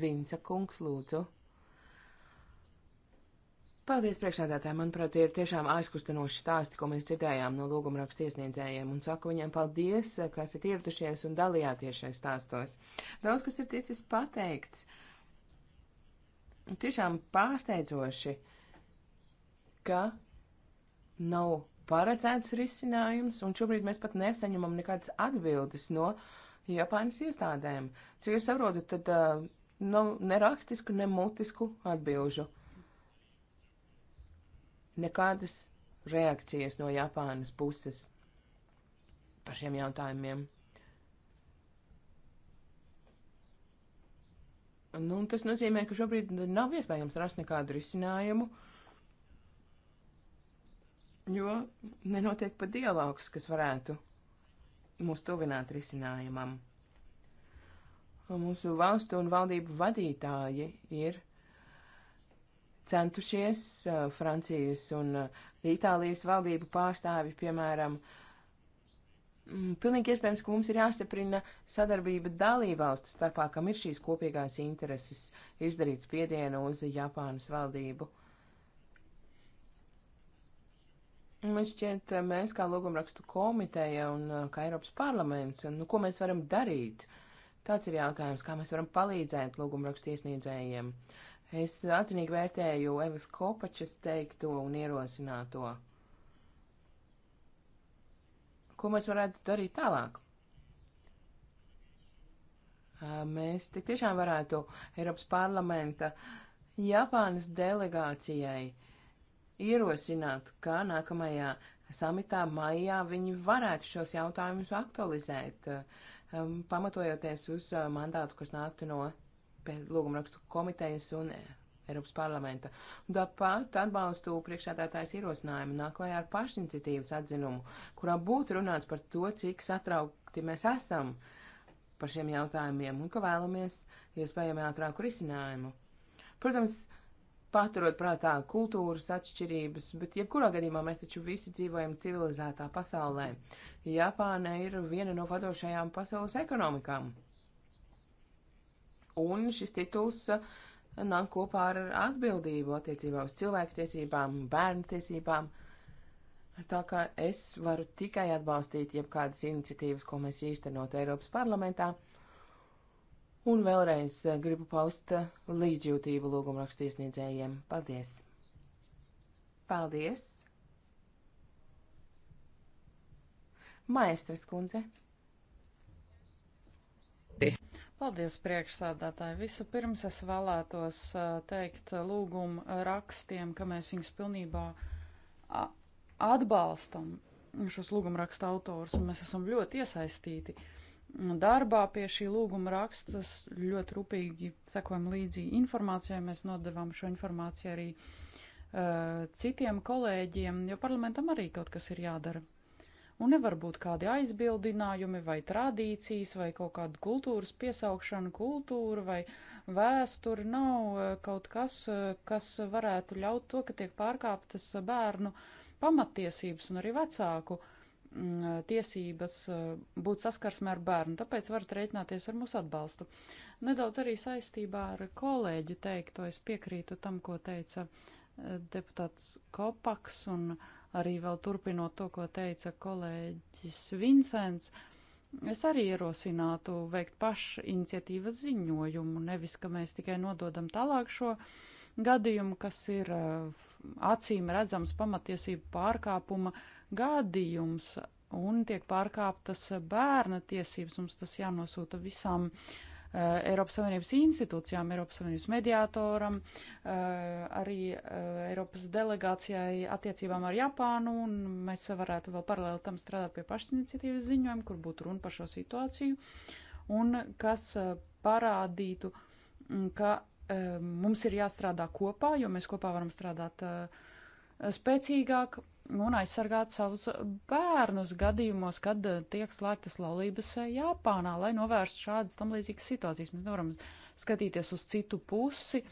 Vinca kungs lūdzu. Paldies priekšsēdētāji, manuprāt, ir tiešām aizkustinoši stāsti, ko mēs dzirdējām no lūgumrakstu iesniedzējiem, un saku viņiem paldies, eh, ka esat ieradušies un dalījāties šajos stāstos. Daudz kas ir ticis pateikts. Uh, tiešām pārsteidzoši, ka nav paredzēts risinājums, un šobrīd mēs pat nesaņemam nekādas atbildes no Japānas iestādēm. Cik es saprotu, tad uh, nav ne rakstisku, ne mutisku atbilžu. Nekādas reakcijas no Japānas puses par šiem jautājumiem. Nu, tas nozīmē, ka šobrīd nav iespējams rast nekādu risinājumu, jo nenotiek pat dialogs, kas varētu mūs tuvināt risinājumam. Mūsu valstu un valdību vadītāji ir centušies, uh, Francijas un uh, Itālijas valdību pārstāvi, piemēram, uh, Mm, pilnīgi iespējams, ka mums ir jāstiprina sadarbība dalībvalstu starpā, kam ir šīs kopīgās intereses izdarīt spiedienu uz Japānas valdību. Man šķiet, mēs kā logumrakstu komiteja un uh, kā Eiropas parlaments, nu, ko mēs varam darīt? Tāds ir jautājums, kā mēs varam palīdzēt logumrakstu iesniedzējiem. Es atzinīgi vērtēju Evas Kopačas teikto un ierosināto. Ko mēs varētu darīt tālāk? Mēs tik tiešām varētu Eiropas parlamenta Japānas delegācijai ierosināt, ka nākamajā samitā maijā viņi varētu šos jautājumus aktualizēt, pamatojoties uz mandātu, kas nāktu no lūgumrakstu komitejas un Eiropas parlamenta. Tāpat atbalstu priekšādātājs ierosinājumu nāklājā ar pašiniciatīvas atzinumu, kurā būtu runāts par to, cik satraukti mēs esam par šiem jautājumiem un ka vēlamies iespējami ātrāku risinājumu. Protams, paturot prātā kultūras atšķirības, bet jebkurā gadījumā mēs taču visi dzīvojam civilizētā pasaulē. Japāna ir viena no vadošajām pasaules ekonomikām. Un šis tituls uh, nāk kopā ar atbildību attiecībā uz cilvēktiesībām, bērnu tiesībām. Tā kā es varu tikai atbalstīt jebkādas iniciatīvas, ko mēs īstenot Eiropas parlamentā. Un vēlreiz gribu paust līdzjūtību lūgumrakstu iesniedzējiem. Paldies! Paldies! Maestras kundze! Paldies, priekšsādātāji. Vispirms es vēlētos teikt lūgumu rakstiem, ka mēs viņus pilnībā atbalstam, šos lūgumu rakstu autors, un mēs esam ļoti iesaistīti darbā pie šī lūguma rakstas, ļoti rūpīgi sekojam līdzi informācijai, mēs nodevām šo informāciju arī uh, citiem kolēģiem, jo parlamentam arī kaut kas ir jādara un nevar būt kādi aizbildinājumi vai tradīcijas vai kaut kāda kultūras piesaukšana, kultūra vai vēsture nav eh, kaut kas, eh, kas varētu ļaut to, ka tiek pārkāptas bērnu pamatiesības un arī vecāku mm, eh, tiesības būt saskarsmē ar bērnu, tāpēc varat rēķināties ar mūsu atbalstu. Nedaudz arī saistībā ar kolēģu teikto, es piekrītu tam, ko teica deputāts Kopaks un uh, arī vēl turpinot to, ko teica kolēģis Vincents, es arī ierosinātu veikt pašu iniciatīvas ziņojumu, nevis, ka mēs tikai nododam tālāk šo gadījumu, kas ir eh, acīm redzams pamatiesību pārkāpuma gadījums un tiek pārkāptas bērna tiesības. Mums tas jānosūta visām uh, Eh, Eiropas Savienības institūcijām, Eiropas Savienības mediātoram, eh, arī eh, Eiropas delegācijai attiecībām ar Japānu, un mēs varētu vēl paralēli tam strādāt pie pašiniciatīvas ziņojuma, kur būtu runa par šo situāciju, un kas parādītu, mm, ka mums ir jāstrādā kopā, jo mēs kopā varam strādāt spēcīgāk un aizsargāt savus bērnus gadījumos, kad eh, tiek slēgtas laulības eh, Japānā, lai novērstu šādas tam līdzīgas situācijas. Mēs nevaram skatīties uz citu pusi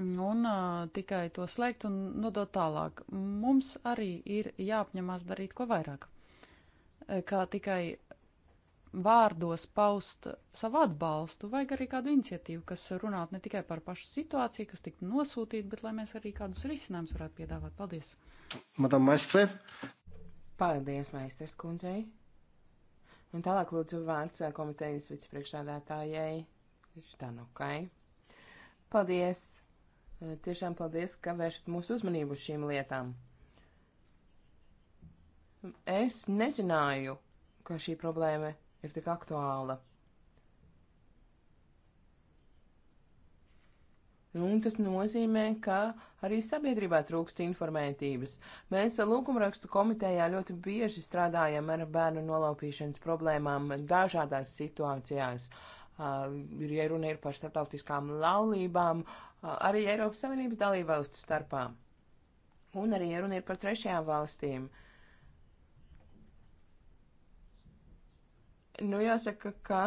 un uh, tikai to slēgt un nodot tālāk. Mums arī ir jāapņemās darīt ko vairāk, kā tikai vārdos paust savu atbalstu, vajag arī kādu iniciatīvu, kas runātu ne tikai par pašu situāciju, kas tiktu nosūtīta, bet lai mēs arī kādus risinājumus varētu piedāvāt. Paldies! Madam Maistre! Paldies, Maistres kundzei! Un tālāk lūdzu vārds eh, komitejas vicepriekšādātājai Štanukai. Paldies! Eh, tiešām paldies, ka vēršat mūsu uzmanību uz šīm lietām. Es nezināju, ka šī problēma ir tik aktuāla. Un tas nozīmē, ka arī sabiedrībā trūkst informētības. Mēs lūgumrakstu komitejā ļoti bieži strādājam ar bērnu nolaupīšanas problēmām dažādās situācijās. Uh, ja runa ir par starptautiskām laulībām, uh, arī Eiropas Savienības dalībvalstu starpā. Un arī ja runa ir par trešajām valstīm. Uh, Nu, jāsaka, ka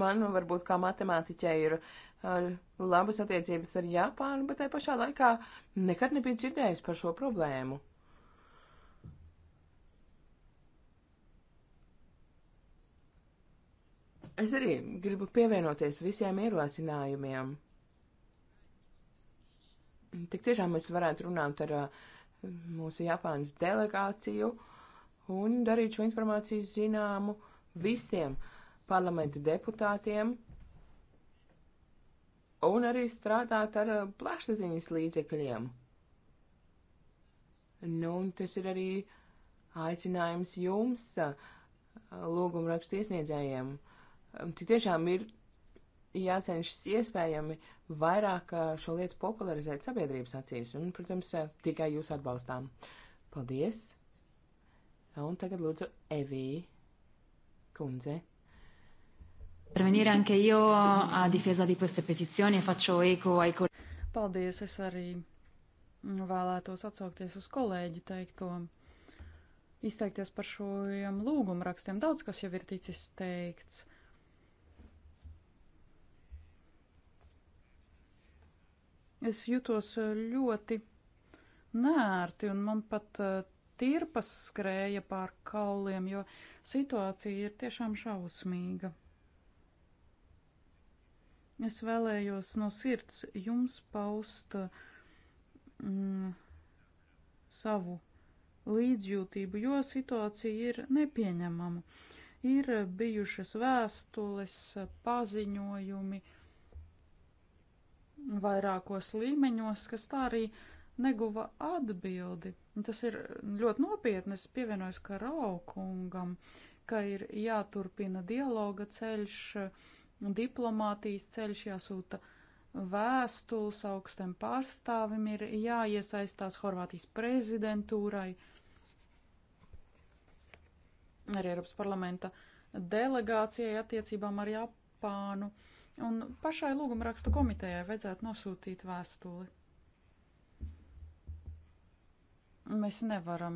man varbūt kā matemātiķei ir eh, labas attiecības ar Japānu, bet tai pašā laikā nekad nebija dzirdējis par šo problēmu. Es arī gribu pievienoties visiem ierosinājumiem. Tik tiešām mēs varētu runāt ar eh, mūsu Japānas delegāciju un darīt šo informāciju zināmu visiem parlamenta deputātiem un arī strādāt ar uh, plašsaziņas līdzekļiem. Nu, un tas ir arī aicinājums jums, uh, lūguma rakstu iesniedzējiem. Um, tik tiešām ir jācenšas iespējami vairāk uh, šo lietu popularizēt sabiedrības acīs, un, protams, tikai jūs atbalstām. Paldies! Un tagad lūdzu Eviju kundze. Intervenire anche io a difesa di queste petizioni e faccio eco ai colleghi. Paldies, es arī vēlētos atsaukties uz kolēģi teikto, izteikties par šiem lūgumrakstiem. Daudz kas jau ir ticis teikts. Es jutos ļoti nērti un man pat eh, tirpas skrēja pār kauliem, jo Situācija ir tiešām šausmīga. Es vēlējos no sirds jums paust mm, savu līdzjūtību, jo situācija ir nepieņemama. Ir bijušas vēstules, paziņojumi vairākos līmeņos, kas tā arī uh, neguva atbildi. Tas ir ļoti nopietni. Es pievienojos Karaukungam, ka ir jāturpina dialoga ceļš, diplomātijas ceļš, jāsūta vēstules augstiem pārstāvim, ir jāiesaistās Horvātijas prezidentūrai, arī Eiropas parlamenta delegācijai attiecībām ar Japānu. Un pašai lūgumrakstu komitejai vajadzētu nosūtīt vēstuli. Mēs nevaram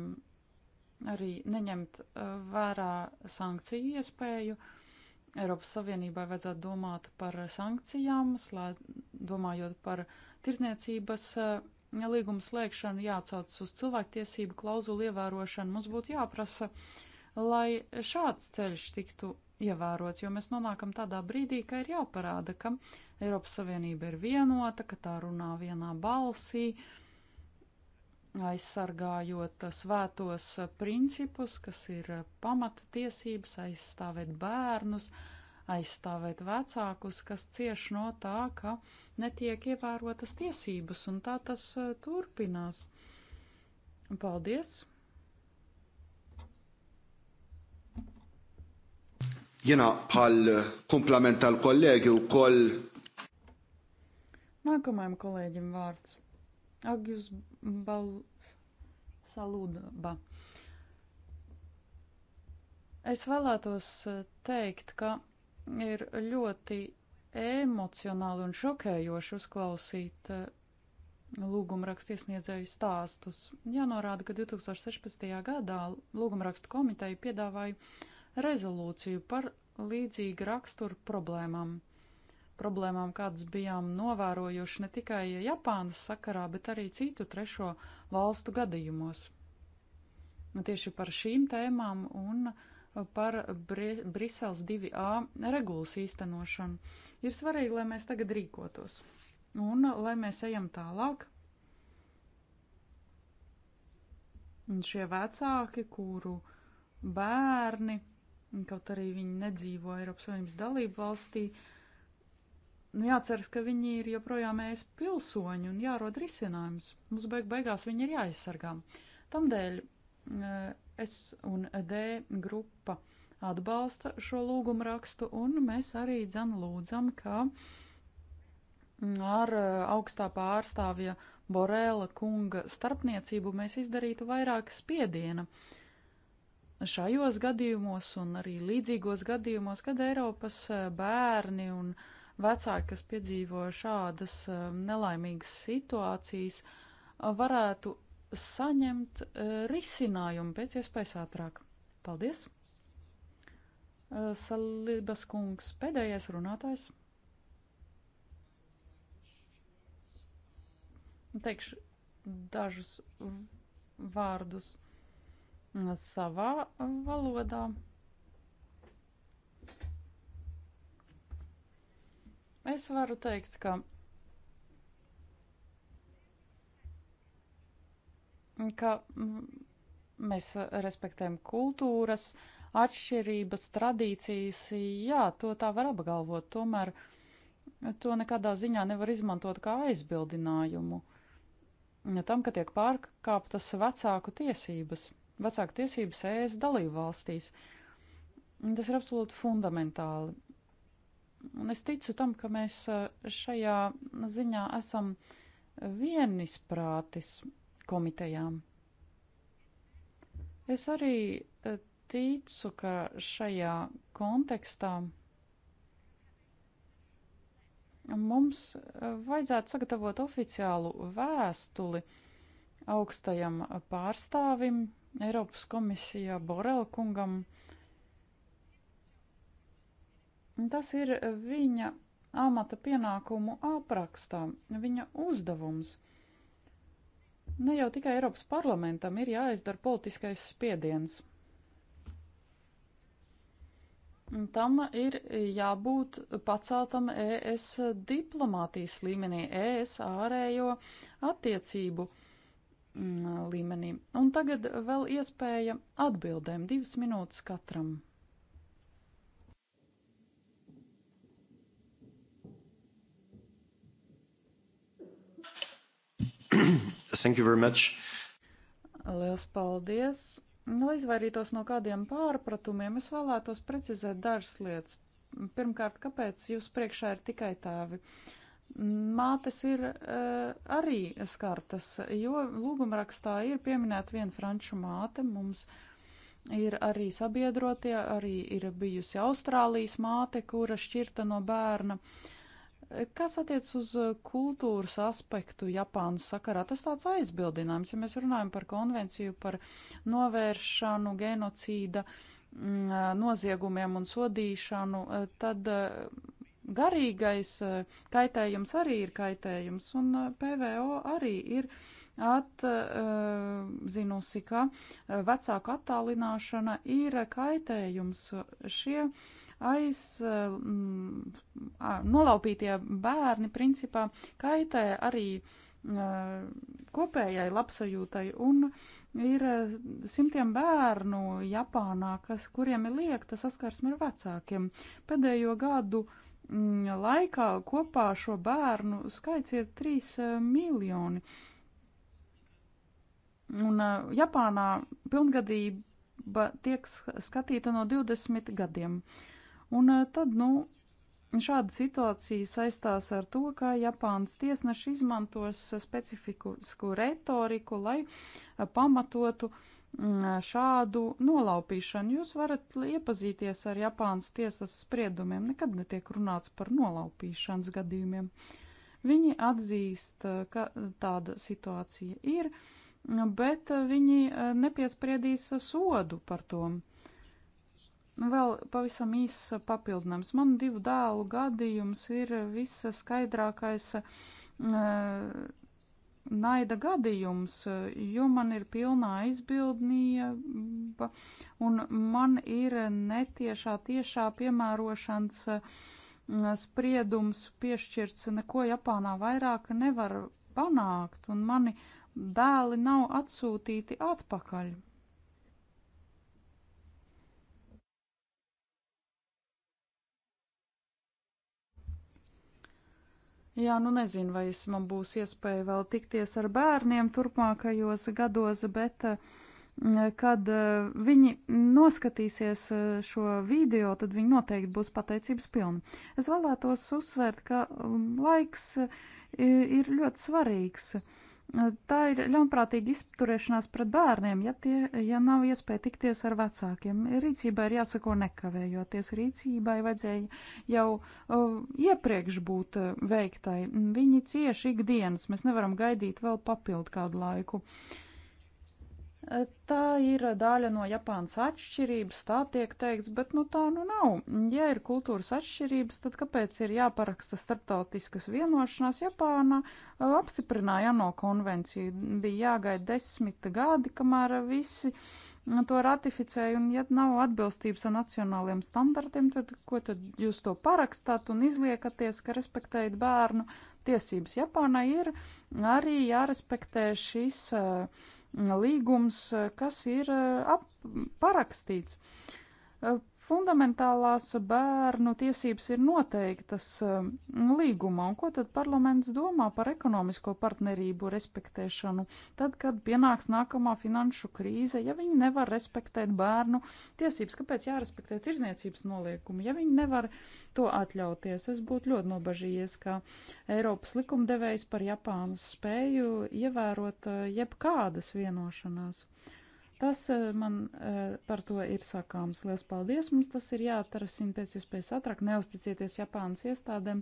arī neņemt uh, vērā sankciju iespēju. Eiropas Savienībai vajadzētu domāt par sankcijām, slē, domājot par tirzniecības uh, līguma slēgšanu, jāatsaucas uz cilvēktiesību klauzulu ievērošanu. Mums būtu jāprasa, lai šāds ceļš tiktu ievērots, jo mēs nonākam tādā brīdī, ka ir jāparāda, ka Eiropas Savienība ir vienota, ka tā runā vienā balsī, uh, aizsargājot svētos principus, kas ir pamata tiesības, aizstāvēt bērnus, aizstāvēt vecākus, kas cieš no tā, ka netiek ievērotas tiesības, un tā tas e, turpinās. Paldies! Jena pal e, komplementālu kolēģi u kol. Nākamajam kolēģim vārds. Agius Balsaludba. Es vēlētos e, teikt, ka ir ļoti emocionāli un šokējoši uzklausīt e, lūgumrakstu iesniedzēju stāstus. Jānorāda, ka 2016. gadā lūgumrakstu komiteja piedāvāja rezolūciju par līdzīgu raksturu problēmām problēmām, kādas bijām novērojuši ne tikai Japānas sakarā, bet arī citu trešo valstu gadījumos. Nu, tieši par šīm tēmām un uh, par Bri Brisels 2A regulas īstenošanu ir svarīgi, lai mēs tagad rīkotos un uh, lai mēs ejam tālāk. Un šie vecāki, kuru bērni, kaut arī viņi nedzīvo Eiropas Savienības dalību valstī, uh, Nu, jāceras, ka viņi ir joprojām mēs pilsoņi un jārod risinājums. Mums beig beigās viņi ir jāaizsargā. Tamdēļ e, S un D grupa atbalsta šo lūgumu rakstu, un mēs arī dzen lūdzam, ka mm, ar e, augstā pārstāvja Borēla kunga starpniecību mēs izdarītu vairāk spiediena šajos gadījumos un arī līdzīgos gadījumos, kad Eiropas e, bērni un bērni vecāki, kas piedzīvo šādas eh, nelaimīgas situācijas, eh, varētu saņemt eh, risinājumu pēc iespējas ātrāk. Paldies! Salibas kungs, pēdējais runātājs. Teikšu dažus vārdus mm, savā valodā. Es varu teikt, ka ka mēs respektējam kultūras, atšķirības, tradīcijas, jā, to tā var apgalvot, tomēr to nekādā ziņā nevar izmantot kā aizbildinājumu tam, ka tiek pārkāptas vecāku tiesības, vecāku tiesības ēst dalību valstīs. Tas ir absolūti fundamentāli. Un es ticu tam, ka mēs eh, šajā ziņā esam vienisprātis komitejām. Es arī eh, ticu, ka šajā kontekstā mums eh, vajadzētu sagatavot oficiālu vēstuli augstajam pārstāvim Eiropas komisijā Borelkungam kungam Tas ir viņa amata pienākumu aprakstā, viņa uzdevums. Ne jau tikai Eiropas parlamentam ir jāizdara politiskais spiediens. Tam ir jābūt paceltam ES diplomātijas līmenī, ES ārējo attiecību mm, līmenī. Un tagad vēl iespēja atbildēm divas minūtes katram. Thank you very much. Liels paldies. Lai nu, izvairītos no kādiem pārpratumiem, es vēlētos precizēt dažas lietas. Pirmkārt, kāpēc jūs priekšā ir tikai tēvi? Mātes ir uh, arī skartas, jo lūgumrakstā ir pieminēta viena franču māte. Mums ir arī sabiedrotie, arī ir bijusi Austrālijas māte, kura šķirta no bērna. Uh, Kas attiec uz uh, kultūras aspektu Japānas sakarā, tas tāds aizbildinājums, ja mēs runājam par konvenciju par novēršanu genocīda mm, uh, noziegumiem un sodīšanu, uh, tad garīgais kaitējums arī ir kaitējums, un PVO arī ir atzinusi, ka vecāku attālināšana ir kaitējums. Šie aiz eh, nolaupītie bērni principā kaitē arī eh, kopējai labsajūtai un ir eh, simtiem bērnu Japānā, kas, kuriem ir liekta saskarsme ar vecākiem. Pēdējo gadu mm, laikā kopā šo bērnu skaits ir 3 miljoni. Un Japānā pilngadība tiek skatīta no 20 gadiem. Uh, Un eh, tad, nu, šāda situācija saistās ar to, ka Japānas tiesneši izmantos specifisku retoriku, lai eh, pamatotu mm, šādu nolaupīšanu. Jūs varat iepazīties ar Japānas tiesas spriedumiem, nekad netiek runāts par nolaupīšanas gadījumiem. Viņi atzīst, eh, ka tāda situācija ir, bet viņi nepiespriedīs sodu par to. Nu, vēl pavisam īss papildinājums. Man divu dēlu gadījums ir visa skaidrākais uh, naida gadījums, jo man ir pilnā izbildnība un man ir netiešā tiešā piemērošanas eh, spriedums piešķirts. Neko Japānā vairāk nevar panākt un mani dēli nav atsūtīti atpakaļ. Jā, nu nezinu, vai es man būs iespēja vēl tikties ar bērniem turpmākajos gados, bet mm, kad mm, viņi noskatīsies mm, šo video, tad viņi noteikti būs pateicības pilni. Es vēlētos uzsvērt, ka laiks ir ļoti svarīgs. Tā ir ļaunprātīga izturēšanās pret bērniem, ja, tie, ja nav iespēja tikties ar vecākiem. Rīcībai ir jāsako nekavējoties. Rīcībai vajadzēja jau uh, iepriekš būt uh, veiktai. Viņi cieši ikdienas. Mēs nevaram gaidīt vēl papildu kādu laiku. Uh, Tā ir daļa no Japānas atšķirības, tā tiek teikts, bet nu tā nu nav. Ja ir kultūras atšķirības, tad kāpēc ir jāparaksta starptautiskas vienošanās? Japāna uh, apstiprināja no konvenciju, bija jāgaida desmit gadi, kamēr visi uh, to ratificēja, un ja nav atbilstības ar nacionāliem standartiem, tad ko tad jūs to parakstāt un izliekaties, ka respektējat bērnu tiesības? Japānai ir arī jārespektē šis uh, Mm, līgums, eh, kas ir eh, ap, parakstīts. Eh, fundamentālās bērnu tiesības ir noteiktas um, līgumā, un ko tad parlaments domā par ekonomisko partnerību respektēšanu, tad, kad pienāks nākamā finanšu krīze, ja viņi nevar respektēt bērnu tiesības, kāpēc jārespektē tirzniecības noliekumi, ja viņi nevar to atļauties. Es būtu ļoti nobažījies, ka Eiropas likumdevējs par Japānas spēju ievērot uh, jebkādas vienošanās. Tas eh, man eh, par to ir sakāms. Lielas paldies! Mums tas ir jāatrasina pēc iespējas ātrāk. Neusticieties Japānas iestādēm,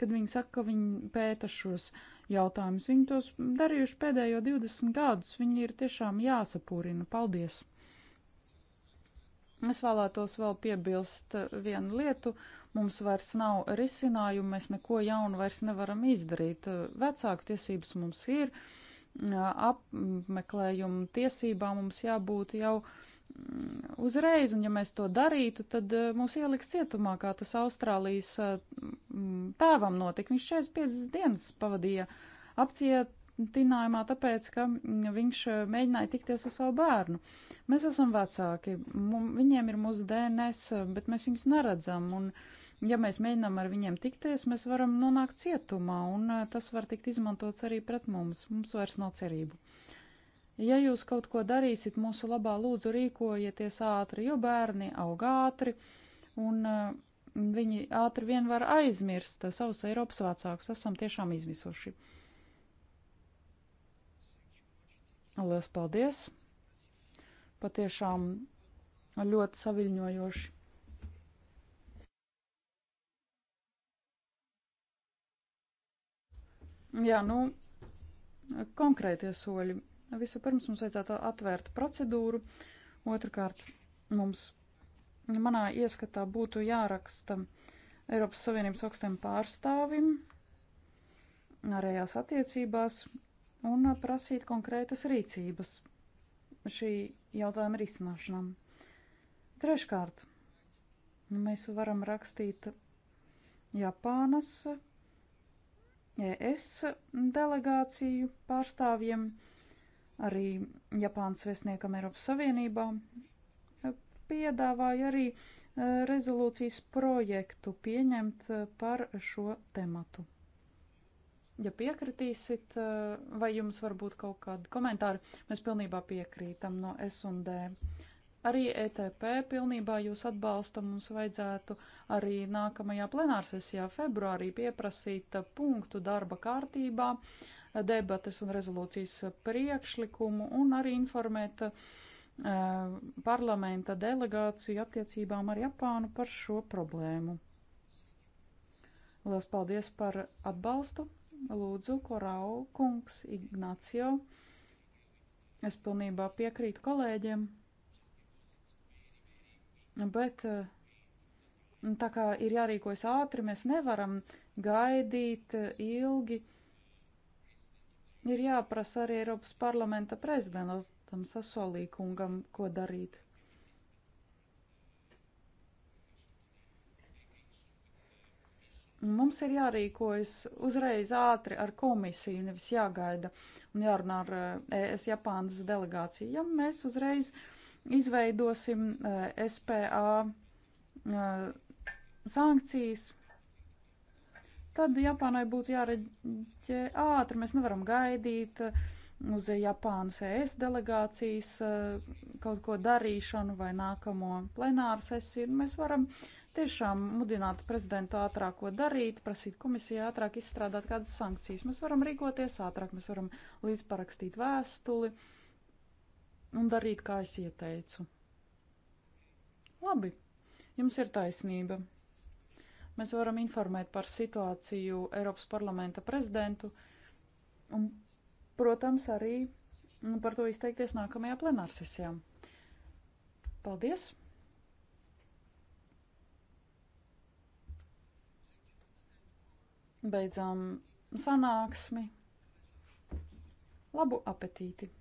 kad viņi saka, ka viņi pēta šos jautājumus. Viņi tos darījuši pēdējo 20 gadus. Viņi ir tiešām jāsapūrina. Paldies! Es vēlētos vēl piebilst eh, vienu lietu. Mums vairs nav risinājumu, mēs neko jaunu vairs nevaram izdarīt. Vecāku tiesības mums ir apmeklējumu tiesībām mums jābūt jau mm, uzreiz, un ja mēs to darītu, tad eh, mūs ieliks cietumā, kā tas Austrālijas eh, mm, tēvam notika. Viņš 45 dienas pavadīja apcietinājumā, tāpēc, ka mm, viņš eh, mēģināja tikties ar savu bērnu. Mēs esam vecāki, viņiem ir mūsu DNS, bet mēs viņus neredzam, un uh, ja mēs mēģinām ar viņiem tikties, mēs varam nonākt cietumā, un tas var tikt izmantots arī pret mums. Mums vairs nav cerību. Ja jūs kaut ko darīsiet mūsu labā, lūdzu rīkojieties ātri, jo bērni aug ātri, un viņi ātri vien var aizmirst savus Eiropas vecākus. Esam tiešām izmisuši. Lielas paldies! Patiešām ļoti saviļņojoši. Jā, nu, konkrētie soļi. Vispirms mums vajadzētu atvērt procedūru, otrkārt mums, manā ieskatā, būtu jāraksta Eiropas Savienības augstiem pārstāvim ārējās attiecībās un prasīt konkrētas rīcības šī jautājuma risināšanām. Treškārt, mēs varam rakstīt Japānas ES delegāciju pārstāvjiem, arī Japānas vēstniekam Eiropas Savienībā. E, piedāvāja arī e, rezolūcijas projektu pieņemt e, par šo tematu. Ja piekritīsit, vai jums varbūt kaut kādi komentāri, mēs pilnībā piekrītam no S un D. Arī ETP pilnībā jūs atbalsta. Mums vajadzētu arī nākamajā plenārsesijā februārī pieprasīt punktu darba kārtībā, debates un rezolūcijas priekšlikumu un arī informēt uh, parlamenta delegāciju attiecībām ar Japānu par šo problēmu. Lielas paldies par atbalstu. Lūdzu, Korau kungs, Ignacio. Es pilnībā piekrītu kolēģiem. Bet eh, tā kā ir jārīkojas ātri, mēs nevaram gaidīt eh, ilgi. Ir jāprasa arī Eiropas parlamenta prezidentam Sasolīkungam, ko darīt. Mums ir jārīkojas uzreiz ātri ar komisiju, nevis jāgaida un jārunā ar ES eh, e Japānas delegāciju. Ja mēs uzreiz uh, izveidosim eh, SPA eh, sankcijas, tad Japānai būtu jāreģē ātri. Mēs nevaram gaidīt eh, uz Japānas ES delegācijas kaut ko darīšanu vai nākamo plenāru sesiju. Mēs varam tiešām mudināt prezidentu ātrāk ko darīt, prasīt komisijai ātrāk izstrādāt kādas sankcijas. Mēs varam rīkoties ātrāk, mēs varam līdzparakstīt vēstuli. Uh, un darīt, kā es ieteicu. Labi, jums ir taisnība. Mēs varam informēt par situāciju Eiropas parlamenta prezidentu un, protams, arī par to izteikties nākamajā plenārsesijā. Paldies! Beidzām sanāksmi. Labu apetīti!